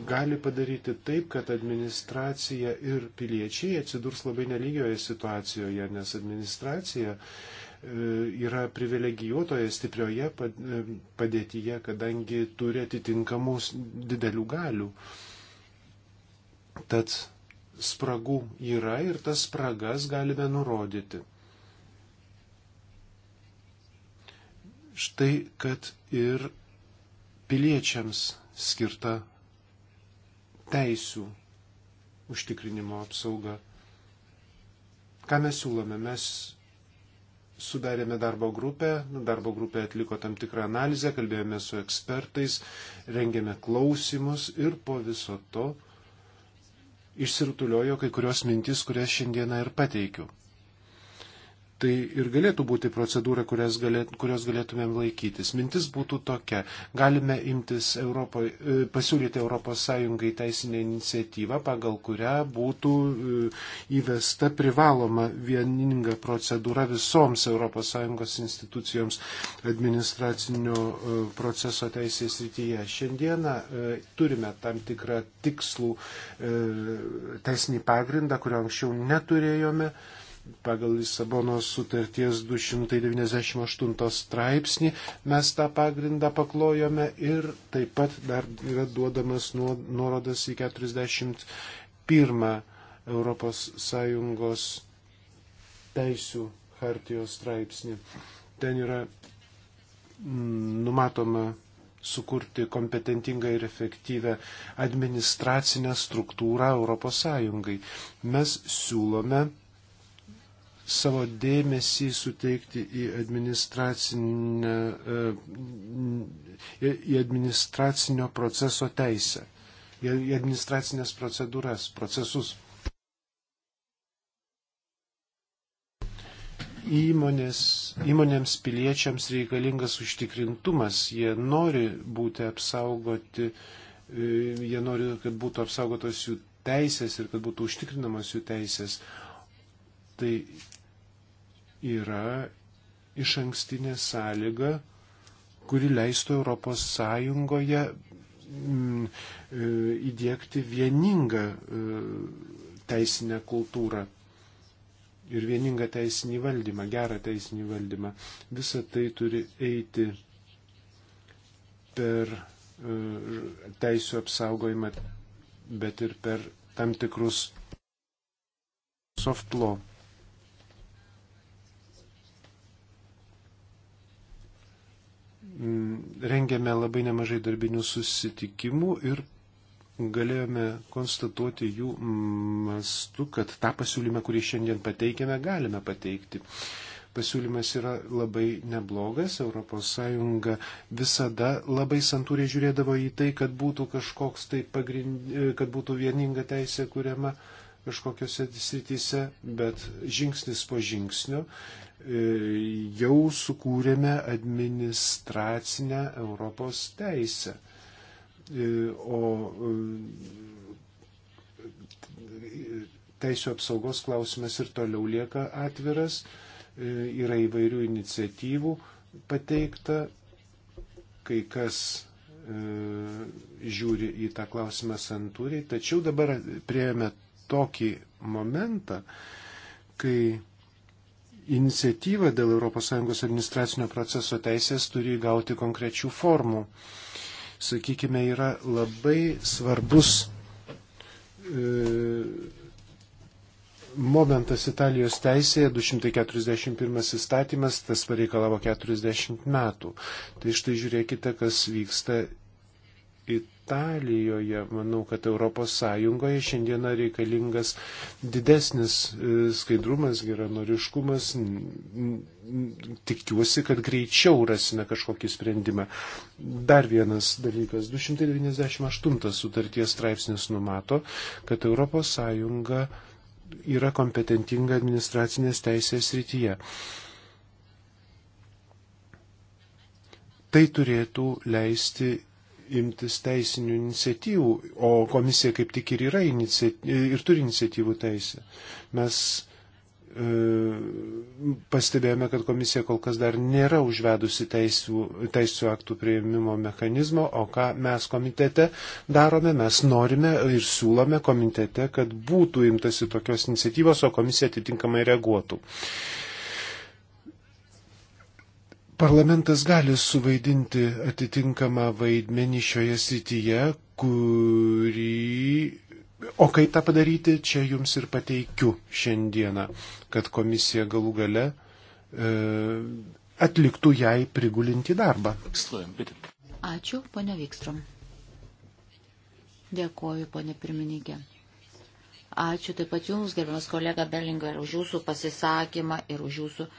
gali padaryti taip, kad administracija ir piliečiai atsidurs labai nelygioje situacijoje, nes administracija e, E, yra privilegijuotoje stiprioje e, padėtyje, kadangi turi atitinkamus didelių galių. Tad spragų yra ir tas spragas galime nurodyti. Štai, kad ir piliečiams skirta teisų užtikrinimo apsauga. Ką mes siūlome? Mes sudarėme darbo grupę, nu, darbo grupė atliko tam tikrą analizę, kalbėjome su ekspertais, rengėme klausimus ir po viso to išsirutuliojo kai kurios mintis, kurias šiandieną ir pateikiu tai ir galėtų būti procedūra, kurios, galėt, kurios galėtumėm laikytis. Mintis būtų tokia. Galime imtis Europo, e, pasiūlyti ES teisinę iniciatyvą, pagal kurią būtų e, įvesta privaloma vieninga procedūra visoms ES institucijoms administracinio e, proceso teisės rytyje. Šiandieną turime tam tikrą tikslų teisinį pagrindą, kurio anksčiau neturėjome pagal Lisabonos sutarties 298 straipsnį mes tą pagrindą paklojome ir taip pat dar yra duodamas nuorodas į 41 Europos Sąjungos teisų hartijos straipsnį. Ten yra mm, numatoma sukurti kompetentingą ir efektyvę administracinę struktūrą Europos Sąjungai. Mes siūlome savo dėmesį suteikti į administracinę, e, į administracinio proceso teisę, į administracinės procedūras, procesus. Įmonės, įmonėms piliečiams reikalingas užtikrintumas, jie nori būti apsaugoti, e, jie nori, kad būtų apsaugotos jų teisės ir kad būtų užtikrinamas jų teisės. Tai yra iš ankstinė sąlyga, kuri leistų Europos Sąjungoje mm, e, įdėkti vieningą e, teisinę kultūrą ir vieningą teisinį valdymą, gerą teisinį valdymą. Visa tai turi eiti per e, teisų apsaugojimą, bet ir per tam tikrus soft law Mm, rengėme labai nemažai darbinių susitikimų ir galėjome konstatuoti jų mastu, kad tą pasiūlymą, kurį šiandien pateikėme, galime pateikti. Pasiūlymas yra labai neblogas, ES visada labai santūriai žiūrėdavo į tai, kad būtų kažkoks tai pagrind, kad būtų vieninga teisė kuriama. Uh, kažkokiose srityse, bet žingsnis po žingsnio e, jau sukūrėme administracinę Europos teisę. E, o e, teisų apsaugos klausimas ir toliau lieka atviras, yra įvairių iniciatyvų pateikta, kai kas žiūri į tą klausimą santūriai, tačiau dabar prieėmė tokį momentą, kai iniciatyva dėl ES administracinio proceso teisės turi gauti konkrečių formų. Sakykime, yra labai svarbus e, momentas Italijos teisėje, 241 įstatymas, tas pareikalavo 40 metų. Tai štai žiūrėkite, kas vyksta Italijoje, manau, kad ES šiandieną reikalingas didesnis e, skaidrumas, geranoriškumas. Tikiuosi, kad greičiau rasime kažkokį sprendimą. Dar vienas dalykas. 298 sutarties straipsnis numato, kad ES yra kompetentinga administracinės teisės rytyje. Tai turėtų leisti imtis teisinių iniciatyvų, o komisija kaip tik ir, yra, ir turi iniciatyvų teisę. Mes e, pastebėjome, kad komisija kol kas dar nėra užvedusi teisų, teisų aktų prieimimo mechanizmo, o ką mes komitete darome, mes norime ir siūlome komitete, kad būtų imtasi tokios iniciatyvos, o komisija atitinkamai reaguotų. E, Parlamentas gali suvaidinti atitinkamą vaidmenį šioje srityje, kurį. O kaip tą padaryti, čia jums ir pateikiu šiandieną, kad komisija galų gale e, atliktų jai prigulinti darbą. Ačiū, ponia Vikstrom. Dėkoju, ponia pirmininkė. Ačiū taip pat jums, gerbiamas kolega Bellinger, už jūsų pasisakymą ir už jūsų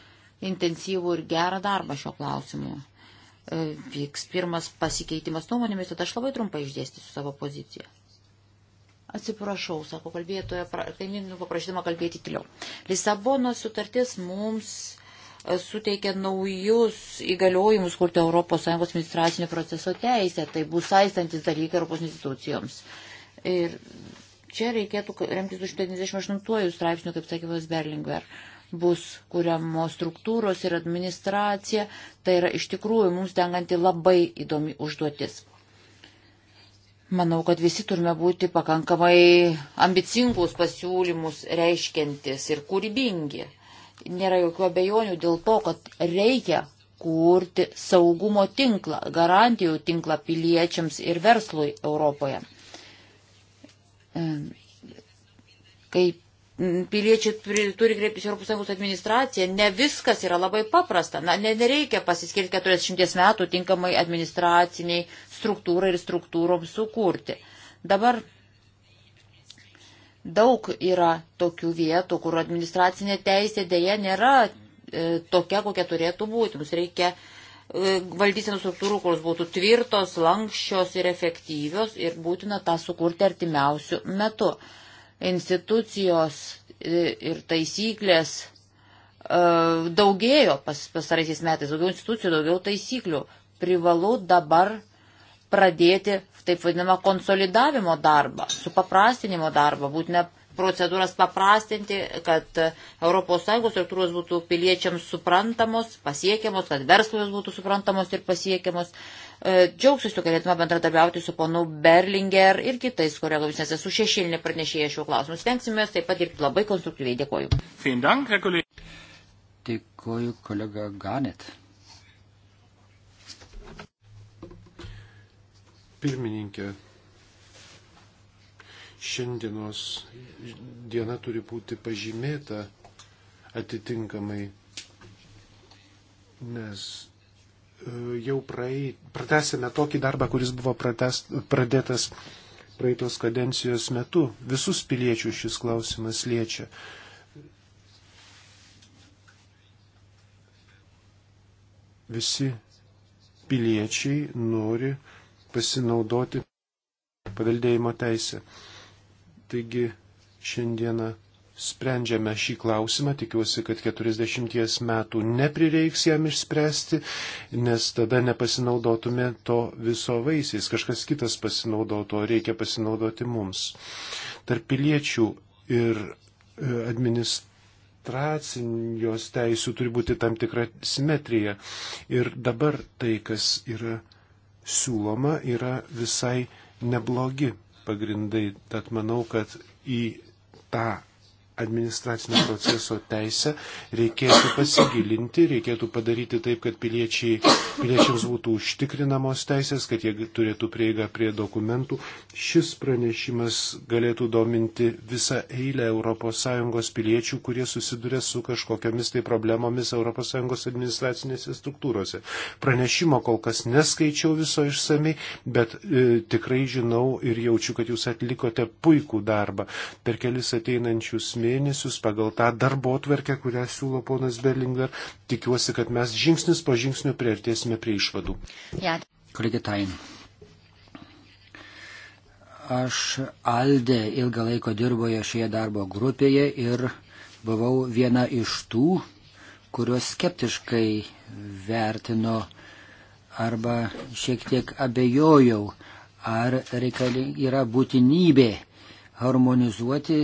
intensyvų ir gerą darbą šio klausimu. E, vyks pirmas pasikeitimas nuomonėmis, tad aš labai trumpai išdėstysiu savo poziciją. Atsiprašau, sako kalbėtoja, kaimynų paprašydama kalbėti tiliau. Lisabonos sutartis mums e, suteikia naujus įgaliojimus kurti ES administracinio proceso teisę, tai bus saistantis dalykai Europos institucijoms. Ir čia reikėtų remtis 198 straipsnių, kaip sakė Vas Berlingver. Uh, bus kuriamos struktūros ir administracija. Tai yra iš tikrųjų mums tenkanti labai įdomi užduotis. Manau, kad visi turime būti pakankamai ambicingus pasiūlymus reiškiantis ir kūrybingi. Nėra jokių abejonių dėl to, kad reikia kurti saugumo tinklą, garantijų tinklą piliečiams ir verslui Europoje. Kaip piliečiai turi kreiptis Europos Sąjungos administraciją, ne viskas yra labai paprasta. Na, ne, nereikia pasiskirti 40 metų tinkamai administraciniai struktūrai ir struktūroms sukurti. Dabar daug yra tokių vietų, kur administracinė teisė dėja nėra e, tokia, kokia turėtų būti. Mums reikia e, valdysenų struktūrų, kurios būtų tvirtos, lankščios ir efektyvios ir būtina tą sukurti artimiausių metų institucijos ir taisyklės e, daugėjo pas, pasaraisiais metais, daugiau institucijų, daugiau taisyklių. Privalu dabar pradėti taip vadinamą konsolidavimo darbą, supaprastinimo darbą, būtina procedūras paprastinti, kad ES struktūros būtų piliečiams suprantamos, pasiekiamos, kad verslas būtų suprantamos ir pasiekiamos. E, džiaugsiuosi, galėtume bendradarbiauti su ponu Berlinger ir kitais kolegomis, nes esu šešilinė pranešėja šiuo klausimu. Stengsime taip pat dirbti labai konstruktyviai. Dėkoju. Dėkoju, kolega Ganet. Pirmininkė, šiandienos diena turi būti pažymėta atitinkamai, nes e, jau praeit, pratesėme tokį darbą, kuris buvo prates, pradėtas praeitos kadencijos metu. Visus piliečių šis klausimas liečia. Visi piliečiai nori pasinaudoti paveldėjimo teisę. Taigi šiandieną sprendžiame šį klausimą, tikiuosi, kad 40 metų neprireiks jam išspręsti, nes tada nepasinaudotume to viso vaisiais, kažkas kitas pasinaudoto, reikia pasinaudoti mums. Tarp piliečių ir e, administracijos teisų turi būti tam tikra simetrija. Ir dabar tai, kas yra siūloma, yra visai neblogi pagrindai. Tad manau, kad į tą administracinio proceso teisę reikėtų pasigilinti, reikėtų padaryti taip, kad piliečiai, piliečiams būtų užtikrinamos teisės, kad jie turėtų prieigą prie dokumentų. Šis pranešimas galėtų dominti visą eilę ES piliečių, kurie susiduria su kažkokiamis tai problemomis ES administracinėse struktūrose. Pranešimo kol kas neskaičiau viso išsamei, bet e, tikrai žinau ir jaučiu, kad jūs atlikote puikų darbą. Per kelis ateinančius mėnesius mėnesius pagal tą darbo tvarkę, kurią siūlo ponas Berlinger. Tikiuosi, kad mes žingsnis po žingsnio prieartėsime prie išvadų. Ja. Kolegė Tain. Aš Aldė ilgą laiko dirboje šioje darbo grupėje ir buvau viena iš tų, kurios skeptiškai vertino arba šiek tiek abejojau, ar reikalinga yra būtinybė harmonizuoti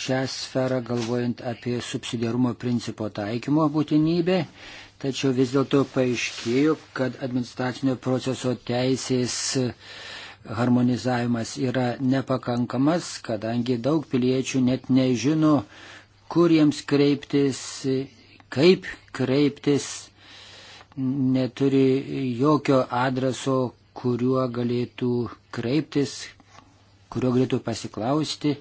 šią sferą, galvojant apie subsidiarumo principo taikymo būtinybę, tačiau vis dėlto paaiškėjo, kad administracinio proceso teisės harmonizavimas yra nepakankamas, kadangi daug piliečių net nežino, kur jiems kreiptis, kaip kreiptis, neturi jokio adreso, kuriuo galėtų kreiptis, kuriuo galėtų pasiklausti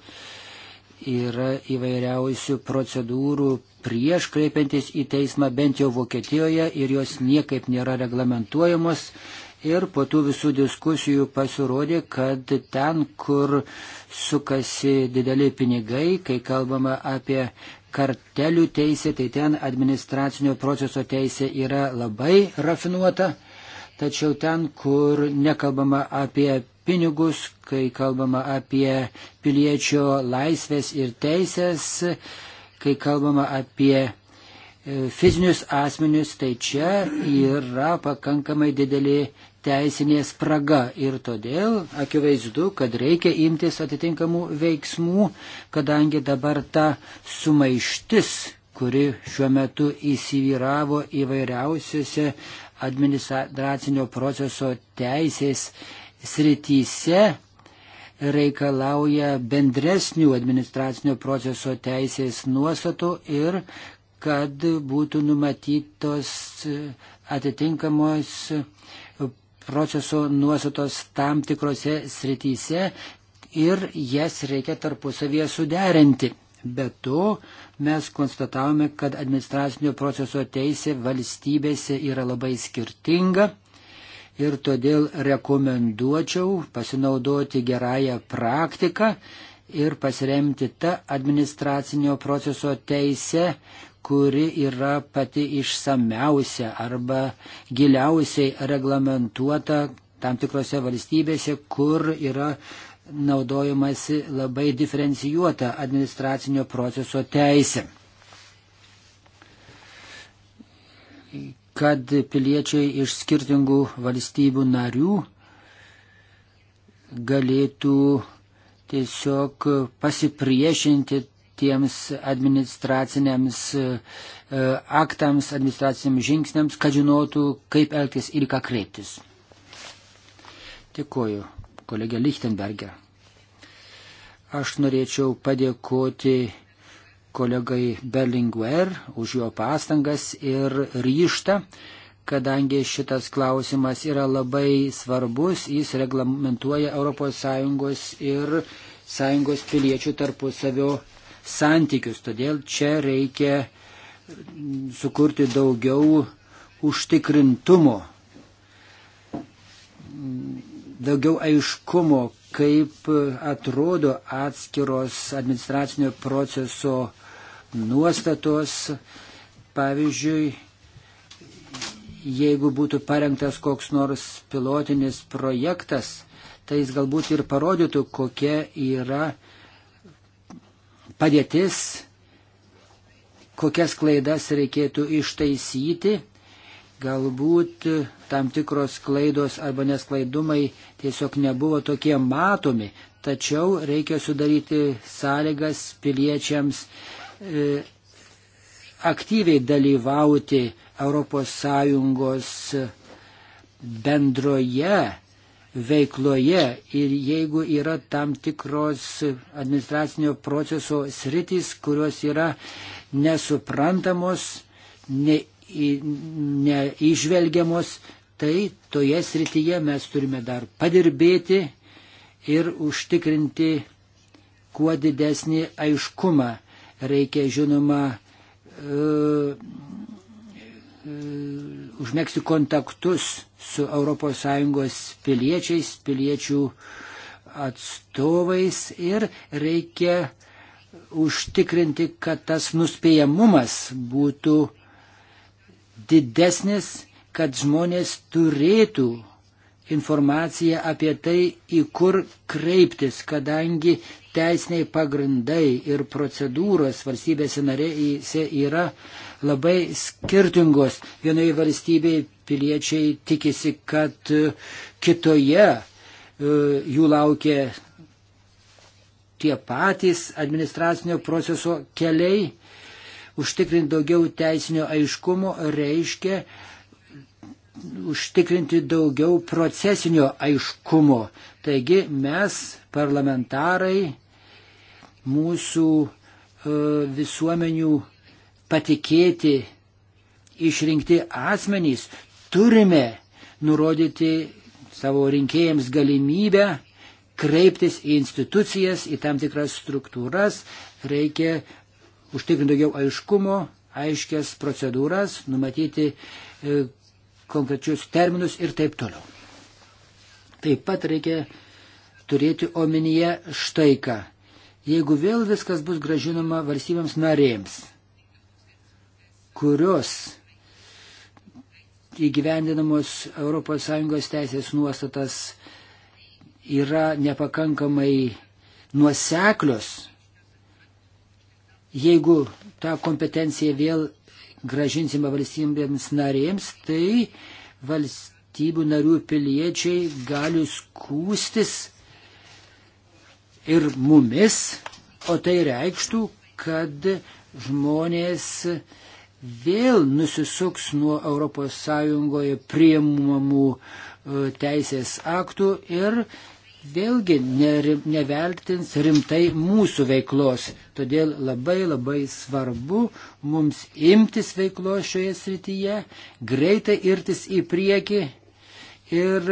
yra įvairiausių procedūrų prieš kreipiantis į teismą, bent jau Vokietijoje, ir jos niekaip nėra reglamentuojamos. Ir po tų visų diskusijų pasirodė, kad ten, kur sukasi dideli pinigai, kai kalbama apie kartelių teisę, tai ten administracinio proceso teisė yra labai rafinuota. Tačiau ten, kur nekalbama apie pinigus, kai kalbama apie piliečio laisvės ir teisės, kai kalbama apie e, fizinius asmenius, tai čia yra pakankamai didelė teisinė spraga ir todėl akivaizdu, kad reikia imtis atitinkamų veiksmų, kadangi dabar ta sumaištis, kuri šiuo metu įsivyravo įvairiausiose administracinio proceso teisės srityse reikalauja bendresnių administracinio proceso teisės nuostatų ir kad būtų numatytos atitinkamos proceso nuostatos tam tikrose srityse ir jas reikia tarpusavėje suderinti. Be to, mes konstatavome, kad administracinio proceso teisė valstybėse yra labai skirtinga ir todėl rekomenduočiau pasinaudoti gerąją praktiką ir pasiremti tą administracinio proceso teisę, kuri yra pati išsameusia arba giliausiai reglamentuota tam tikrose valstybėse, kur yra naudojamasi labai diferencijuota administracinio proceso teisė kad piliečiai iš skirtingų valstybių narių galėtų tiesiog pasipriešinti tiems administraciniams e, aktams, administraciniams žingsniams, kad žinotų, kaip elgtis ir ką kreiptis. Dėkuoju, kolegė Lichtenberger. Aš norėčiau padėkoti kolegai Berlinguer už jo pastangas ir ryštą, kadangi šitas klausimas yra labai svarbus, jis reglamentuoja ES ir sąjungos piliečių tarpusavio santykius. Todėl čia reikia sukurti daugiau užtikrintumo, daugiau aiškumo, kaip atrodo atskiros administracinio proceso nuostatos. Pavyzdžiui, jeigu būtų parengtas koks nors pilotinis projektas, tai jis galbūt ir parodytų, kokia yra padėtis, kokias klaidas reikėtų ištaisyti Galbūt tam tikros klaidos arba nesklaidumai tiesiog nebuvo tokie matomi, tačiau reikia sudaryti sąlygas piliečiams e, aktyviai dalyvauti ES bendroje veikloje ir jeigu yra tam tikros administracinio proceso sritis, kurios yra nesuprantamos, ne, neižvelgiamos, tai toje srityje mes turime dar padirbėti ir užtikrinti kuo didesnį aiškumą. Reikia, žinoma, e, e, užmėgsti kontaktus su ES piliečiais, piliečių atstovais ir reikia užtikrinti, kad tas nuspėjamumas būtų didesnis, kad žmonės turėtų informaciją apie tai, į kur kreiptis, kadangi teisiniai pagrindai ir procedūros valstybėse narėse yra labai skirtingos. Vienoje valstybėje piliečiai tikisi, kad e, kitoje e, jų laukia tie patys administracinio proceso keliai Užtikrinti daugiau teisinio aiškumo reiškia užtikrinti daugiau procesinio aiškumo. Taigi mes, parlamentarai, mūsų e, visuomenių patikėti išrinkti asmenys, turime nurodyti savo rinkėjams galimybę kreiptis į institucijas, į tam tikras struktūras, reikia užtikrinti daugiau aiškumo, aiškias procedūras, numatyti e, konkrečius terminus ir taip toliau. Taip pat reikia turėti omenyje štai ką. Jeigu vėl viskas bus gražinama valstybėms narėms, kurios įgyvendinamos ES teisės nuostatas yra nepakankamai nuoseklios, Jeigu tą kompetenciją vėl gražinsime valstybėms narėms, tai valstybių narių piliečiai gali skūstis ir mumis, o tai reikštų, kad žmonės vėl nusisuks nuo ES priemamų e, teisės aktų ir vėlgi nerim, neveltins rimtai mūsų veiklos. Todėl labai labai svarbu mums imtis veiklos šioje srityje, greitai irtis į priekį ir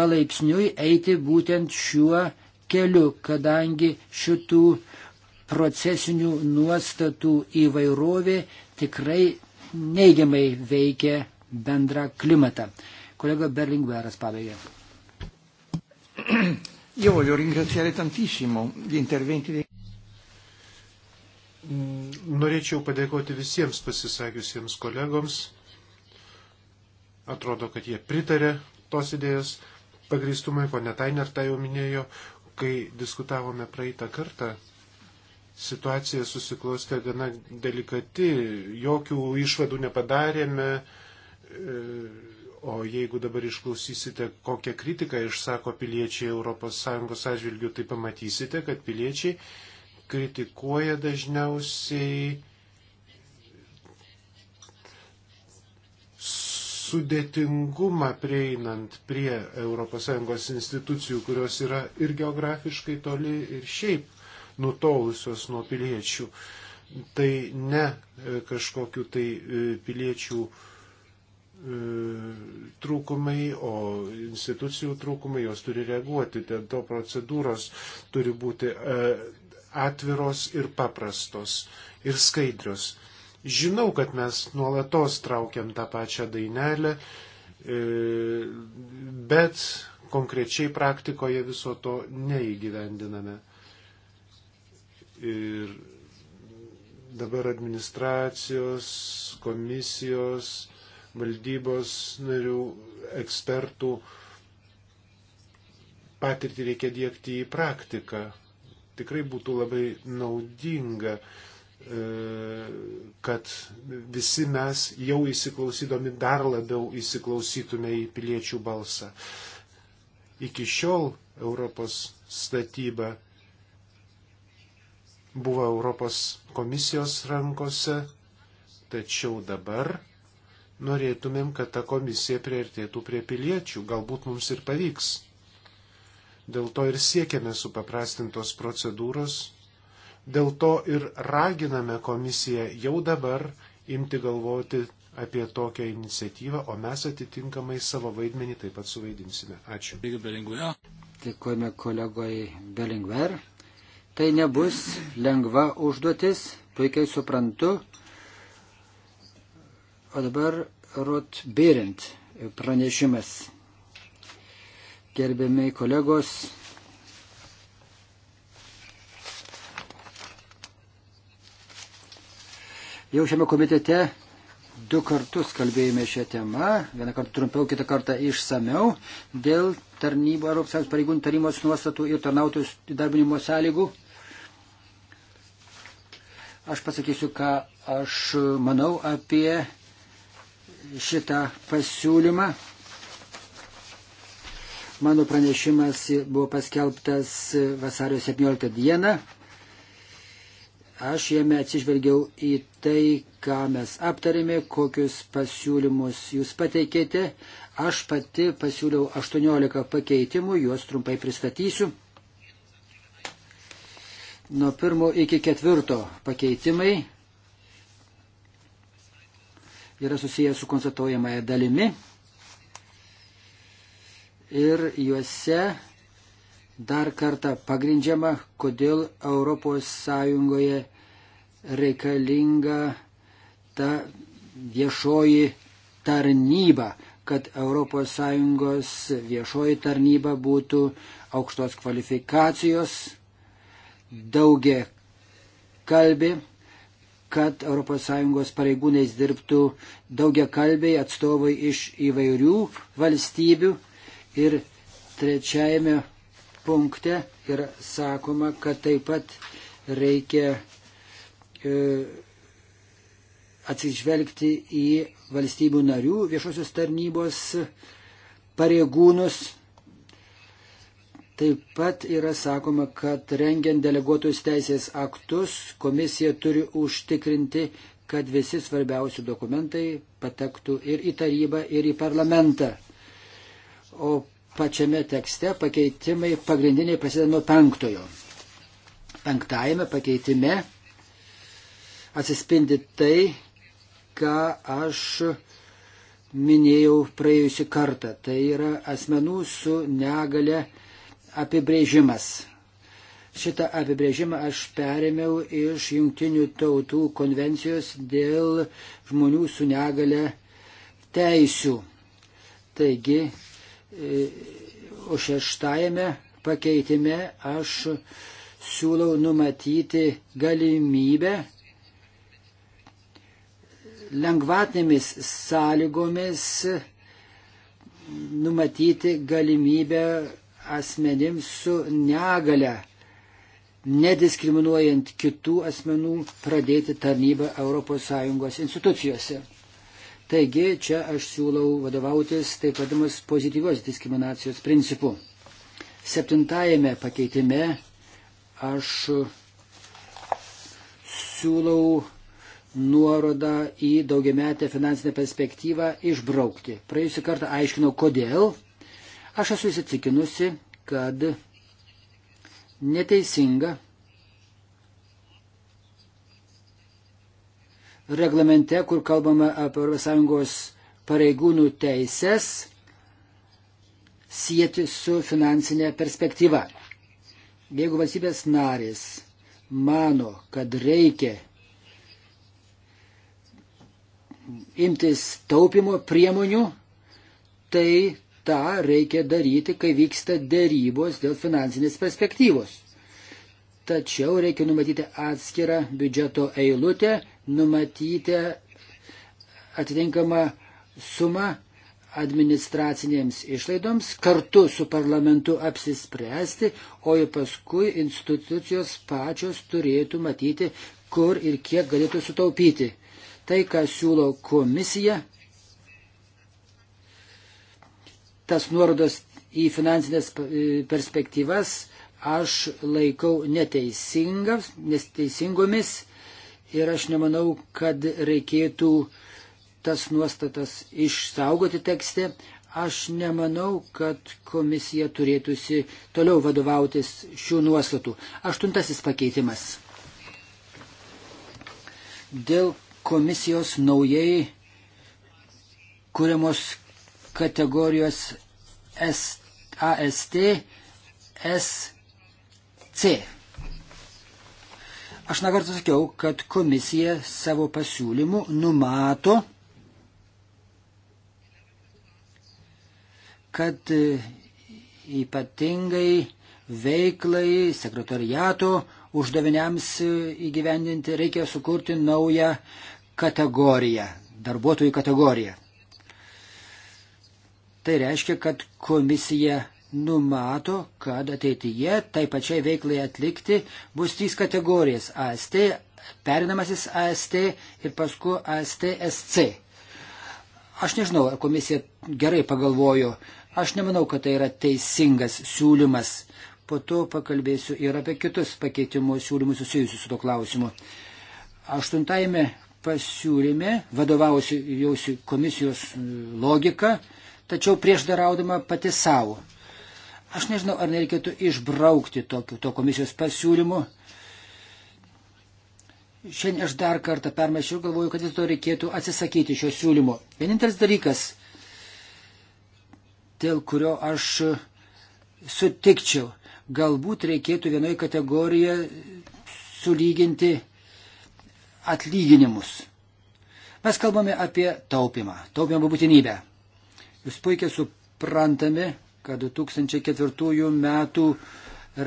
palaipsniui eiti būtent šiuo keliu, kadangi šitų procesinių nuostatų įvairovė tikrai neigiamai veikia bendrą klimatą. Kolega Berlingveras pabaigė. Io voglio ringraziare tantissimo gli interventi dei. Mm, norėčiau padėkoti visiems pasisakiusiems kolegoms. Atrodo, kad jie pritarė tos idėjas pagristumai, ponė Tainer tą tai jau minėjo, kai diskutavome praeitą kartą, situacija susiklostė gana delikati, jokių išvadų nepadarėme. E, O jeigu dabar išklausysite, kokią kritiką išsako piliečiai ES atžvilgių, tai pamatysite, kad piliečiai kritikuoja dažniausiai sudėtingumą prieinant prie ES institucijų, kurios yra ir geografiškai toli, ir šiaip nutolusios nuo piliečių. Tai ne e, kažkokiu tai e, piliečių uh, E, trūkumai, o institucijų trūkumai, jos turi reaguoti, dėl to procedūros turi būti e, atviros ir paprastos ir skaidrios. Žinau, kad mes nuolatos traukiam tą pačią dainelę, e, bet konkrečiai praktikoje viso to neįgyvendiname. Ir dabar administracijos, komisijos, valdybos narių, ekspertų patirtį reikia dėkti į praktiką. Tikrai būtų labai naudinga, e, kad visi mes jau įsiklausydami dar labiau įsiklausytume į piliečių balsą. Iki šiol Europos statyba buvo Europos komisijos rankose, tačiau dabar norėtumėm, kad ta komisija prieartėtų prie piliečių, galbūt mums ir pavyks. Dėl to ir siekiame supaprastintos procedūros, dėl to ir raginame komisiją jau dabar imti galvoti apie tokią iniciatyvą, o mes atitinkamai savo vaidmenį taip pat suvaidinsime. Ačiū. Dėkojame kolegoj Belingver. Tai nebus lengva užduotis, puikiai suprantu, O dabar Rot Birint pranešimas. Gerbiami kolegos, jau šiame komitete du kartus kalbėjome šią temą, vieną kartą trumpiau, kitą kartą išsameu, dėl tarnybų Europos Sąjungos pareigūnų tarybos nuostatų ir tarnautojų įdarbinimo sąlygų. Aš pasakysiu, ką aš manau apie šitą pasiūlymą. Mano pranešimas buvo paskelbtas vasario 17 dieną. Aš jame atsižvelgiau į tai, ką mes aptarėme, kokius pasiūlymus jūs pateikėte. Aš pati pasiūliau 18 pakeitimų, juos trumpai pristatysiu. Nuo pirmo iki ketvirto pakeitimai yra susijęs su konstatuojamąją dalimi ir juose dar kartą pagrindžiama, kodėl ES reikalinga ta viešoji tarnyba, kad ES viešoji tarnyba būtų aukštos kvalifikacijos, daugia kalbė kad ES pareigūnais dirbtų daugia kalbiai atstovai iš įvairių valstybių. Ir trečiajame punkte yra sakoma, kad taip pat reikia e, atsižvelgti į valstybių narių viešosios tarnybos pareigūnus Taip pat yra sakoma, kad rengiant deleguotus teisės aktus komisija turi užtikrinti, kad visi svarbiausi dokumentai patektų ir į tarybą, ir į parlamentą. O pačiame tekste pakeitimai pagrindiniai prasideda nuo penktojo. Penktajame pakeitime atsispindi tai, ką aš minėjau praėjusi kartą. Tai yra asmenų su negale apibrėžimas. Šitą apibrėžimą aš perėmiau iš Junktinių tautų konvencijos dėl žmonių su negale teisių. Taigi, e, o šeštajame pakeitime aš siūlau numatyti galimybę lengvatinėmis sąlygomis numatyti galimybę asmenims su negale, nediskriminuojant kitų asmenų, pradėti tarnybą ES institucijose. Taigi čia aš siūlau vadovautis taip vadinamas pozityvios diskriminacijos principu. Septintajame pakeitime aš siūlau nuorodą į daugiametę finansinę perspektyvą išbraukti. Praėjusį kartą aiškinau, kodėl Aš esu įsitikinusi, kad neteisinga reglamente, kur kalbame apie ES pareigūnų teises, sieti su finansinė perspektyva. Jeigu valstybės narės mano, kad reikia imtis taupimo priemonių, tai tą reikia daryti, kai vyksta dėrybos dėl finansinės perspektyvos. Tačiau reikia numatyti atskirą biudžeto eilutę, numatyti atitinkamą sumą administracinėms išlaidoms, kartu su parlamentu apsispręsti, o jau paskui institucijos pačios turėtų matyti, kur ir kiek galėtų sutaupyti. Tai, ką siūlo komisija, tas nuorodas į finansinės perspektyvas aš laikau neteisingas, neteisingomis ir aš nemanau, kad reikėtų tas nuostatas išsaugoti tekste. Aš nemanau, kad komisija turėtųsi toliau vadovautis šių nuostatų. Aštuntasis pakeitimas. Dėl komisijos naujai kuriamos kategorijos S, AST SC. Aš nekartą sakiau, kad komisija savo pasiūlymų numato, kad ypatingai veiklai sekretariato uždaviniams įgyvendinti reikia sukurti naują kategoriją, darbuotojų kategoriją. Tai reiškia, kad komisija numato, kad ateityje tai pačiai veiklai atlikti bus trys kategorijas - AST, perinamasis AST ir paskui ASTSC. Aš nežinau, ar komisija gerai pagalvojo, aš nemanau, kad tai yra teisingas siūlymas. Po to pakalbėsiu ir apie kitus pakeitimo siūlymus susijusius su to klausimu. Aštuntajame pasiūlyme vadovausiu komisijos e, logika tačiau prieštaraudama pati savo. Aš nežinau, ar nereikėtų išbraukti tokiu, to komisijos pasiūlymu. Šiandien aš dar kartą permečiau ir galvoju, kad vis to reikėtų atsisakyti šio siūlymo. Vienintelis dalykas, dėl kurio aš sutikčiau, galbūt reikėtų vienoje kategorijoje sulyginti atlyginimus. Mes kalbame apie taupimą, taupimo būtinybę. Jūs puikiai suprantami, kad 2004 metų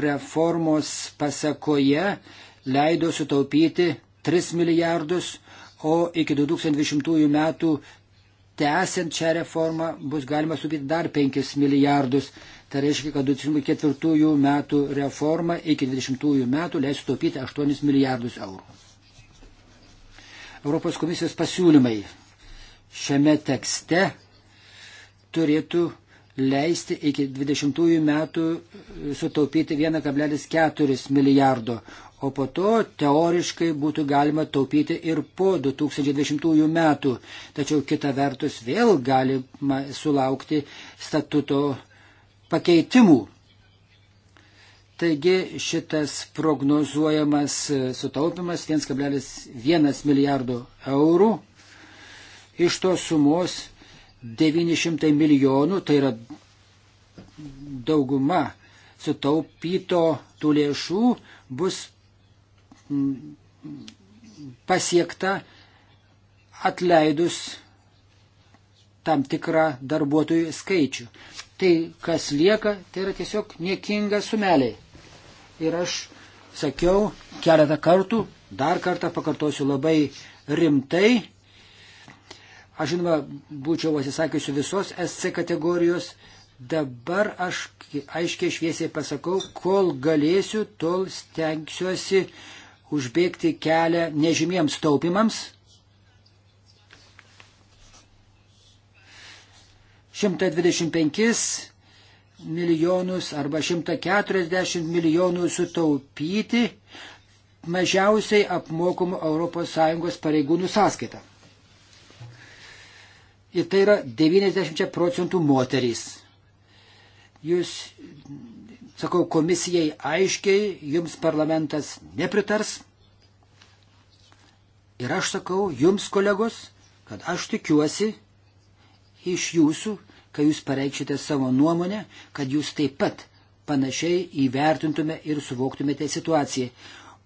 reformos pasakoje leido sutaupyti 3 milijardus, o iki 2020 metų tęsiant šią reformą bus galima sutaupyti dar 5 milijardus. Tai reiškia, kad 2004 metų reforma iki 2020 metų leis sutaupyti 8 milijardus eurų. Europos komisijos pasiūlymai šiame tekste turėtų leisti iki 20 metų sutaupyti 1,4 milijardo, o po to teoriškai būtų galima taupyti ir po 2020 metų. Tačiau kita vertus vėl galima sulaukti statuto pakeitimų. Taigi šitas prognozuojamas sutaupimas 1,1 milijardo eurų iš tos sumos 900 milijonų, tai yra dauguma sutaupyto tų lėšų, bus pasiekta atleidus tam tikrą darbuotojų skaičių. Tai, kas lieka, tai yra tiesiog niekinga sumeliai. Ir aš sakiau keletą kartų, dar kartą pakartosiu labai rimtai, Aš žinoma, būčiau atsisakiusi visos SC kategorijos. Dabar aš aiškiai šviesiai pasakau, kol galėsiu, tol stengsiuosi užbėgti kelią nežymiems taupimams. 125 milijonus arba 140 milijonų sutaupyti mažiausiai apmokomų ES pareigūnų sąskaitą ir tai yra 90 procentų moterys. Jūs, sakau, komisijai aiškiai, jums parlamentas nepritars. Ir aš sakau jums, kolegos, kad aš tikiuosi iš jūsų, kai jūs pareikšite savo nuomonę, kad jūs taip pat panašiai įvertintume ir suvoktumėte situaciją.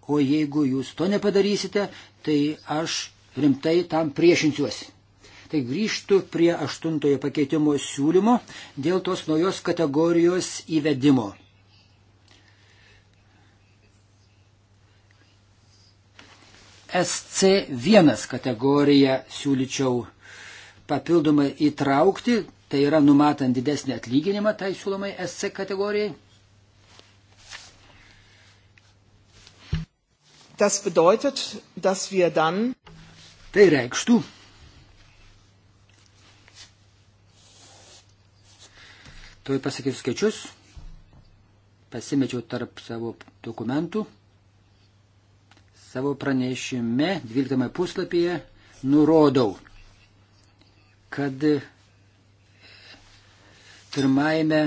O jeigu jūs to nepadarysite, tai aš rimtai tam priešinsiuosi. Tai grįžtų prie aštuntojo pakeitimo siūlymo dėl tos naujos kategorijos įvedimo. SC1 kategoriją siūlyčiau papildomai įtraukti, tai yra numatant didesnį atlyginimą tai siūlomai SC kategorijai. Das bedeutet, dass wir dann Tai reikštų, Tuoj pasakysiu skaičius. Pasimečiau tarp savo dokumentų. Savo pranešime 12 puslapyje nurodau, kad pirmajame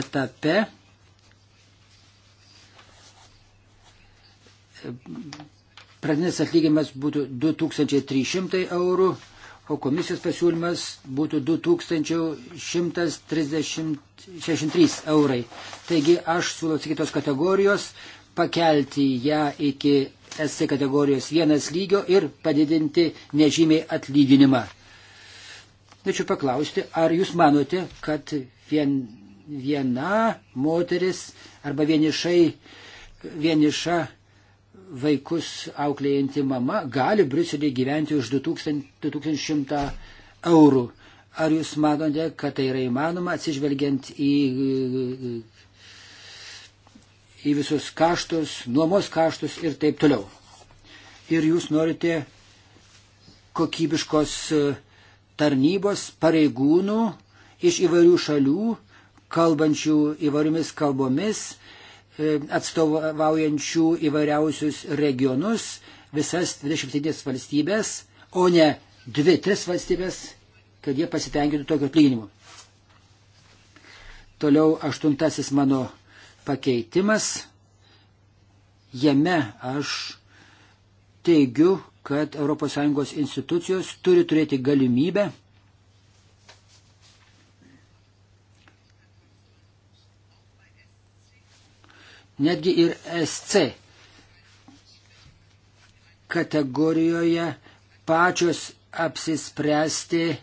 etape pradinis atlygimas būtų 2300 eurų, o komisijos pasiūlymas būtų 2163 eurai. Taigi aš siūlau kitos kategorijos pakelti ją iki SC kategorijos vienas lygio ir padidinti nežymiai atlyginimą. Tačiau paklausti, ar jūs manote, kad vien, viena moteris arba vienišai, vieniša vaikus auklėjanti mama gali Briuselį gyventi už 2100 eurų. Ar jūs manote, kad tai yra įmanoma atsižvelgiant į, į visus kaštus, nuomos kaštus ir taip toliau? Ir jūs norite kokybiškos e, tarnybos pareigūnų iš įvairių šalių, kalbančių įvairiomis kalbomis, E, atstovaujančių įvairiausius regionus, visas 27 valstybės, o ne 2-3 valstybės, kad jie pasitenkintų tokio atlyginimu. Toliau aštuntasis mano pakeitimas. Jame aš teigiu, kad ES institucijos turi turėti galimybę netgi ir SC kategorijoje pačios apsispręsti,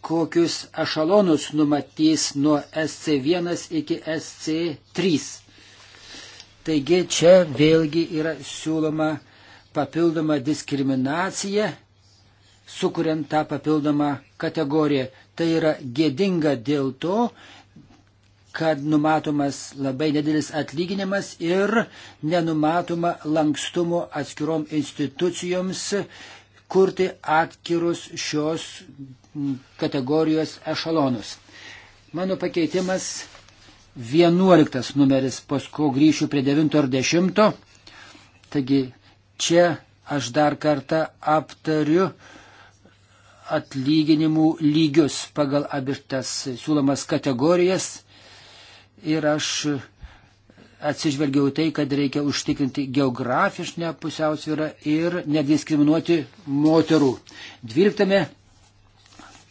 kokius ašalonus numatys nuo SC1 iki SC3. Taigi čia vėlgi yra siūloma papildoma diskriminacija, sukuriant tą papildomą kategoriją. Tai yra gėdinga dėl to, kad numatomas labai nedidelis atlyginimas ir nenumatoma lankstumo atskirom institucijoms kurti atskirus šios kategorijos ešalonus. Mano pakeitimas 11 numeris, paskui grįšiu prie 9 ar 10. Taigi čia aš dar kartą aptariu atlyginimų lygius pagal abištas siūlomas kategorijas ir aš atsižvelgiau tai, kad reikia užtikrinti geografišką pusiausvyrą ir nediskriminuoti moterų. Dvyliktame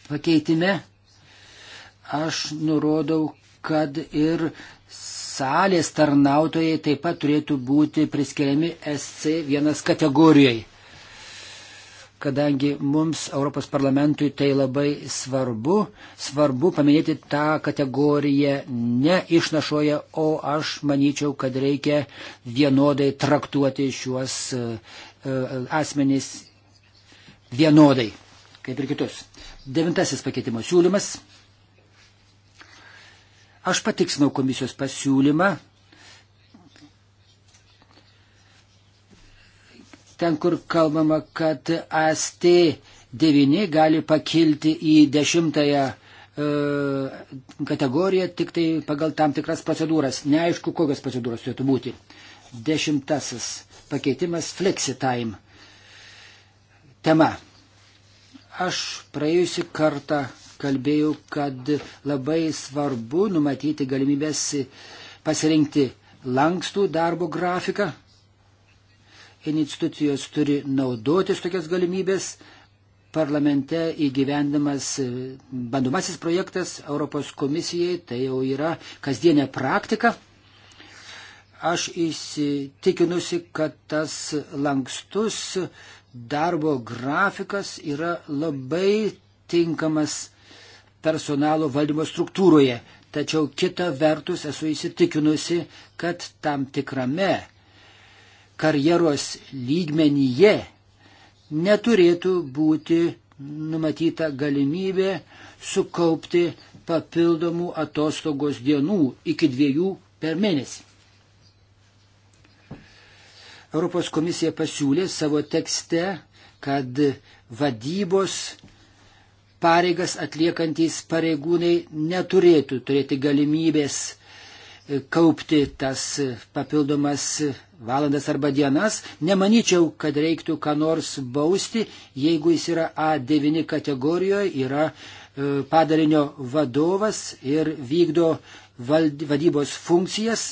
pakeitime aš nurodau, kad ir salės tarnautojai taip pat turėtų būti priskiriami SC1 kategorijai kadangi mums Europos parlamentui tai labai svarbu, svarbu paminėti tą kategoriją ne išnašoje, o aš manyčiau, kad reikia vienodai traktuoti šiuos e, e, asmenys vienodai, kaip ir kitus. Devintasis pakeitimo siūlymas. Aš patiksnau komisijos pasiūlymą ten, kur kalbama, kad AST9 gali pakilti į dešimtąją e, kategoriją tik tai pagal tam tikras procedūras. Neaišku, kokios procedūros turėtų būti. Dešimtasis pakeitimas Flexitime tema. Aš praėjusi kartą kalbėjau, kad labai svarbu numatyti galimybės pasirinkti lankstų darbo grafiką, institucijos turi naudotis tokias galimybės. Parlamente įgyvendamas e, bandomasis projektas Europos komisijai, tai jau yra kasdienė praktika. Aš įsitikinusi, kad tas lankstus darbo grafikas yra labai tinkamas personalo valdymo struktūroje. Tačiau kita vertus esu įsitikinusi, kad tam tikrame karjeros lygmenyje neturėtų būti numatyta galimybė sukaupti papildomų atostogos dienų iki dviejų per mėnesį. Europos komisija pasiūlė savo tekste, kad vadybos pareigas atliekantys pareigūnai neturėtų turėti galimybės kaupti tas papildomas valandas arba dienas, nemanyčiau, kad reiktų ką nors bausti, jeigu jis yra A9 kategorijoje, yra e, padalinio vadovas ir vykdo vald, vadybos funkcijas.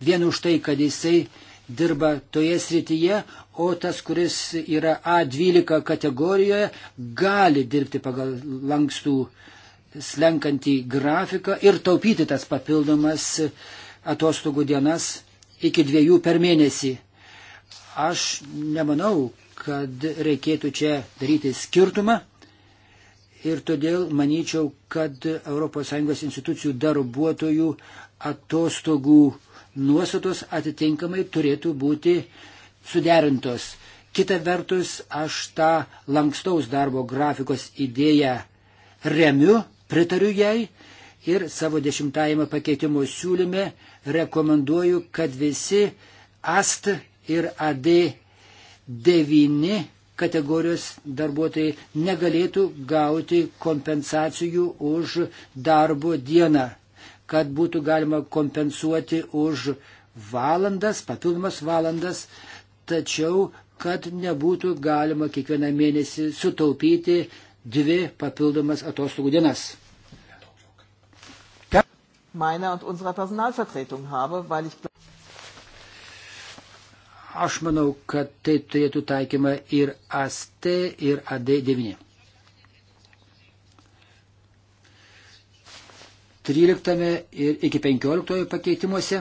Vien už tai, kad jisai dirba toje srityje, o tas, kuris yra A12 kategorijoje, gali dirbti pagal lankstų slenkantį grafiką ir taupyti tas papildomas atostogų dienas iki dviejų per mėnesį. Aš nemanau, kad reikėtų čia daryti skirtumą ir todėl manyčiau, kad ES institucijų darbuotojų atostogų nuostatos atitinkamai turėtų būti suderintos. Kita vertus, aš tą lankstaus darbo grafikos idėją remiu, pritariu jai ir savo dešimtajame pakeitimo siūlyme rekomenduoju, kad visi AST ir AD9 kategorijos darbuotojai negalėtų gauti kompensacijų už darbo dieną, kad būtų galima kompensuoti už valandas, papildomas valandas, tačiau kad nebūtų galima kiekvieną mėnesį sutaupyti dvi papildomas atostogų dienas meiner und unserer Personalvertretung habe, weil ich Aš manau, kad tai turėtų taikymą ir AST, ir AD9. 13 ir iki 15 pakeitimuose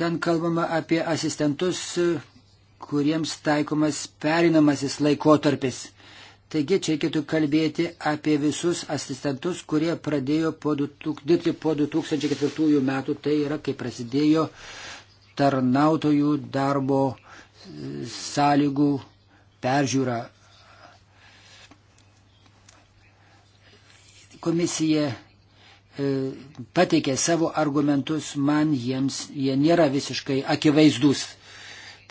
Ten kalbama apie asistentus, kuriems taikomas perinamasis laikotarpis. Taigi čia reikėtų kalbėti apie visus asistentus, kurie pradėjo po dirbti po 2004 metų, tai yra kai prasidėjo tarnautojų darbo e, sąlygų peržiūra. Komisija e, pateikė savo argumentus, man jiems jie nėra visiškai akivaizdus.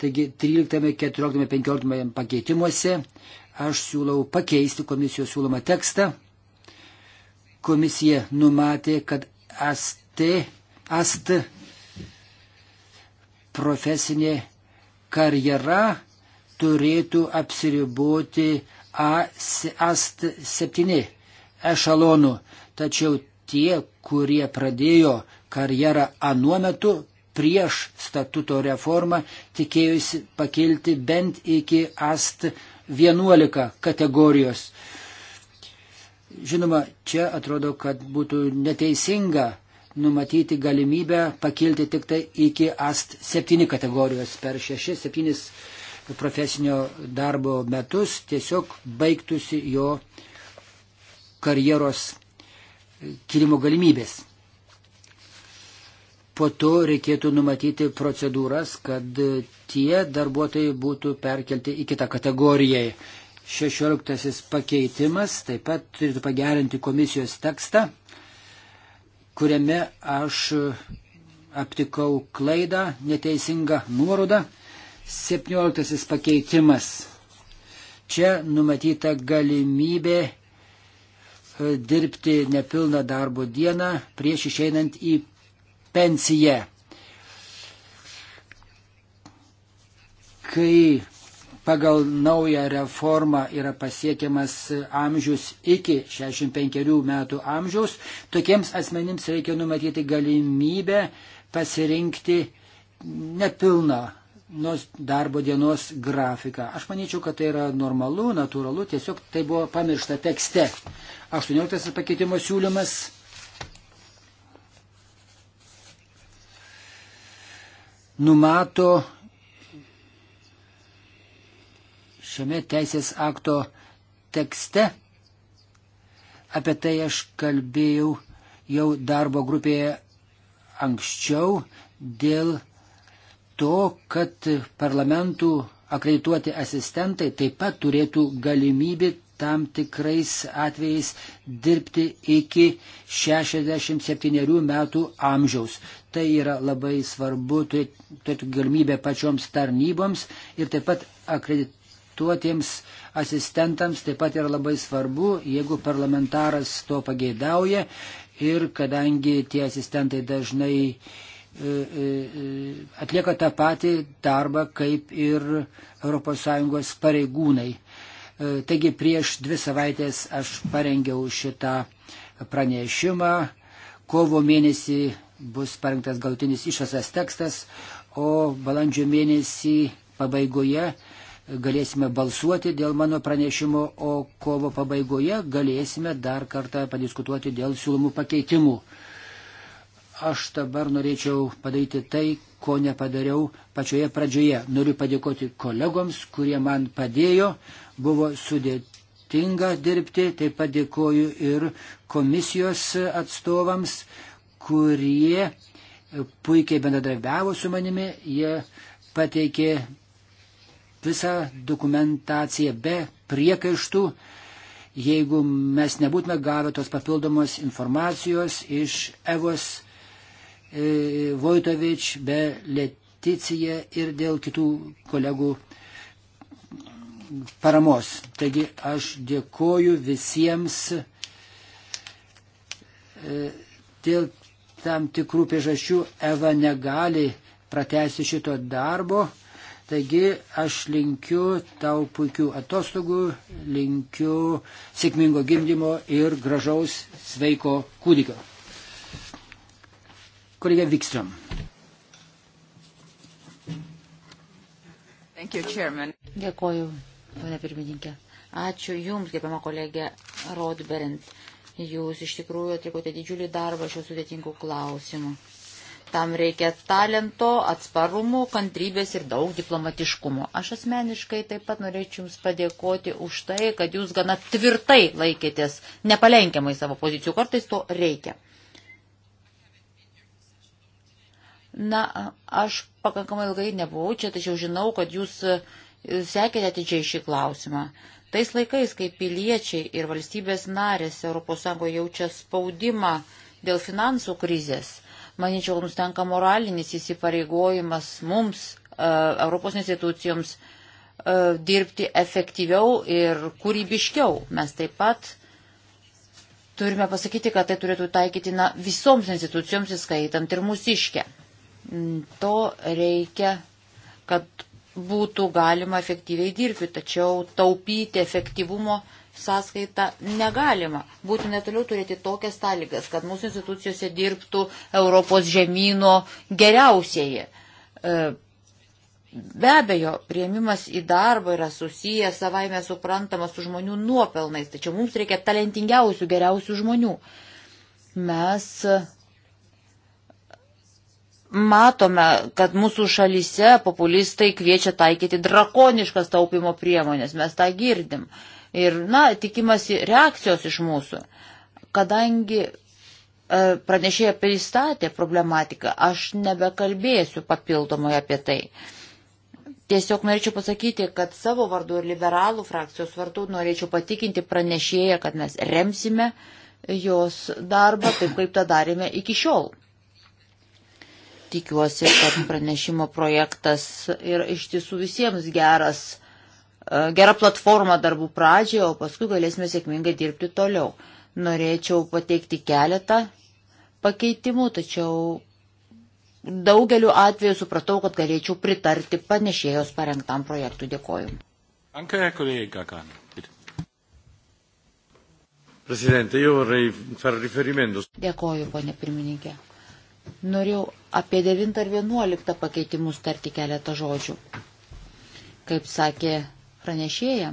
Taigi 13, 14, 15 pakeitimuose Aš siūlau pakeisti komisijos siūlomą tekstą. Komisija numatė, kad AST, AST profesinė karjera turėtų apsiriboti AST 7 ešalonų. Tačiau tie, kurie pradėjo karjerą anuo metu prieš statuto reformą, tikėjusi pakilti bent iki AST 11 kategorijos. Žinoma, čia atrodo, kad būtų neteisinga numatyti galimybę pakilti tik tai iki AST 7 kategorijos per 6-7 profesinio darbo metus tiesiog baigtųsi jo karjeros kilimo e, galimybės. Po to reikėtų numatyti procedūras, kad tie darbuotojai būtų perkelti į kitą kategoriją. 16 pakeitimas taip pat turėtų pagerinti komisijos tekstą, kuriame aš aptikau klaidą, neteisingą nuorodą. 17 pakeitimas. Čia numatyta galimybė e, dirbti nepilną darbo dieną prieš išeinant į pensiją. Kai pagal naują reformą yra pasiekiamas amžius iki 65 metų amžiaus, tokiems asmenims reikia numatyti galimybę pasirinkti nepilną nors darbo dienos grafiką. Aš manyčiau, kad tai yra normalu, natūralu, tiesiog tai buvo pamiršta tekste. 18 pakeitimo siūlymas numato šiame teisės akto tekste. Apie tai aš kalbėjau jau darbo grupėje anksčiau dėl to, kad parlamentų akredituoti asistentai taip pat turėtų galimybę tam tikrais atvejais dirbti iki 67 metų amžiaus. Tai yra labai svarbu turėti galimybę pačioms tarnyboms ir taip pat akredituotiems asistentams taip pat yra labai svarbu, jeigu parlamentaras to pageidauja ir kadangi tie asistentai dažnai e, e, e, atlieka tą patį darbą kaip ir ES pareigūnai. E, taigi prieš dvi savaitės aš parengiau šitą pranešimą. Kovo mėnesį bus parengtas galtinis išvasas tekstas, o balandžio mėnesį pabaigoje galėsime balsuoti dėl mano pranešimo, o kovo pabaigoje galėsime dar kartą padiskutuoti dėl siūlomų pakeitimų. Aš dabar norėčiau padaryti tai, ko nepadariau pačioje pradžioje. Noriu padėkoti kolegoms, kurie man padėjo buvo sudėtinga dirbti, taip pat dėkoju ir komisijos atstovams, kurie puikiai bendradarbiavo su manimi, jie pateikė visą dokumentaciją be priekaištų. Jeigu mes nebūtume gavę tos papildomos informacijos iš Evos e, Vojtovič be Leticija ir dėl kitų kolegų paramos. Taigi aš dėkoju visiems e, dėl tam tikrų priežasčių Eva negali pratesti šito darbo. Taigi aš linkiu tau puikių atostogų, linkiu sėkmingo gimdymo ir gražaus sveiko kūdikio. Kolega Vikstrom. Dėkoju. Pane pirmininkė, ačiū Jums, gerbiama kolegė Rodberint. Jūs iš tikrųjų atlikote didžiulį darbą šiuo sudėtingu klausimu. Tam reikia talento, atsparumo, kantrybės ir daug diplomatiškumo. Aš asmeniškai taip pat norėčiau Jums padėkoti už tai, kad Jūs gana tvirtai laikėtės nepalenkiamai savo pozicijų. Kartais to reikia. Na, aš pakankamai ilgai nebuvau čia, tačiau žinau, kad Jūs uh, sekėte atidžiai šį klausimą. Tais laikais, kai piliečiai ir valstybės narės ES jaučia spaudimą dėl finansų krizės, manyčiau, mums tenka moralinis įsipareigojimas mums, e, Europos institucijoms, e, dirbti efektyviau ir kūrybiškiau. Mes taip pat turime pasakyti, kad tai turėtų taikyti na, visoms institucijoms, įskaitant ir mūsiškę. Mm, to reikia, kad būtų galima efektyviai dirbti, tačiau taupyti efektyvumo sąskaitą negalima. Būtina toliau turėti tokias sąlygas, kad mūsų institucijose dirbtų Europos žemynų geriausieji. E, be abejo, prieimimas į darbą yra susijęs savaime suprantamas su žmonių nuopelnais, tačiau mums reikia talentingiausių, geriausių žmonių. Mes matome, kad mūsų šalyse populistai kviečia taikyti drakoniškas taupimo priemonės, mes tą girdim. Ir, na, tikimasi reakcijos iš mūsų. Kadangi e, pranešėja pristatė problematiką, aš nebekalbėsiu papildomai apie tai. Tiesiog norėčiau pasakyti, kad savo vardu ir liberalų frakcijos vardu norėčiau patikinti pranešėją, kad mes remsime jos darbą taip, kaip tą darėme iki šiol tikiuosi, kad pranešimo projektas yra iš tiesų visiems geras, e, gera platforma darbų pradžioje, o paskui galėsime sėkmingai dirbti toliau. Norėčiau pateikti keletą pakeitimų, tačiau daugeliu atveju supratau, kad galėčiau pritarti panešėjos parengtam projektui. Dėkoju. Anche collega Cano. Presidente, io vorrei fare riferimento. Dėkoju, ponė pirmininkė. Norėjau apie 9 ar 11 pakeitimus tarti keletą žodžių. Kaip sakė pranešėja,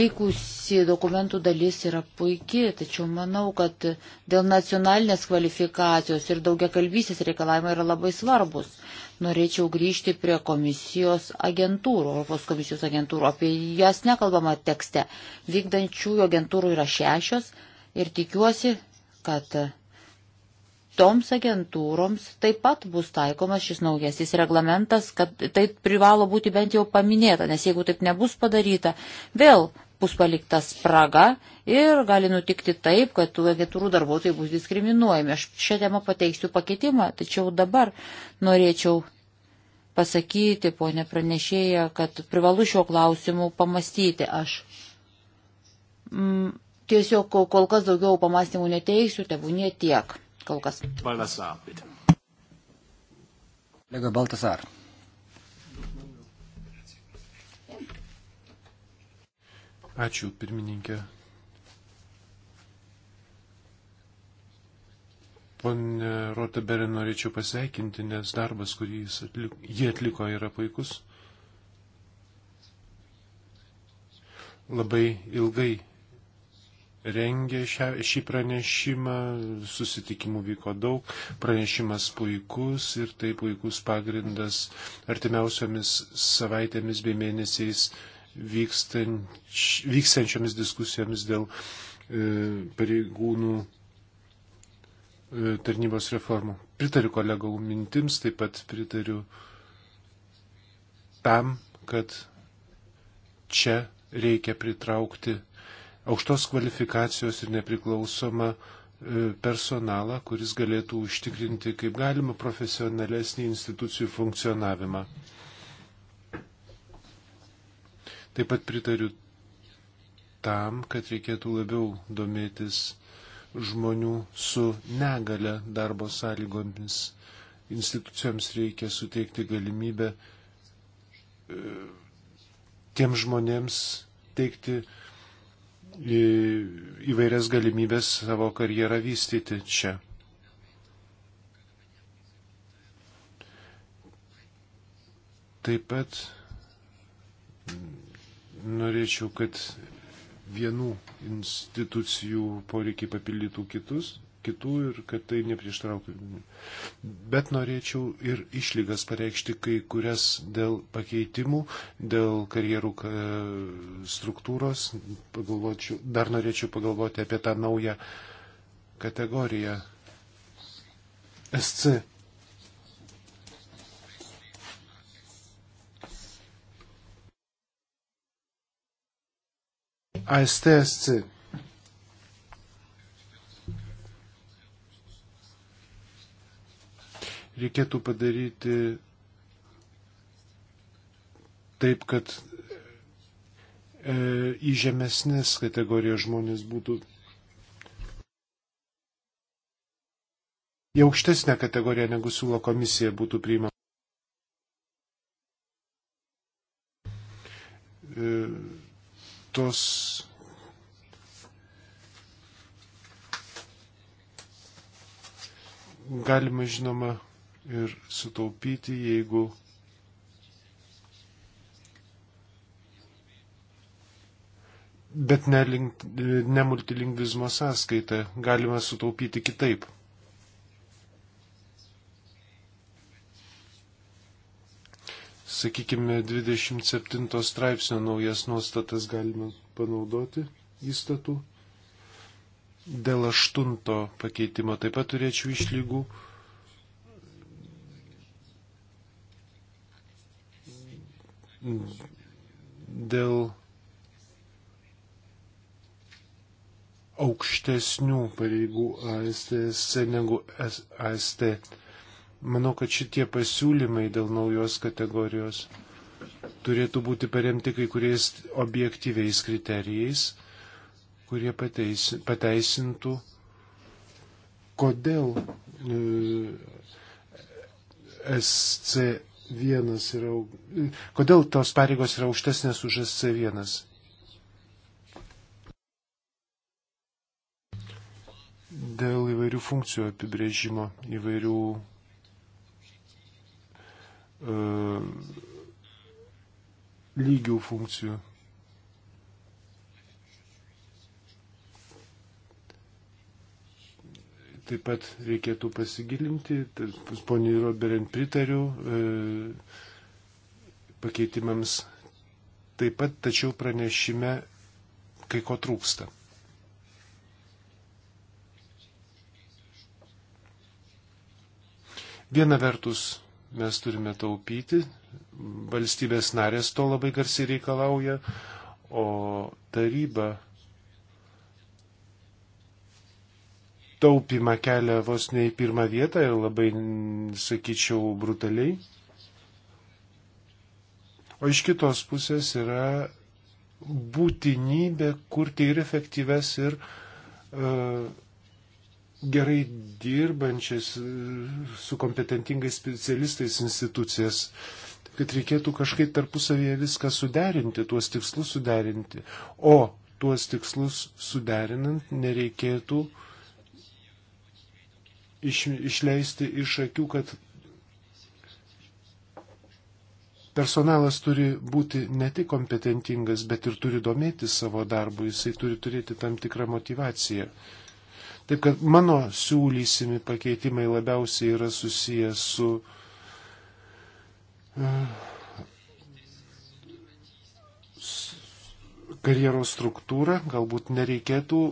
likusi dokumentų dalis yra puikiai, tačiau manau, kad dėl nacionalinės kvalifikacijos ir daugiakalbysės reikalavimai yra labai svarbus. Norėčiau grįžti prie komisijos agentūrų, Europos komisijos agentūrų, apie jas nekalbama tekste. Vykdančiųjų agentūrų yra šešios ir tikiuosi, kad toms agentūroms taip pat bus taikomas šis naujasis reglamentas, kad tai privalo būti bent jau paminėta, nes jeigu taip nebus padaryta, vėl bus palikta spraga ir gali nutikti taip, kad tų agentūrų darbuotojai bus diskriminuojami. Aš šią temą pateiksiu pakeitimą, tačiau dabar norėčiau pasakyti, ponė pranešėja, kad privalu šiuo klausimu pamastyti. Aš mm, tiesiog kol kas daugiau pamastymų neteisiu, tebūnie tiek kol kas. Baltasar, bitte. Lega Baltasar. Ačiū, pirmininkė. Pone Roteberė, norėčiau pasveikinti, nes darbas, kurį atliko, jie atliko, yra puikus. Labai ilgai rengė šią, šį pranešimą, susitikimų vyko daug, pranešimas puikus ir tai puikus pagrindas artimiausiomis savaitėmis bei mėnesiais vykstanč, vykstančiomis diskusijomis dėl e, pareigūnų e, tarnybos reformų. Pritariu kolegau mintims, taip pat pritariu tam, kad čia reikia pritraukti aukštos kvalifikacijos ir nepriklausomą e, personalą, kuris galėtų užtikrinti kaip galima profesionalesnį institucijų funkcionavimą. Taip pat pritariu tam, kad reikėtų labiau domėtis žmonių su negale darbo sąlygomis. Institucijoms reikia suteikti galimybę e, tiem žmonėms teikti uh, įvairias galimybės savo karjerą vystyti čia. Taip pat norėčiau, kad vienų institucijų poreikiai papildytų kitus kitų ir kad tai neprieštrautų. Bet norėčiau ir išlygas pareikšti kai kurias dėl pakeitimų, dėl karjerų e, struktūros. Pagalvočiau, dar norėčiau pagalvoti apie tą naują kategoriją SC. ASTSC. reikėtų padaryti taip, kad e, į žemesnės kategorijas žmonės būtų. Į aukštesnę kategoriją negu siūlo komisija būtų priima. E, tos galima, žinoma, ir sutaupyti, jeigu bet ne, link, ne multilingvizmo sąskaita, galima sutaupyti kitaip. Sakykime, 27 straipsnio naujas nuostatas galima panaudoti įstatų. Dėl aštunto pakeitimo taip pat turėčiau išlygų. dėl aukštesnių pareigų ASTS negu AST. Manau, kad šitie pasiūlymai dėl naujos kategorijos turėtų būti paremti kai kuriais objektyviais kriterijais, kurie pateisintų, kodėl e, SC S1 yra, kodėl tos pareigos yra aukštesnės už SC1? Dėl įvairių funkcijų apibrėžimo, įvairių uh, lygių funkcijų. taip pat reikėtų pasigilinti. Tai Poniai Roberen pritariu e, pakeitimams taip pat, tačiau pranešime kai ko trūksta. Viena vertus mes turime taupyti, valstybės narės to labai garsiai reikalauja, o taryba taupimą kelia vos ne į pirmą vietą ir labai, sakyčiau, brutaliai. O iš kitos pusės yra būtinybė kurti ir efektyves, ir uh, gerai dirbančias, e, su kompetentingais specialistais institucijas. Kad reikėtų kažkaip tarpusavėje viską suderinti, tuos tikslus suderinti. O tuos tikslus suderinant nereikėtų uh, iš, išleisti iš akių, kad personalas turi būti ne tik kompetentingas, bet ir turi domėtis savo darbu, jisai turi turėti tam tikrą motivaciją. Taip kad mano siūlysimi pakeitimai labiausiai yra susiję su e, karjeros struktūra, galbūt nereikėtų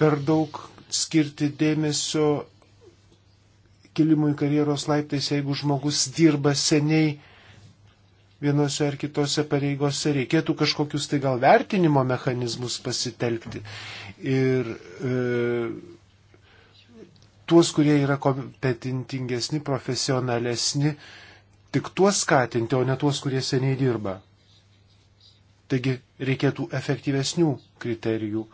per daug skirti dėmesio kilimui karjeros laiptais, jeigu žmogus dirba seniai vienose ar kitose pareigose, reikėtų kažkokius tai gal vertinimo mechanizmus pasitelkti. Ir e, tuos, kurie yra kompetentingesni, profesionalesni, tik tuos skatinti, o ne tuos, kurie seniai dirba. Taigi reikėtų efektyvesnių kriterijų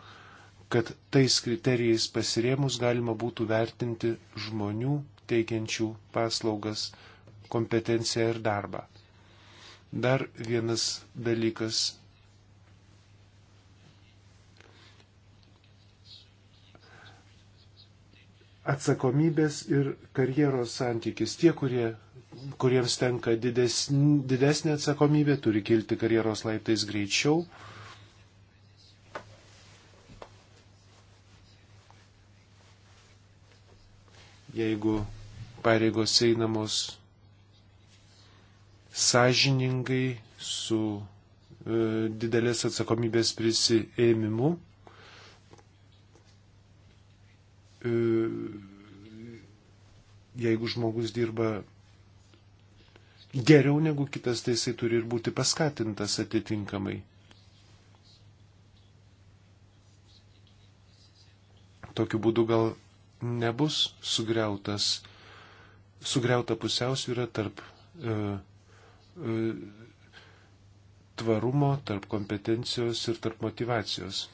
kad tais kriterijais pasirėmus galima būtų vertinti žmonių teikiančių paslaugas kompetenciją ir darbą. Dar vienas dalykas atsakomybės ir karjeros santykis. Tie, kurie, kuriems tenka didesnė, didesnė atsakomybė, turi kilti karjeros laiptais greičiau, jeigu pareigos einamos sąžiningai su e, didelės atsakomybės prisėmimu. E, jeigu žmogus dirba geriau negu kitas, tai jisai turi ir būti paskatintas atitinkamai. Tokiu būdu gal nebus sugriautas, sugriauta pusiausvyrą tarp e, e, tvarumo, tarp kompetencijos ir tarp motivacijos.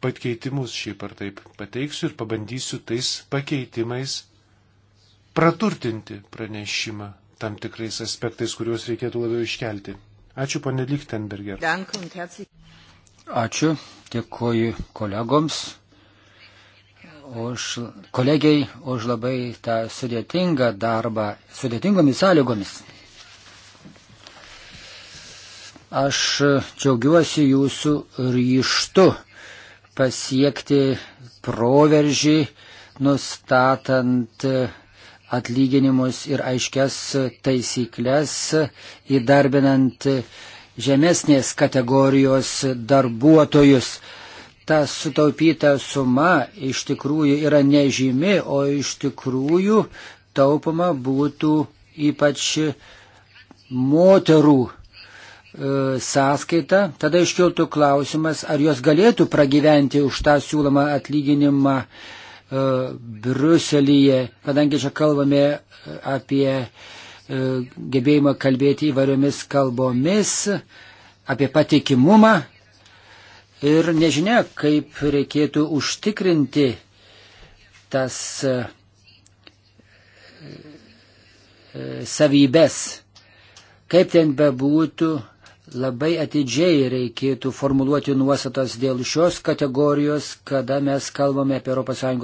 Pakeitimus šiaip ar taip pateiksiu ir pabandysiu tais pakeitimais praturtinti pranešimą tam tikrais aspektais, kuriuos reikėtų labiau iškelti. Ačiū, ponė Lichtenberger. Ačiū, dėkuoju kolegoms už kolegiai, už labai tą sudėtingą darbą, sudėtingomis sąlygomis. Aš džiaugiuosi jūsų ryštu pasiekti proveržį, nustatant atlyginimus ir aiškias taisyklės, įdarbinant žemesnės kategorijos darbuotojus ta sutaupyta suma iš tikrųjų yra nežymi, o iš tikrųjų taupoma būtų ypač moterų e, sąskaita, tada iškiltų klausimas, ar jos galėtų pragyventi už tą siūlomą atlyginimą e, Bruselyje, kadangi čia kalbame e, apie gebėjimą kalbėti įvairiomis kalbomis, apie patikimumą ir nežinia, kaip reikėtų užtikrinti tas e, e, savybės. Kaip ten bebūtų, labai atidžiai reikėtų formuluoti nuostatas dėl šios kategorijos, kada mes kalbame apie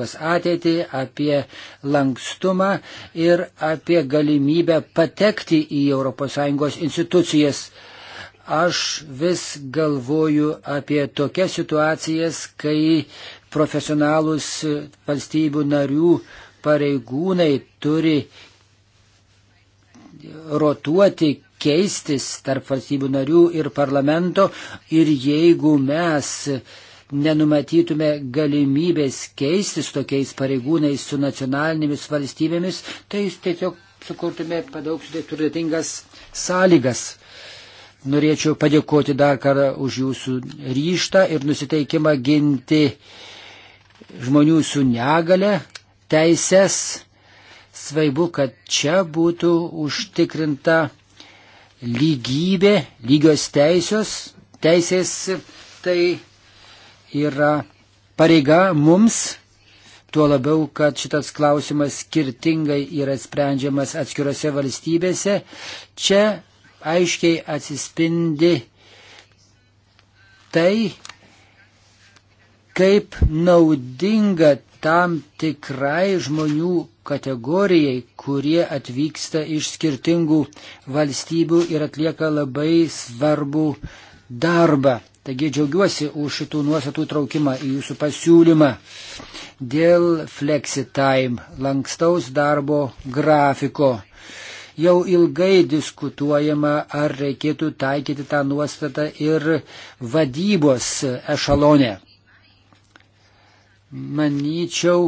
ES ateitį, apie lankstumą ir apie galimybę patekti į ES institucijas. Aš vis galvoju apie tokias situacijas, kai profesionalus valstybių narių pareigūnai turi rotuoti, keistis tarp valstybių narių ir parlamento ir jeigu mes nenumatytume galimybės keistis tokiais pareigūnais su nacionalinėmis valstybėmis, tai tiesiog sukurtume per daug sudėtingas sąlygas. Norėčiau padėkoti dar kartą už jūsų ryštą ir nusiteikimą ginti žmonių su negale teises. Svaibu, kad čia būtų užtikrinta lygybė, lygios teisios, teisės tai yra pareiga mums, tuo labiau, kad šitas klausimas skirtingai yra sprendžiamas atskirose valstybėse. Čia aiškiai atsispindi tai, kaip naudinga tam tikrai žmonių kategorijai, kurie atvyksta iš skirtingų valstybių ir atlieka labai svarbų darbą. Taigi džiaugiuosi už šitų nuostatų traukimą į jūsų pasiūlymą dėl flexitime, lankstaus darbo grafiko. Jau ilgai diskutuojama, ar reikėtų taikyti tą nuostatą ir vadybos ešalonę. Manyčiau,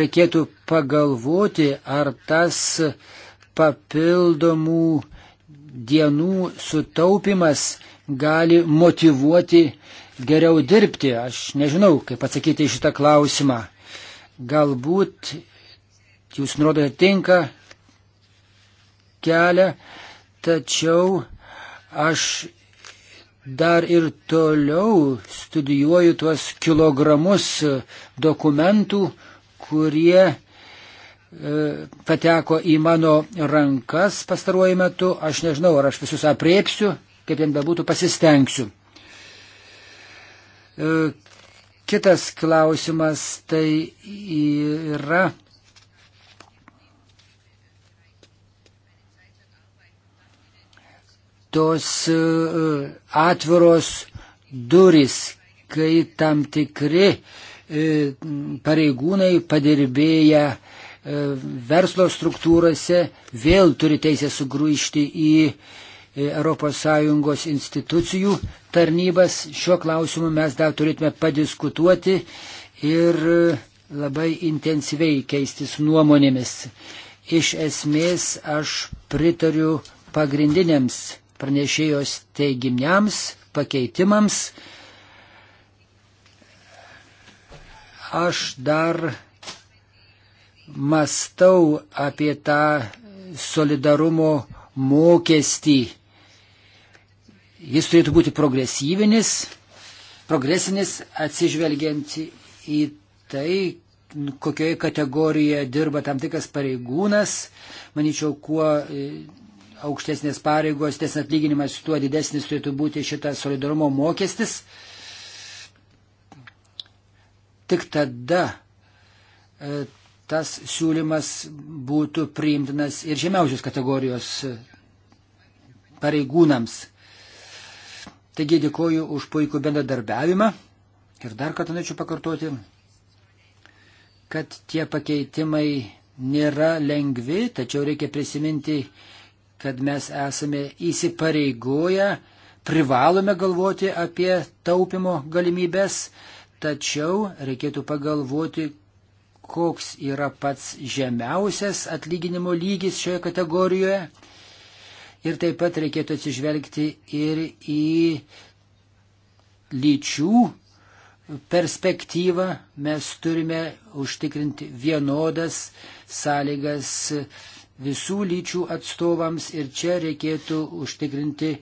reikėtų pagalvoti, ar tas papildomų dienų sutaupimas gali motivuoti geriau dirbti. Aš nežinau, kaip atsakyti į šitą klausimą. Galbūt jūs nurodote tinka kelią, tačiau aš dar ir toliau studijuoju tuos kilogramus dokumentų, kurie e, pateko į mano rankas pastaruoju metu. Aš nežinau, ar aš visus apriepsiu, kaip ten bebūtų, pasistengsiu. E, kitas klausimas tai yra tos e, e, atviros durys, kai tam tikri e, pareigūnai padirbėję verslo struktūrose vėl turi teisę sugrįžti į ES institucijų tarnybas. Šiuo klausimu mes dar turėtume padiskutuoti ir labai intensyviai keistis nuomonėmis. Iš esmės aš pritariu pagrindinėms pranešėjos teigimniams, pakeitimams. Aš dar mastau apie tą solidarumo mokestį. Jis turėtų būti progresyvinis, progresinis atsižvelgiant į tai, kokioje kategorijoje dirba tam tikras pareigūnas. Manyčiau, kuo aukštesnės pareigos, ties atlyginimas, tuo didesnis turėtų būti šitas solidarumo mokestis. Tik tada e, tas siūlymas būtų priimtinas ir žemiausios kategorijos e, pareigūnams. Taigi dėkoju už puikų bendradarbiavimą ir dar kartą norėčiau pakartoti, kad tie pakeitimai nėra lengvi, tačiau reikia prisiminti kad mes esame įsipareigoję, privalome galvoti apie taupimo galimybės, tačiau reikėtų pagalvoti, koks yra pats žemiausias atlyginimo lygis šioje kategorijoje. Ir taip pat reikėtų atsižvelgti ir į lyčių perspektyvą. Mes turime užtikrinti vienodas sąlygas visų lyčių atstovams ir čia reikėtų užtikrinti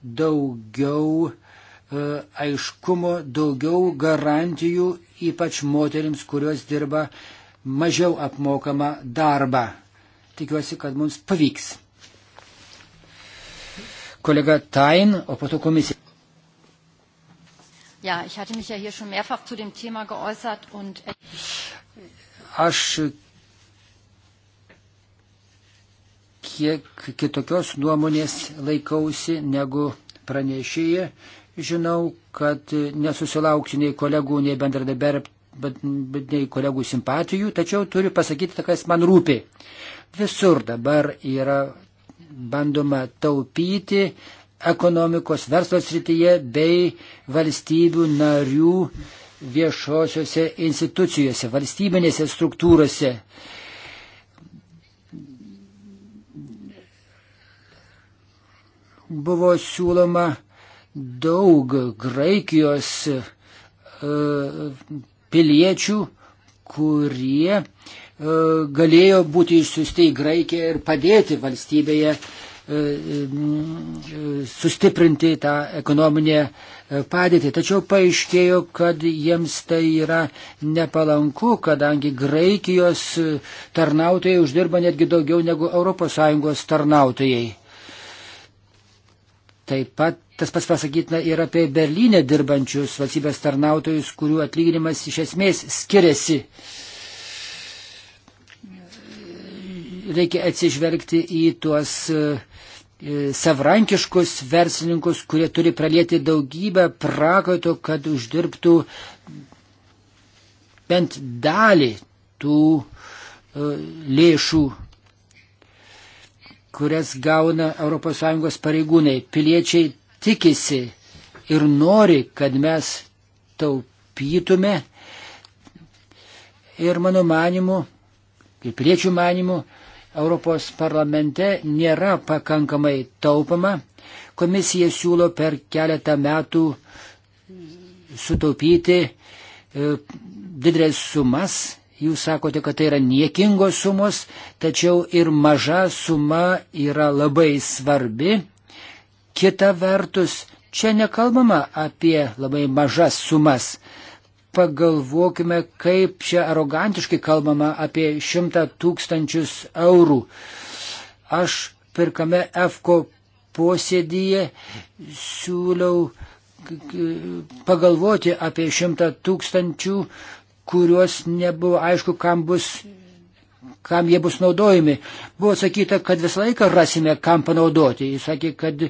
daugiau e, aiškumo, daugiau garantijų, ypač moteriams, kurios dirba mažiau apmokamą darbą. Tikiuosi, kad mums pavyks. Kolega Tain, o po to komisija. Ja, ich hatte mich ja hier schon mehrfach zu dem Thema geäußert und. Aš kiek kitokios nuomonės laikausi negu pranešėja. Žinau, kad nesusilauksiu nei kolegų, nei bendradarbiavimo bet, bet nei kolegų simpatijų, tačiau turiu pasakyti, kas man rūpi. Visur dabar yra bandoma taupyti ekonomikos verslo srityje bei valstybių narių viešosiuose institucijose, valstybinėse struktūrose. buvo siūloma daug Graikijos e, piliečių, kurie e, galėjo būti išsiusti į Graikiją ir padėti valstybėje e, sustiprinti tą ekonominę padėtį. Tačiau paaiškėjo, kad jiems tai yra nepalanku, kadangi Graikijos tarnautojai uždirba netgi daugiau negu ES tarnautojai. Taip pat tas pats pasakytina ir apie Berlyne dirbančius valstybės tarnautojus, kurių atlyginimas iš esmės skiriasi. Reikia atsižvelgti į tuos e, savrankiškus verslininkus, kurie turi pralėti daugybę prakaito, kad uždirbtų bent dalį tų e, lėšų kurias gauna ES pareigūnai. Piliečiai tikisi ir nori, kad mes taupytume. Ir mano manimu, kaip piliečių manimu, Europos parlamente nėra pakankamai taupama. Komisija siūlo per keletą metų sutaupyti e, didelės sumas Jūs sakote, kad tai yra niekingos sumos, tačiau ir maža suma yra labai svarbi. Kita vertus, čia nekalbama apie labai mažas sumas. Pagalvokime, kaip čia arogantiškai kalbama apie šimtą tūkstančius eurų. Aš pirkame EFKO posėdyje siūliau pagalvoti apie šimtą tūkstančių eurų kuriuos nebuvo aišku, kam bus kam jie bus naudojami. Buvo sakyta, kad visą laiką rasime, kam panaudoti. Jis sakė, kad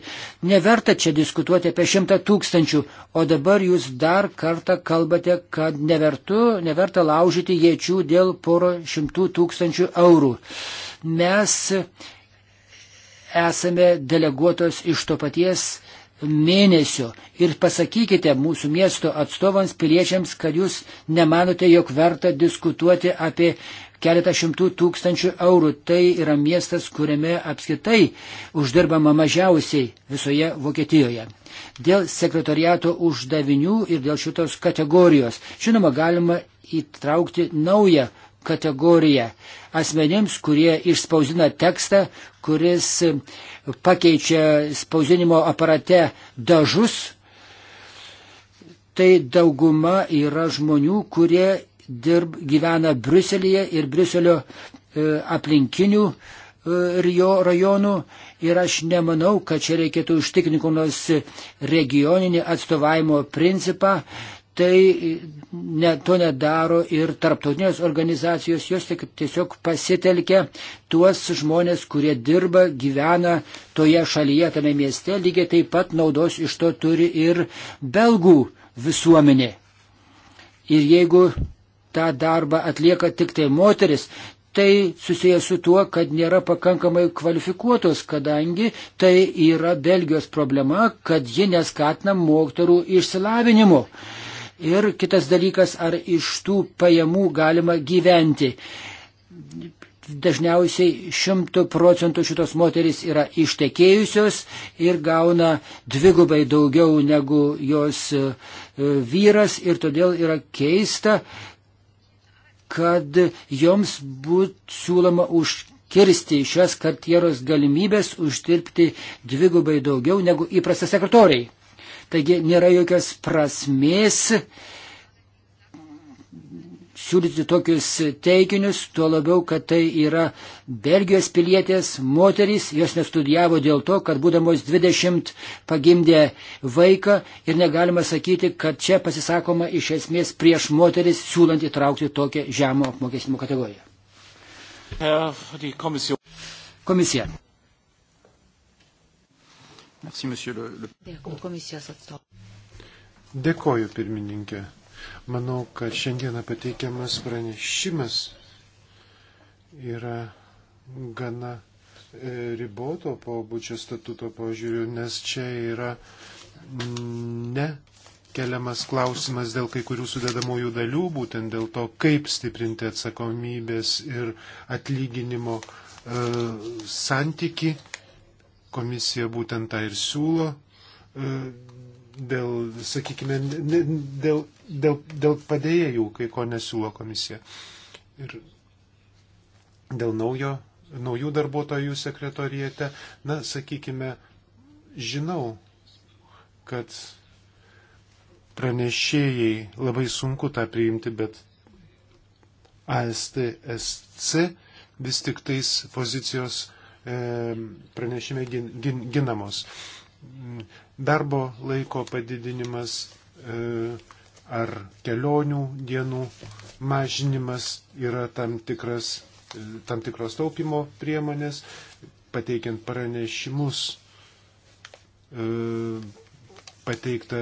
neverta čia diskutuoti apie šimtą tūkstančių, o dabar jūs dar kartą kalbate, kad nevertu, neverta laužyti jiečių dėl poro šimtų tūkstančių eurų. Mes esame deleguotos iš to paties mėnesio ir pasakykite mūsų miesto atstovams, piliečiams, kad jūs nemanote, jog verta diskutuoti apie keletą šimtų tūkstančių eurų. Tai yra miestas, kuriame apskritai uždirbama mažiausiai visoje Vokietijoje. Dėl sekretoriato uždavinių ir dėl šitos kategorijos, žinoma, galima įtraukti naują kategoriją asmenims, kurie išspausdina tekstą, kuris pakeičia spausdinimo aparate dažus. Tai dauguma yra žmonių, kurie dirb, gyvena Bruselėje ir Bruselio e, aplinkinių e, jo rajonų. Ir aš nemanau, kad čia reikėtų užtikrinti konos regioninį atstovavimo principą tai ne, to nedaro ir tarptautinės organizacijos, jos tiesiog pasitelkia tuos žmonės, kurie dirba, gyvena toje šalyje, tame mieste, lygiai taip pat naudos iš to turi ir belgų visuomenė. Ir jeigu tą darbą atlieka tik tai moteris, tai susijęs su tuo, kad nėra pakankamai kvalifikuotos, kadangi tai yra Belgijos problema, kad ji neskatina moterų išsilavinimo ir kitas dalykas, ar iš tų pajamų galima gyventi. Dažniausiai šimtų procentų šitos moteris yra ištekėjusios ir gauna dvigubai daugiau negu jos e, vyras ir todėl yra keista, kad joms būtų siūloma užkirsti šias kartjeros galimybės uždirbti dvigubai daugiau negu įprasta sekretoriai. Taigi nėra jokios prasmės siūlyti tokius teiginius, tuo labiau, kad tai yra Belgijos pilietės moterys, jos nestudijavo dėl to, kad būdamos 20 pagimdė vaiką ir negalima sakyti, kad čia pasisakoma iš esmės prieš moteris, siūlant įtraukti tokią žemo apmokestinimo kategoriją. Komisija. Merci, le... Dėkui komisijos atstovui. Dėkoju, pirmininkė. Manau, kad šiandieną pateikiamas pranešimas yra gana e, riboto pobūdžio statuto požiūrių, nes čia yra ne keliamas klausimas dėl kai kurių sudedamųjų dalių, būtent dėl to, kaip stiprinti atsakomybės ir atlyginimo e, santyki Komisija būtent tą ir siūlo e, dėl, sakykime, dėl, dėl, dėl padėjėjų, kai ko nesiūlo komisija. Ir dėl naujo, naujų darbuotojų sekretorijete, na, sakykime, žinau, kad pranešėjai labai sunku tą priimti, bet ASTSC vis tik tais pozicijos E, pranešime gin, gin, ginamos. Darbo laiko padidinimas e, ar kelionių dienų mažinimas yra tam, tikras, e, tam tikros taupimo priemonės, pateikiant pranešimus pateikta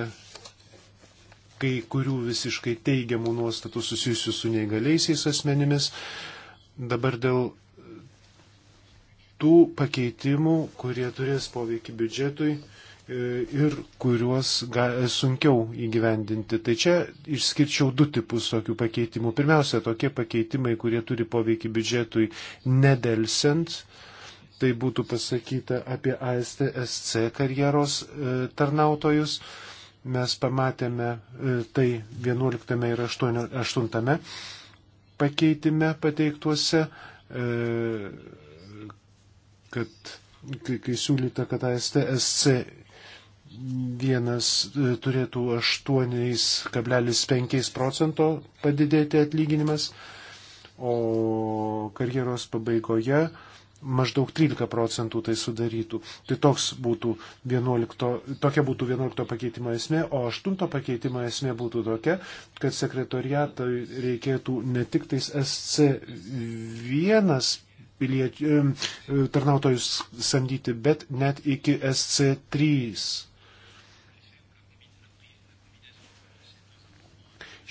kai kurių visiškai teigiamų nuostatų susijusių su neįgaliaisiais asmenimis. Dabar dėl tų pakeitimų, kurie turės poveikį biudžetui e, ir kuriuos e, sunkiau įgyvendinti. Tai čia išskirčiau du tipus tokių pakeitimų. Pirmiausia, tokie pakeitimai, kurie turi poveikį biudžetui nedelsiant. Tai būtų pasakyta apie ASTSC karjeros e, tarnautojus. Mes pamatėme tai 11 ir 8 pakeitime pateiktuose kad kai, kai siūlyta, kad ASTSC vienas e, turėtų 8,5 procento padidėti atlyginimas, o karjeros pabaigoje maždaug 13 procentų tai sudarytų. Tai toks būtų 11, tokia būtų 11 pakeitimo esmė, o 8 pakeitimo esmė būtų tokia, kad sekretoriatui reikėtų ne tik tais SC1 piliečių, e, tarnautojus samdyti, bet net iki SC3.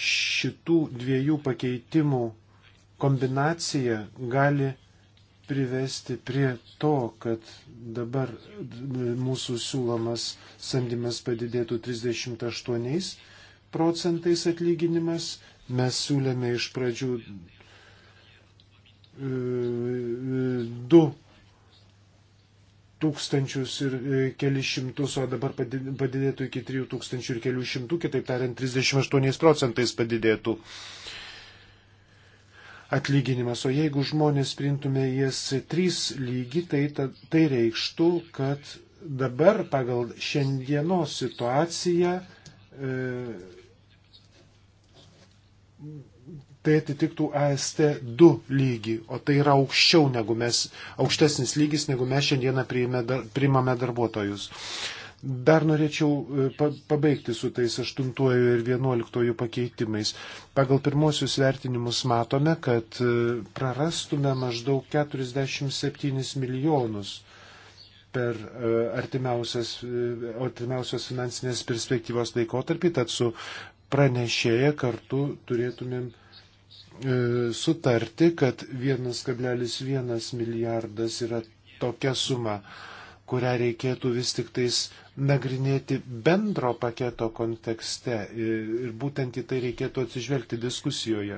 Šitų dviejų pakeitimų kombinacija gali privesti prie to, kad dabar e, mūsų siūlomas samdymas padidėtų 38 procentais atlyginimas. Mes siūlėme iš pradžių du tūkstančius ir e, kelius šimtus, o dabar padidėtų iki trijų tūkstančių ir kelių šimtų, kitaip tariant, 38 procentais padidėtų atlyginimas. O jeigu žmonės priimtume jas 3 lygį, tai, ta, tai reikštų, kad dabar pagal šiandienos situaciją e, tai atitiktų AST e 2 lygį, o tai yra aukščiau negu mes, aukštesnis lygis, negu mes šiandieną priimame darbuotojus. Dar norėčiau e, pabaigti su tais 8 ir 11 pakeitimais. Pagal pirmosius vertinimus matome, kad e, prarastume maždaug 47 milijonus per artimiausias, artimiausios finansinės perspektyvos laikotarpį, tad su pranešėja kartu turėtumėm E, sutarti, kad 1,1 milijardas yra tokia suma, kurią reikėtų vis tik tais nagrinėti bendro paketo kontekste e, ir būtent į tai reikėtų atsižvelgti diskusijoje.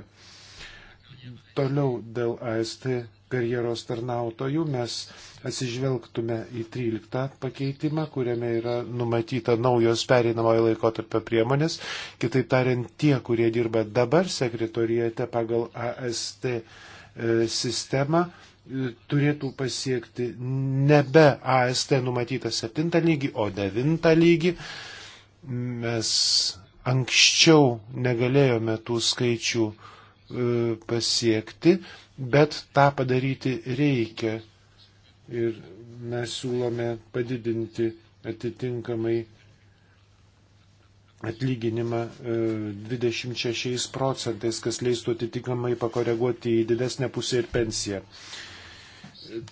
Toliau dėl AST karjeros tarnautojų, mes atsižvelgtume į 13 pakeitimą, kuriame yra numatyta naujos pereinamojo laikotarpio priemonės. Kitaip tariant, tie, kurie dirba dabar sekretorijate pagal AST e, sistemą, e, turėtų pasiekti nebe AST numatytą 7 lygį, o 9 lygį. Mes anksčiau negalėjome tų skaičių uh, E, pasiekti, bet tą padaryti reikia. Ir mes siūlome padidinti atitinkamai atlyginimą 26 e, procentais, kas leistų atitinkamai pakoreguoti į didesnę pusę ir pensiją.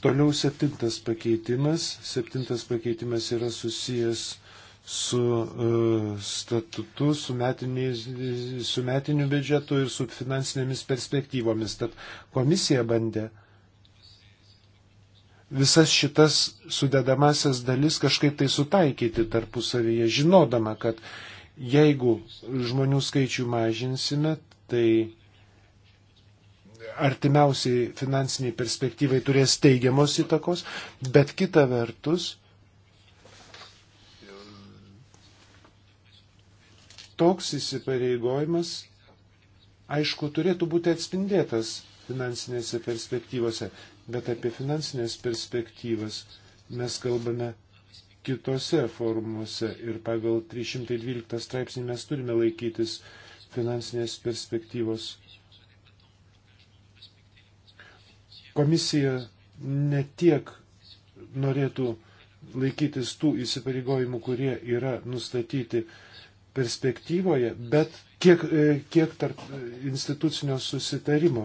Toliau septintas pakeitimas. Septintas pakeitimas yra susijęs su e, statutu, su, metiniais, su metiniu biudžetu ir su finansinėmis perspektyvomis. Tad komisija bandė visas šitas sudedamasias dalis kažkaip tai sutaikyti tarpusavyje, žinodama, kad jeigu žmonių skaičių mažinsime, tai artimiausiai finansiniai perspektyvai turės teigiamos įtakos, bet kita vertus, toks įsipareigojimas, aišku, turėtų būti atspindėtas finansinėse perspektyvose, bet apie finansinės perspektyvas mes kalbame kitose formuose ir pagal 312 straipsnį mes turime laikytis finansinės perspektyvos. Komisija ne tiek norėtų laikytis tų įsipareigojimų, kurie yra nustatyti perspektyvoje, bet kiek, e, kiek tarp institucinio susitarimo,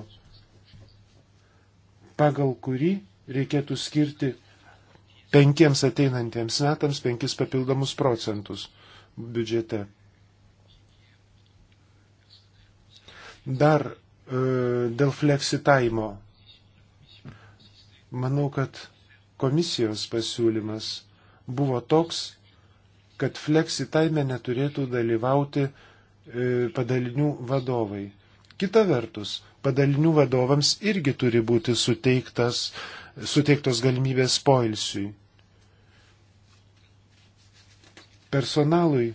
pagal kurį reikėtų skirti penkiems ateinantiems metams penkis papildomus procentus biudžete. Dar e, dėl fleksitaimo. Manau, kad komisijos pasiūlymas buvo toks, kad fleksitaime neturėtų dalyvauti e, padalinių vadovai. Kita vertus, padalinių vadovams irgi turi būti suteiktas, suteiktos galimybės poilsiui. Personalui,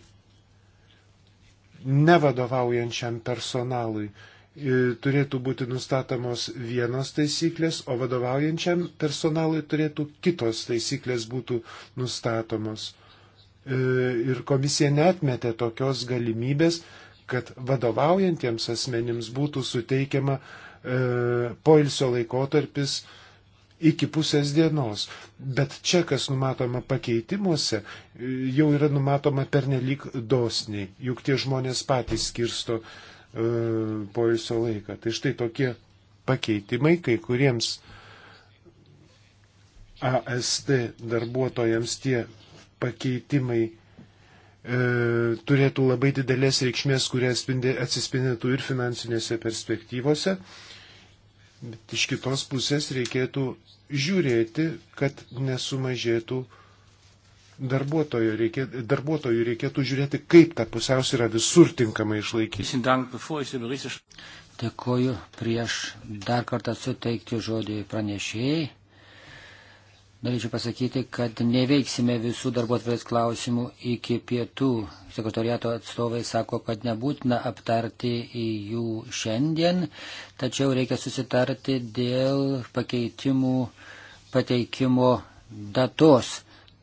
nevadovaujančiam personalui, e, turėtų būti nustatomos vienos taisyklės, o vadovaujančiam personalui turėtų kitos taisyklės būtų nustatomos. E, ir komisija netmetė tokios galimybės, kad vadovaujantiems asmenims būtų suteikiama e, poilsio laikotarpis iki pusės dienos. Bet čia, kas numatoma pakeitimuose, e, jau yra numatoma pernelyg dosniai, juk tie žmonės patys skirsto poilsio laiką. Tai štai tokie pakeitimai kai kuriems AST darbuotojams tie pakeitimai e, turėtų labai didelės reikšmės, kurie atsispindėtų ir finansinėse perspektyvose. Bet iš kitos pusės reikėtų žiūrėti, kad nesumažėtų darbuotojų. Reikė, darbuotojų reikėtų žiūrėti, kaip ta pusiausvyrą visur tinkamai išlaikyti. Dėkuoju prieš dar kartą suteikti žodį pranešėjai. Norėčiau pasakyti, kad neveiksime visų darbuotvės klausimų iki pietų. Sekretoriato atstovai sako, kad nebūtina aptarti jų šiandien, tačiau reikia susitarti dėl pakeitimų pateikimo datos.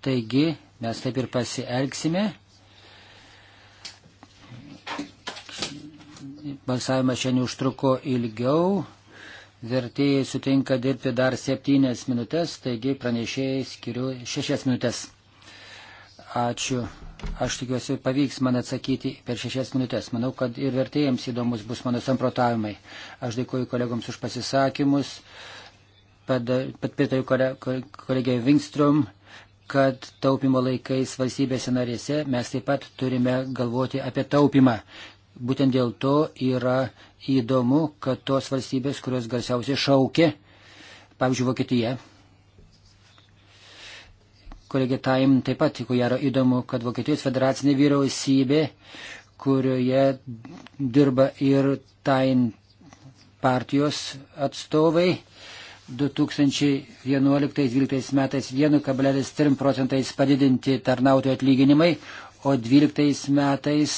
Taigi mes taip ir pasielgsime. Balsavimas šiandien užtruko ilgiau, vertėjai sutinka dirbti dar septynias minutės, taigi pranešėjai skiriu šešias minutės. Ačiū. Aš tikiuosi, pavyks man atsakyti per šešias minutės. Manau, kad ir vertėjams įdomus bus mano samprotavimai. Aš dėkuoju kolegoms už pasisakymus. Patpritariu kolegijai Wingstrom, kad taupimo laikais valstybėse narėse mes taip pat turime galvoti apie taupimą. Būtent dėl to yra įdomu, kad tos valstybės, kurios garsiausiai šaukė, pavyzdžiui, Vokietija, kolegė Taim taip pat, ko gero įdomu, kad Vokietijos federacinė vyriausybė, kurioje dirba ir Taim partijos atstovai, 2011-2012 metais 1,3 procentais padidinti tarnautojų atlyginimai, o 2012 metais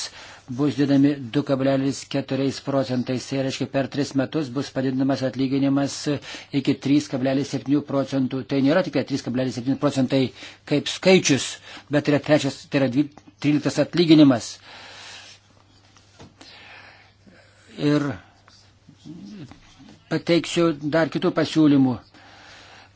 bus didami 2,4 procentais. Tai reiškia, per 3 metus bus padidinamas atlyginimas iki 3,7 procentų. Tai nėra tik 3,7 procentai kaip skaičius, bet tai yra trečias, tai yra 13 atlyginimas. Ir pateiksiu dar kitų pasiūlymų.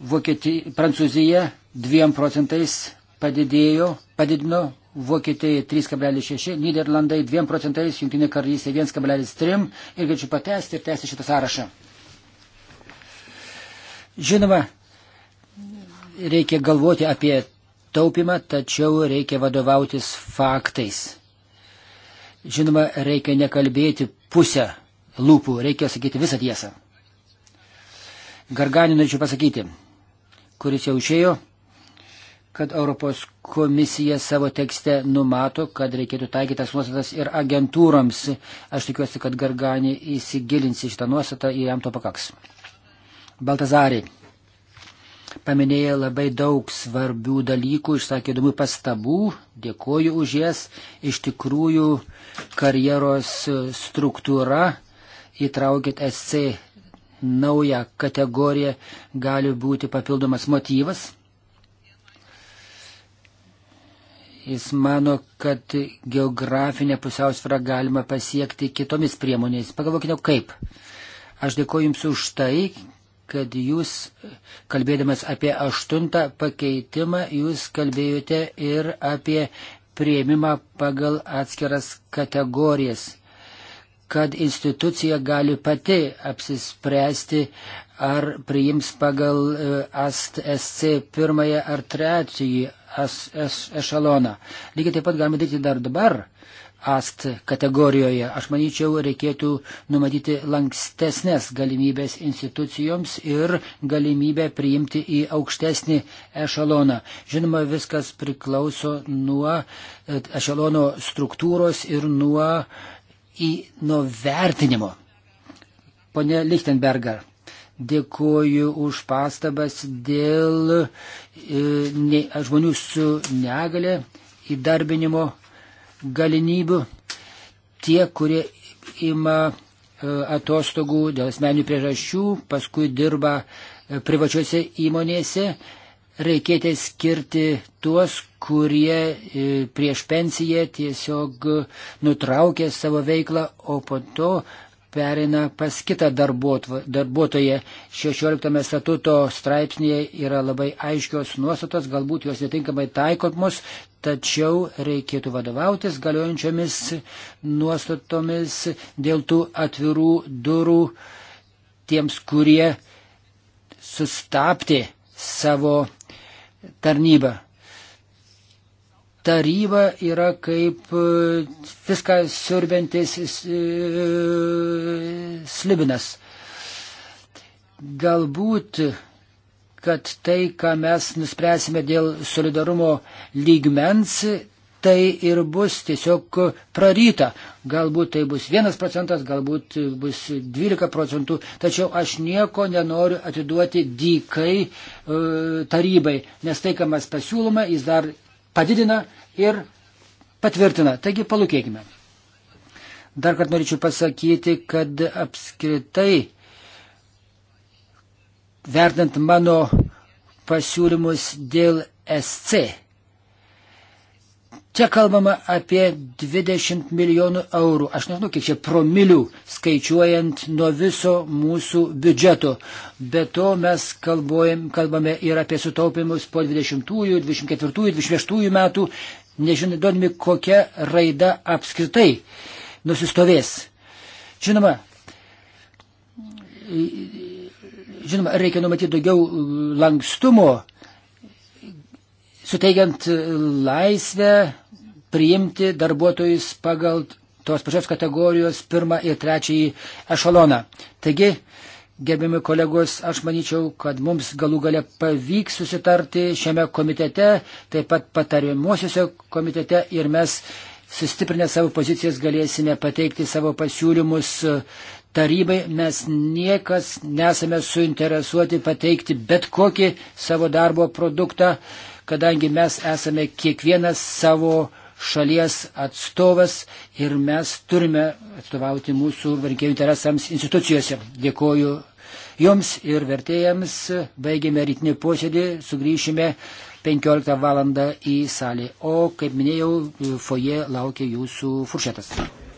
Vokietija, Prancūzija 2 procentais padidėjo, padidino Vokietija 3,6, Niderlandai 2 procentais, Junktinė karalystė 1,3 ir galėčiau patęsti ir tęsti šitą sąrašą. Žinoma, reikia galvoti apie taupimą, tačiau reikia vadovautis faktais. Žinoma, reikia nekalbėti pusę lūpų, reikia sakyti visą tiesą. Garganį norėčiau pasakyti, kuris jau išėjo kad Europos komisija savo tekste numato, kad reikėtų taikyti tas nuostatas ir agentūroms. Aš tikiuosi, kad Garganį įsigilins į šitą nuostatą ir jam to pakaks. Baltazarį paminėjo labai daug svarbių dalykų, išsakė įdomių pastabų, dėkoju už jas. Iš tikrųjų, karjeros struktūra įtraukit SC naują kategoriją gali būti papildomas motyvas Jis mano, kad geografinę pusiausvyrą galima pasiekti kitomis priemonės. Pagalvokite, kaip. Aš dėkoju Jums už tai, kad Jūs, kalbėdamas apie aštuntą pakeitimą, Jūs kalbėjote ir apie prieimimą pagal atskiras kategorijas kad institucija gali pati apsispręsti, ar priims pagal e, SC pirmąją ar trečiąjį ešaloną. Lygiai taip pat galime daryti dar dabar. AST kategorijoje. Aš manyčiau, reikėtų numatyti lankstesnės galimybės institucijoms ir galimybę priimti į aukštesnį ešaloną. Žinoma, viskas priklauso nuo e, ešalono struktūros ir nuo į nuvertinimo. Pone Lichtenberger, dėkuoju už pastabas dėl e, ne, žmonių su negale įdarbinimo galimybių. Tie, kurie ima e, atostogų dėl asmenių priežasčių, paskui dirba e, privačiose įmonėse, reikėtų skirti tuos, kurie e, prieš pensiją tiesiog nutraukė savo veiklą, o po to perina pas kitą darbuotoją. 16 statuto straipsnėje yra labai aiškios nuostatos, galbūt jos netinkamai taikomos, tačiau reikėtų vadovautis galiojančiomis nuostatomis dėl tų atvirų durų tiems, kurie sustabdė savo tarnybą. Taryba yra kaip viską e, siurbintis e, slibinas. Galbūt, kad tai, ką mes nuspręsime dėl solidarumo lygmens, tai ir bus tiesiog praryta. Galbūt tai bus 1 procentas, galbūt bus 12 procentų, tačiau aš nieko nenoriu atiduoti dykai e, tarybai, nes tai, ką mes pasiūlome, jis dar padidina ir patvirtina. Taigi palūkėkime. Dar kartą norėčiau pasakyti, kad apskritai vertinant mano pasiūlymus dėl SC Čia kalbama apie 20 milijonų eurų. Aš nežinau, kiek čia promilių skaičiuojant nuo viso mūsų biudžeto. Be to mes kalbuojam, kalbame ir apie sutaupimus po 20, 24, 26 metų, nežinodami, kokia raida apskritai nusistovės. Žinoma, žinoma, reikia numatyti daugiau lankstumo suteikiant laisvę priimti darbuotojus pagal tos pačios kategorijos pirmą ir trečiąjį ešaloną. Taigi, gerbiami kolegos, aš manyčiau, kad mums galų gale pavyks susitarti šiame komitete, taip pat patarimuosiuose komitete ir mes sustiprinę savo pozicijas galėsime pateikti savo pasiūlymus tarybai. Mes niekas nesame suinteresuoti pateikti bet kokį savo darbo produktą, kadangi mes esame kiekvienas savo šalies atstovas ir mes turime atstovauti mūsų vargėjų interesams institucijose. Dėkoju Jums ir vertėjams. Baigėme rytinį posėdį, sugrįšime 15 val. į salį. O, kaip minėjau, foje laukia Jūsų furšetas.